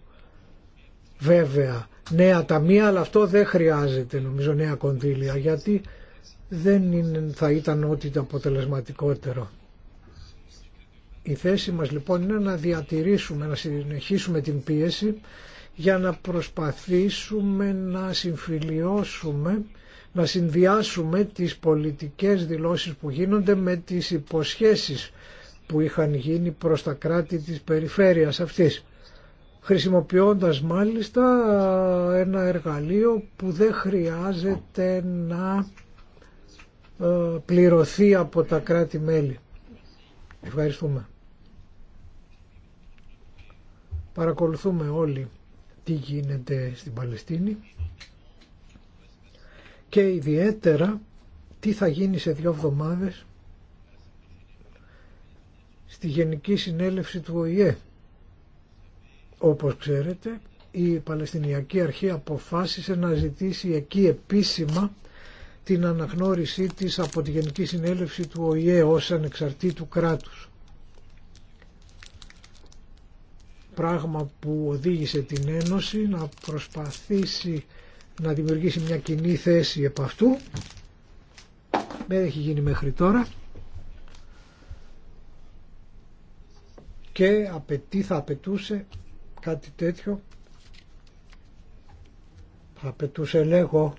βέβαια νέα ταμεία, αλλά αυτό δεν χρειάζεται νομίζω νέα κονδύλια, γιατί δεν είναι, θα ήταν ό,τι το αποτελεσματικότερο. Η θέση μας λοιπόν είναι να διατηρήσουμε, να συνεχίσουμε την πίεση για να προσπαθήσουμε να συμφιλιώσουμε, να συνδυάσουμε τις πολιτικές δηλώσεις που γίνονται με τις υποσχέσεις που είχαν γίνει προς τα κράτη της περιφέρειας αυτής χρησιμοποιώντας μάλιστα ε, ένα εργαλείο που δεν χρειάζεται να ε, πληρωθεί από τα κράτη-μέλη. Ευχαριστούμε. Παρακολουθούμε όλοι τι γίνεται στην Παλαιστίνη και ιδιαίτερα τι θα γίνει σε δύο εβδομάδες στη Γενική Συνέλευση του ΟΗΕ όπως ξέρετε, η Παλαιστινιακή Αρχή αποφάσισε να ζητήσει εκεί επίσημα την αναγνώρισή της από τη Γενική Συνέλευση του ΟΗΕ ως ανεξαρτήτου κράτους. Πράγμα που οδήγησε την Ένωση να προσπαθήσει να δημιουργήσει μια κοινή θέση επ' αυτού. Δεν έχει γίνει μέχρι τώρα. Και απαιτεί, θα απαιτούσε κάτι τέτοιο θα πετούσε λέγω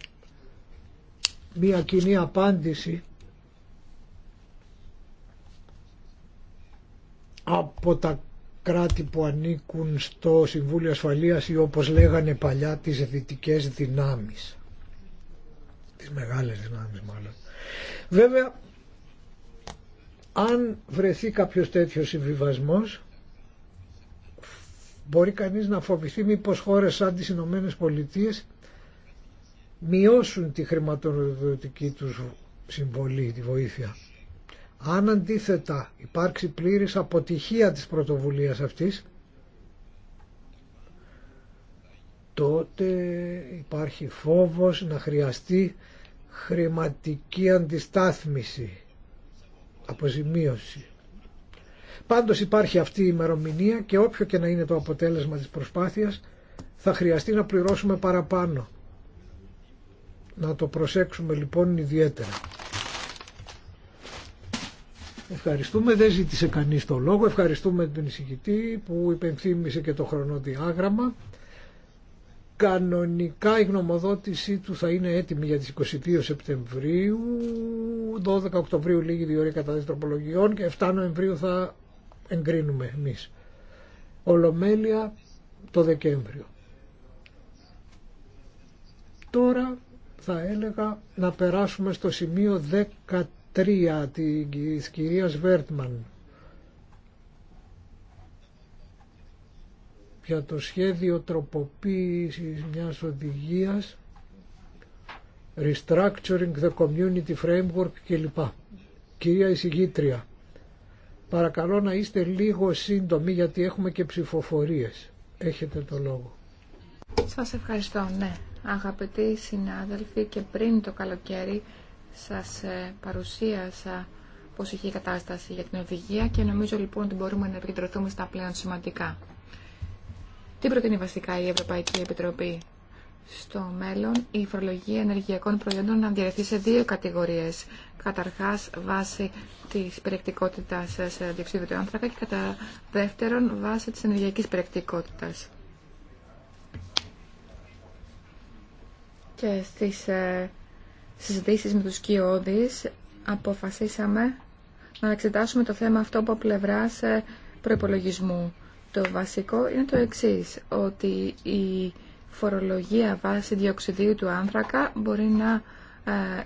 μία κοινή απάντηση από τα κράτη που ανήκουν στο Συμβούλιο Ασφαλείας ή όπως λέγανε παλιά τις δυτικές δυνάμεις τις μεγάλες δυνάμεις μάλλον βέβαια αν βρεθεί κάποιος τέτοιος συμβιβασμός μπορεί κανείς να φοβηθεί μήπως χώρες σαν τις Ηνωμένε Πολιτείε μειώσουν τη χρηματοδοτική τους συμβολή, τη βοήθεια. Αν αντίθετα υπάρξει πλήρης αποτυχία της πρωτοβουλίας αυτής, τότε υπάρχει φόβος να χρειαστεί χρηματική αντιστάθμιση, αποζημίωση. Πάντως υπάρχει αυτή η ημερομηνία και όποιο και να είναι το αποτέλεσμα της προσπάθειας θα χρειαστεί να πληρώσουμε παραπάνω. Να το προσέξουμε λοιπόν ιδιαίτερα. Ευχαριστούμε, δεν ζήτησε κανείς το λόγο. Ευχαριστούμε τον εισηγητή που υπενθύμησε και το χρονοδιάγραμμα. Κανονικά η γνωμοδότησή του θα είναι έτοιμη για τις 22 Σεπτεμβρίου, 12 Οκτωβρίου λίγη διορία κατά τροπολογιών και 7 Νοεμβρίου θα εγκρίνουμε εμείς. Ολομέλεια το Δεκέμβριο. Τώρα θα έλεγα να περάσουμε στο σημείο 13 της κυρίας Βέρτμαν για το σχέδιο τροποποίησης μιας οδηγίας restructuring the community framework κλπ. Κυρία εισηγήτρια, Παρακαλώ να είστε λίγο σύντομοι γιατί έχουμε και ψηφοφορίες. Έχετε το λόγο. Σας ευχαριστώ, ναι. Αγαπητοί συνάδελφοι και πριν το καλοκαίρι σας ε, παρουσίασα πώς είχε η κατάσταση για την οδηγία και νομίζω λοιπόν ότι μπορούμε να επικεντρωθούμε στα πλέον σημαντικά. Τι προτείνει βασικά η Ευρωπαϊκή Επιτροπή στο μέλλον η φορολογία ενεργειακών προϊόντων να διαρρεθεί σε δύο κατηγορίες καταρχάς βάσει της περιεκτικότητας σε διοξείδιο του άνθρακα και κατά δεύτερον βάσει της ενεργειακής περιεκτικότητας. Και στις ε, συζητήσεις με τους κοιόδης αποφασίσαμε να εξετάσουμε το θέμα αυτό από πλευράς ε, προϋπολογισμού. Το βασικό είναι το εξής, ότι η φορολογία βάσει διοξιδίου του άνθρακα μπορεί να ε,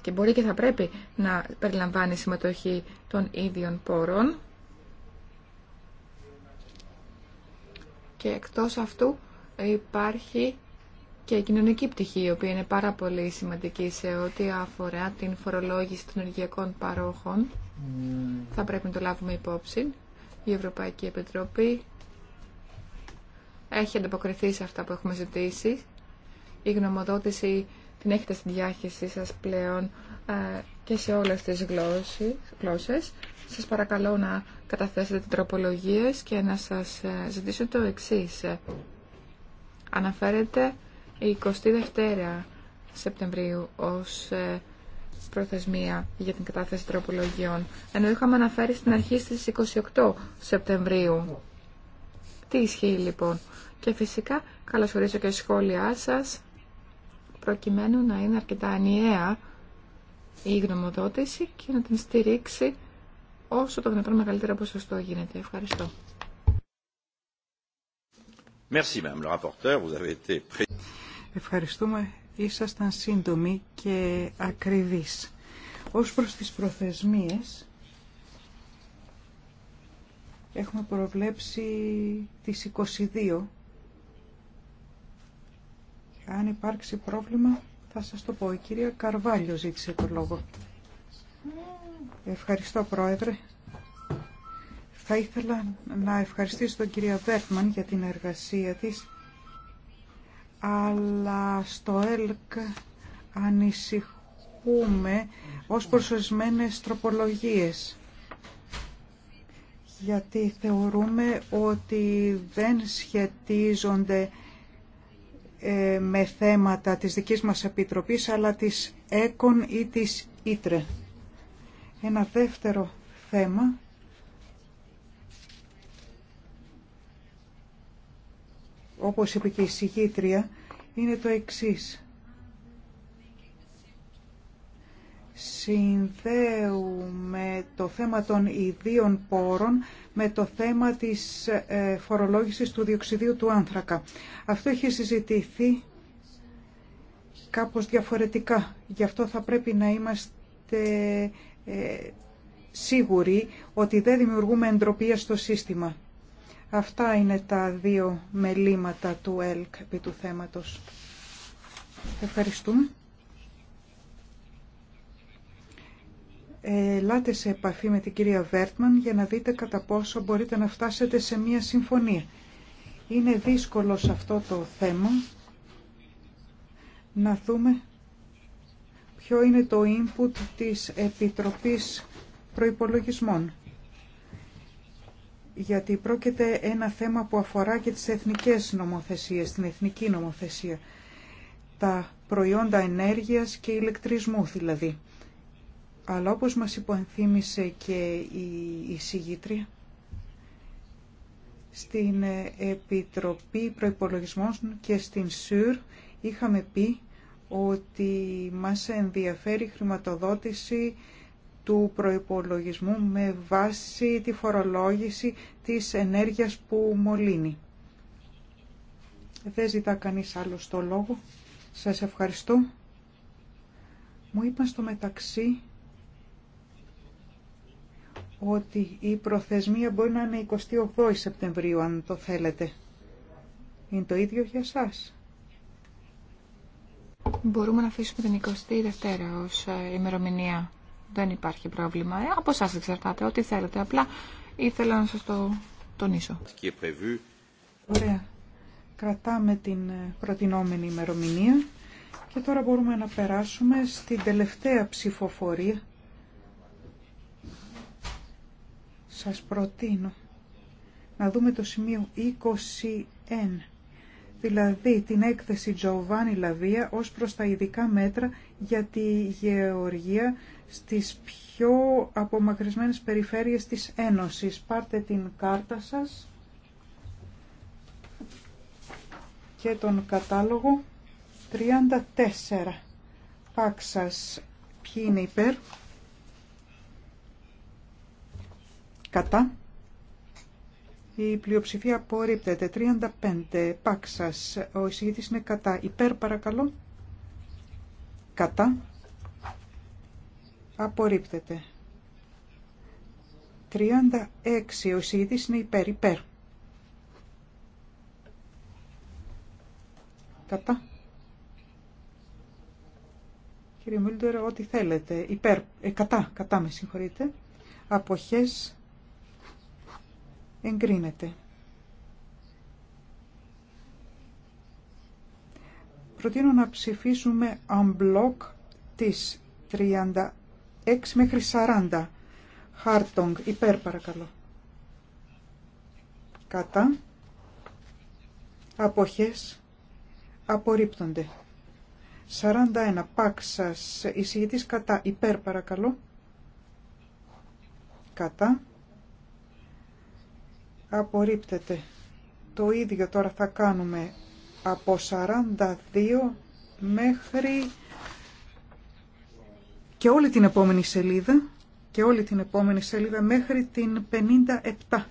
και μπορεί και θα πρέπει να περιλαμβάνει συμμετοχή των ίδιων πόρων. Και εκτός αυτού υπάρχει και η κοινωνική πτυχή, η οποία είναι πάρα πολύ σημαντική σε ό,τι αφορά την φορολόγηση των ενεργειακών παρόχων. Θα πρέπει να το λάβουμε υπόψη. Η Ευρωπαϊκή Επιτροπή έχει ανταποκριθεί σε αυτά που έχουμε ζητήσει. Η γνωμοδότηση την έχετε στη διάχυσή σας πλέον ε, και σε όλες τις γλώσσες. Σας παρακαλώ να καταθέσετε την τροπολογίες και να σας ε, ζητήσω το εξής. Αναφέρεται η 22 Σεπτεμβρίου ως ε, προθεσμία για την κατάθεση τροπολογιών, ενώ είχαμε αναφέρει στην αρχή στις 28 Σεπτεμβρίου. Τι ισχύει λοιπόν. Και φυσικά καλωσορίζω και σχόλιά σας προκειμένου να είναι αρκετά ανιαία η γνωμοδότηση και να την στηρίξει όσο το δυνατόν μεγαλύτερο ποσοστό γίνεται. Ευχαριστώ. Ευχαριστούμε. Ήσασταν σύντομοι και ακριβείς. Ως προς τις προθεσμίες, έχουμε προβλέψει τις 22 αν υπάρξει πρόβλημα θα σας το πω. Η κυρία Καρβάλιο ζήτησε το λόγο. Ευχαριστώ Πρόεδρε. Θα ήθελα να ευχαριστήσω τον κυρία Βέρτμαν για την εργασία της, αλλά στο ΕΛΚ ανησυχούμε ως προσωρισμένες τροπολογίες γιατί θεωρούμε ότι δεν σχετίζονται ε, με θέματα της δικής μας Επιτροπής, αλλά της ΕΚΟΝ ή της ΙΤΡΕ. Ένα δεύτερο θέμα όπως είπε και η συγγήτρια, είναι το εξής. συνδέουμε το θέμα των ιδίων πόρων με το θέμα της ε, φορολόγησης του διοξιδίου του άνθρακα. Αυτό έχει συζητηθεί κάπως διαφορετικά. Γι' αυτό θα πρέπει να είμαστε ε, σίγουροι ότι δεν δημιουργούμε εντροπία στο σύστημα. Αυτά είναι τα δύο μελήματα του ΕΛΚ επί του θέματος. Ευχαριστούμε. Ελάτε σε επαφή με την κυρία Βέρτμαν για να δείτε κατά πόσο μπορείτε να φτάσετε σε μία συμφωνία. Είναι δύσκολο σε αυτό το θέμα να δούμε ποιο είναι το input της Επιτροπής Προϋπολογισμών. Γιατί πρόκειται ένα θέμα που αφορά και τις εθνικές νομοθεσίες, την εθνική νομοθεσία. Τα προϊόντα ενέργειας και ηλεκτρισμού δηλαδή. Αλλά όπως μας υποενθύμησε και η εισηγήτρια, στην Επιτροπή Προϋπολογισμών και στην ΣΥΡ είχαμε πει ότι μας ενδιαφέρει η χρηματοδότηση του προϋπολογισμού με βάση τη φορολόγηση της ενέργειας που μολύνει. Δεν ζητά κανείς άλλο το λόγο. Σας ευχαριστώ. Μου είπα στο μεταξύ ότι η προθεσμία μπορεί να είναι 28 Σεπτεμβρίου, αν το θέλετε. Είναι το ίδιο για σας. Μπορούμε να αφήσουμε την 20η Δευτέρα ως ε, ημερομηνία. Δεν υπάρχει πρόβλημα. Ε, από εσάς εξαρτάται, ό,τι θέλετε. Απλά ήθελα να σας το τονίσω. Ωραία. Κρατάμε την ε, προτινόμενη ημερομηνία και τώρα μπορούμε να περάσουμε στην τελευταία ψηφοφορία Σας προτείνω να δούμε το σημείο 21, δηλαδή την έκθεση Τζοβάνι Λαβία ως προς τα ειδικά μέτρα για τη γεωργία στις πιο απομακρυσμένες περιφέρειες της Ένωσης. Πάρτε την κάρτα σας και τον κατάλογο 34. Πάξας ποιοι είναι υπέρ. Κατά. Η πλειοψηφία απορρίπτεται. 35. Πάξα. Ο εισηγητή είναι κατά. Υπέρ παρακαλώ. Κατά. Απορρίπτεται. 36. Ο εισηγητή είναι υπέρ. Υπέρ. Κατά. Κύριε ό,τι θέλετε. Υπέρ. Ε, κατά. Κατά με συγχωρείτε. Αποχές εγκρίνεται. Προτείνω να ψηφίσουμε unblock της 36 μέχρι 40. Χάρτονγκ, υπέρ παρακαλώ. Κατά. Αποχές. Απορρίπτονται. 41. Πάξας, εισηγητής κατά, υπέρ παρακαλώ. Κατά απορρίπτεται. Το ίδιο τώρα θα κάνουμε από 42 μέχρι και όλη την επόμενη σελίδα και όλη την επόμενη σελίδα μέχρι την 57.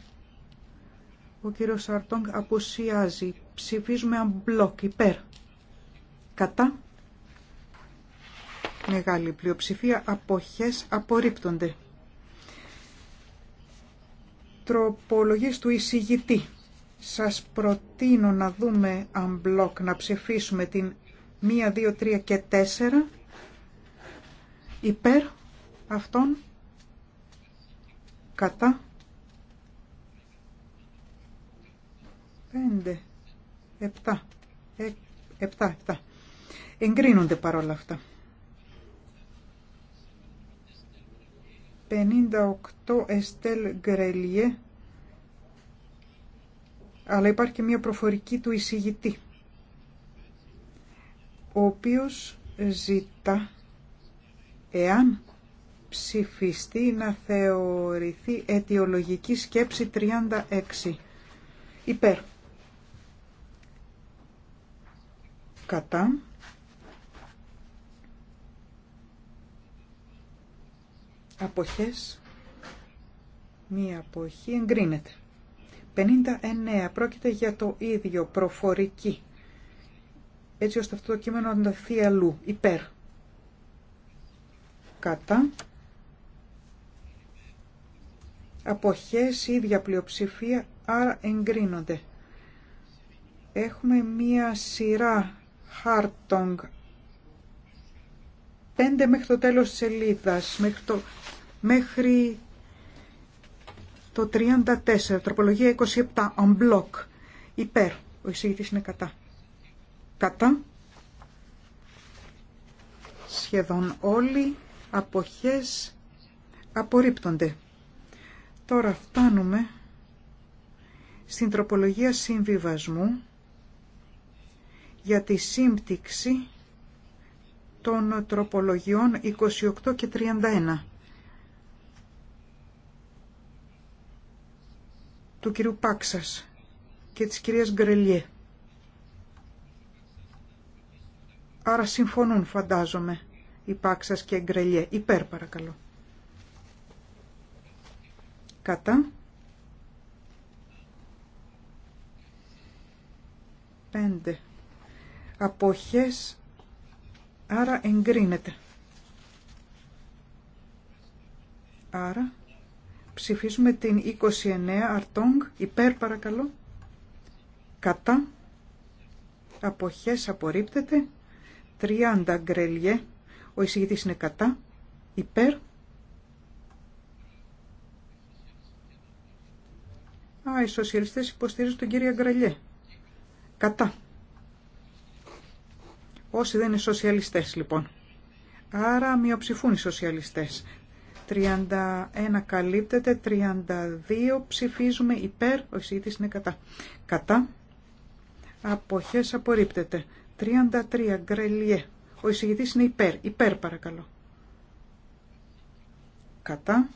Ο κύριος Σαρτόγκ αποσιάζει. Ψηφίζουμε αμπλοκ υπέρ. Κατά. Μεγάλη πλειοψηφία αποχές απορρίπτονται τροπολογίες του εισηγητή. Σας προτείνω να δούμε αν μπλοκ, να ψηφίσουμε την 1, 2, 3 και 4 υπέρ αυτών κατά 5, 7, 7, 7. Εγκρίνονται παρόλα αυτά. 58 Εστέλ Γκρελιέ αλλά υπάρχει και μια προφορική του εισηγητή ο οποίος ζητά εάν ψηφιστεί να θεωρηθεί αιτιολογική σκέψη 36 υπέρ κατά αποχές, μία αποχή εγκρίνεται. 59. Πρόκειται για το ίδιο, προφορική. Έτσι ώστε αυτό το κείμενο να αλλού, υπέρ. Κατά. Αποχές, ίδια πλειοψηφία, άρα εγκρίνονται. Έχουμε μία σειρά Χάρτονγκ 5 μέχρι το τέλος της σελίδας, μέχρι το, μέχρι το 34, τροπολογία 27, on block, υπέρ, ο εισηγητής είναι κατά. Κατά, σχεδόν όλοι, αποχές απορρίπτονται. Τώρα φτάνουμε στην τροπολογία συμβιβασμού για τη σύμπτυξη των τροπολογιών 28 και 31 του κυρίου Πάξας και της κυρίας Γκρελιέ. Άρα συμφωνούν φαντάζομαι η Πάξας και Γκρελιέ. Υπέρ παρακαλώ. Κατά. Πέντε. Αποχές Άρα εγκρίνεται. Άρα ψηφίσουμε την 29 Αρτόγκ υπέρ παρακαλώ. Κατά. Αποχές απορρίπτεται. 30 Γκρελιέ. Ο εισηγητής είναι κατά. Υπέρ. Α, οι σοσιαλιστές υποστηρίζουν τον κύριο Γκρελιέ. Κατά. Όσοι δεν είναι σοσιαλιστές λοιπόν. Άρα μειοψηφούν οι σοσιαλιστές. 31 καλύπτεται, 32 ψηφίζουμε υπέρ, ο εισηγητής είναι κατά. Κατά, αποχές απορρίπτεται. 33 γκρελιέ, ο εισηγητής είναι υπέρ, υπέρ παρακαλώ. Κατά,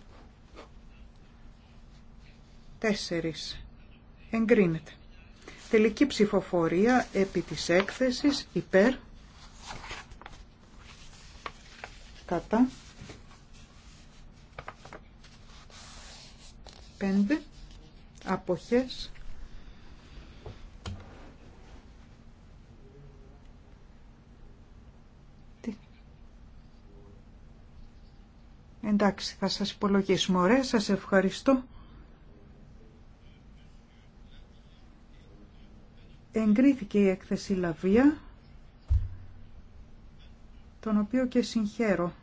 4 εγκρίνεται. Τελική ψηφοφορία επί της έκθεσης υπέρ κατά 5 αποχές Εντάξει, θα σας υπολογίσουμε. Ωραία, σας ευχαριστώ. Εγκρίθηκε η έκθεση Λαβία τον οποίο και συγχαίρω.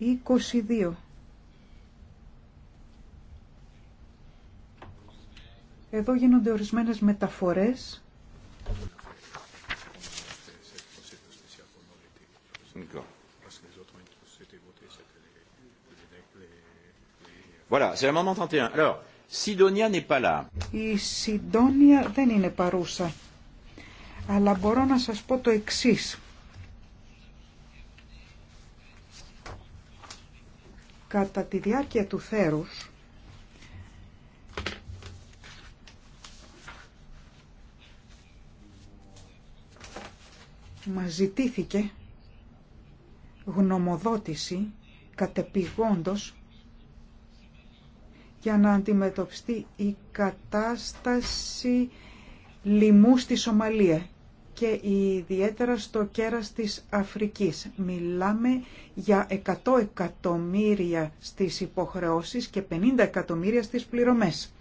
22. Εδώ γίνονται ορισμένες μεταφορές. Voilà, c'est 31. Alors, Sidonia n'est Η Sidonia δεν είναι παρούσα. Αλλά μπορώ να σας πω το εξής. κατά τη διάρκεια του θέρους μας ζητήθηκε γνωμοδότηση κατεπηγόντος για να αντιμετωπιστεί η κατάσταση λοιμού στη Σομαλία και ιδιαίτερα στο κέρας της Αφρικής. Μιλάμε για 100 εκατομμύρια στις υποχρεώσεις και 50 εκατομμύρια στις πληρωμές.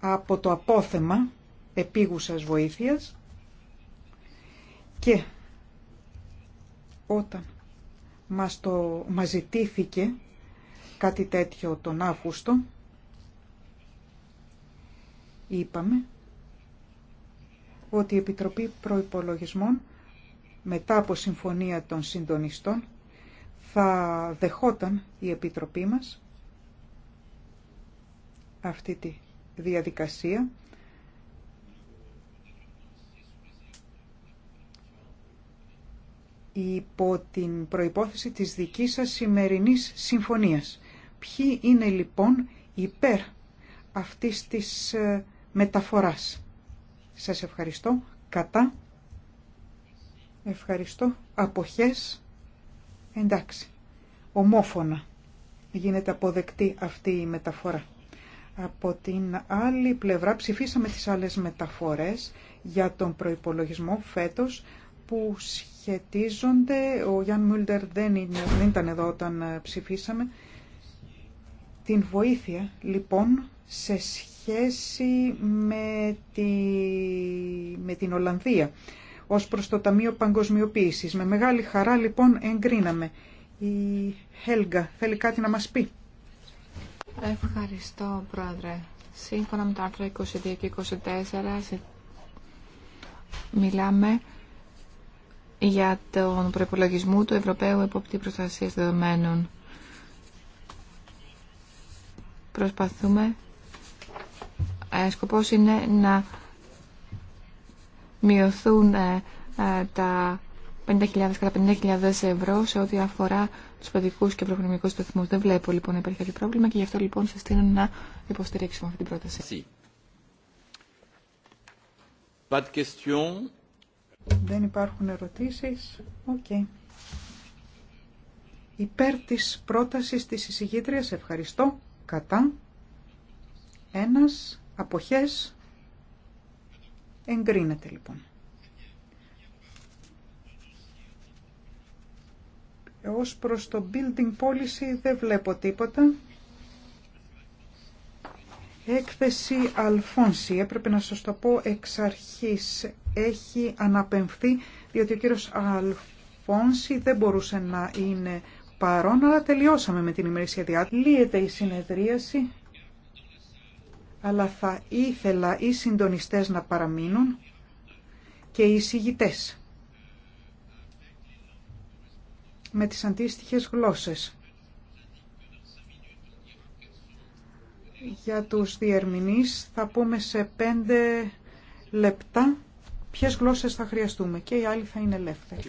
Από το απόθεμα επίγουσας βοήθειας και όταν μας, το, μαζητήθηκε ζητήθηκε κάτι τέτοιο τον Αύγουστο, είπαμε ότι η Επιτροπή Προϋπολογισμών μετά από συμφωνία των συντονιστών θα δεχόταν η Επιτροπή μας αυτή τη διαδικασία υπό την προϋπόθεση της δικής σας σημερινής συμφωνίας. Ποιοι είναι λοιπόν υπέρ αυτής της ε, μεταφοράς. Σας ευχαριστώ. Κατά. Ευχαριστώ. Αποχές. Εντάξει. Ομόφωνα. Γίνεται αποδεκτή αυτή η μεταφορά. Από την άλλη πλευρά ψηφίσαμε τις άλλες μεταφορές για τον προϋπολογισμό φέτος που σχετίζονται, ο Γιάνν Μούλτερ δεν, δεν ήταν εδώ όταν ψηφίσαμε, την βοήθεια λοιπόν σε σχέση σχέση με, τη, με την Ολλανδία ως προς το Ταμείο Παγκοσμιοποίησης. Με μεγάλη χαρά λοιπόν εγκρίναμε. Η Χέλγα θέλει κάτι να μας πει. Ευχαριστώ πρόεδρε. Σύμφωνα με το άρθρο 22 και 24 μιλάμε για τον προπολογισμό του Ευρωπαίου Εποπτή Προστασίας Δεδομένων. Προσπαθούμε ε, σκοπός είναι να μειωθούν ε, ε, τα 50.000 κατά 50.000 ευρώ σε ό,τι αφορά τους παιδικούς και προχρονικούς σταθμούς. Δεν βλέπω λοιπόν να υπάρχει κάποιο πρόβλημα και γι' αυτό λοιπόν σας στείλω να υποστηρίξουμε αυτή την πρόταση. Δεν υπάρχουν ερωτήσεις. Οκ. Okay. Υπέρ της πρότασης της εισηγήτριας, ευχαριστώ. Κατά ένας, αποχές, εγκρίνεται λοιπόν. Ως προς το building policy δεν βλέπω τίποτα. Έκθεση Αλφόνση, έπρεπε να σας το πω εξ αρχής, έχει αναπαιμφθεί, διότι ο κύριος Αλφόνση δεν μπορούσε να είναι παρόν, αλλά τελειώσαμε με την ημερήσια διάταξη. Λύεται η συνεδρίαση αλλά θα ήθελα οι συντονιστές να παραμείνουν και οι συγητές με τις αντίστοιχες γλώσσες. Για τους διερμηνείς θα πούμε σε πέντε λεπτά ποιες γλώσσες θα χρειαστούμε και οι άλλοι θα είναι ελεύθεροι.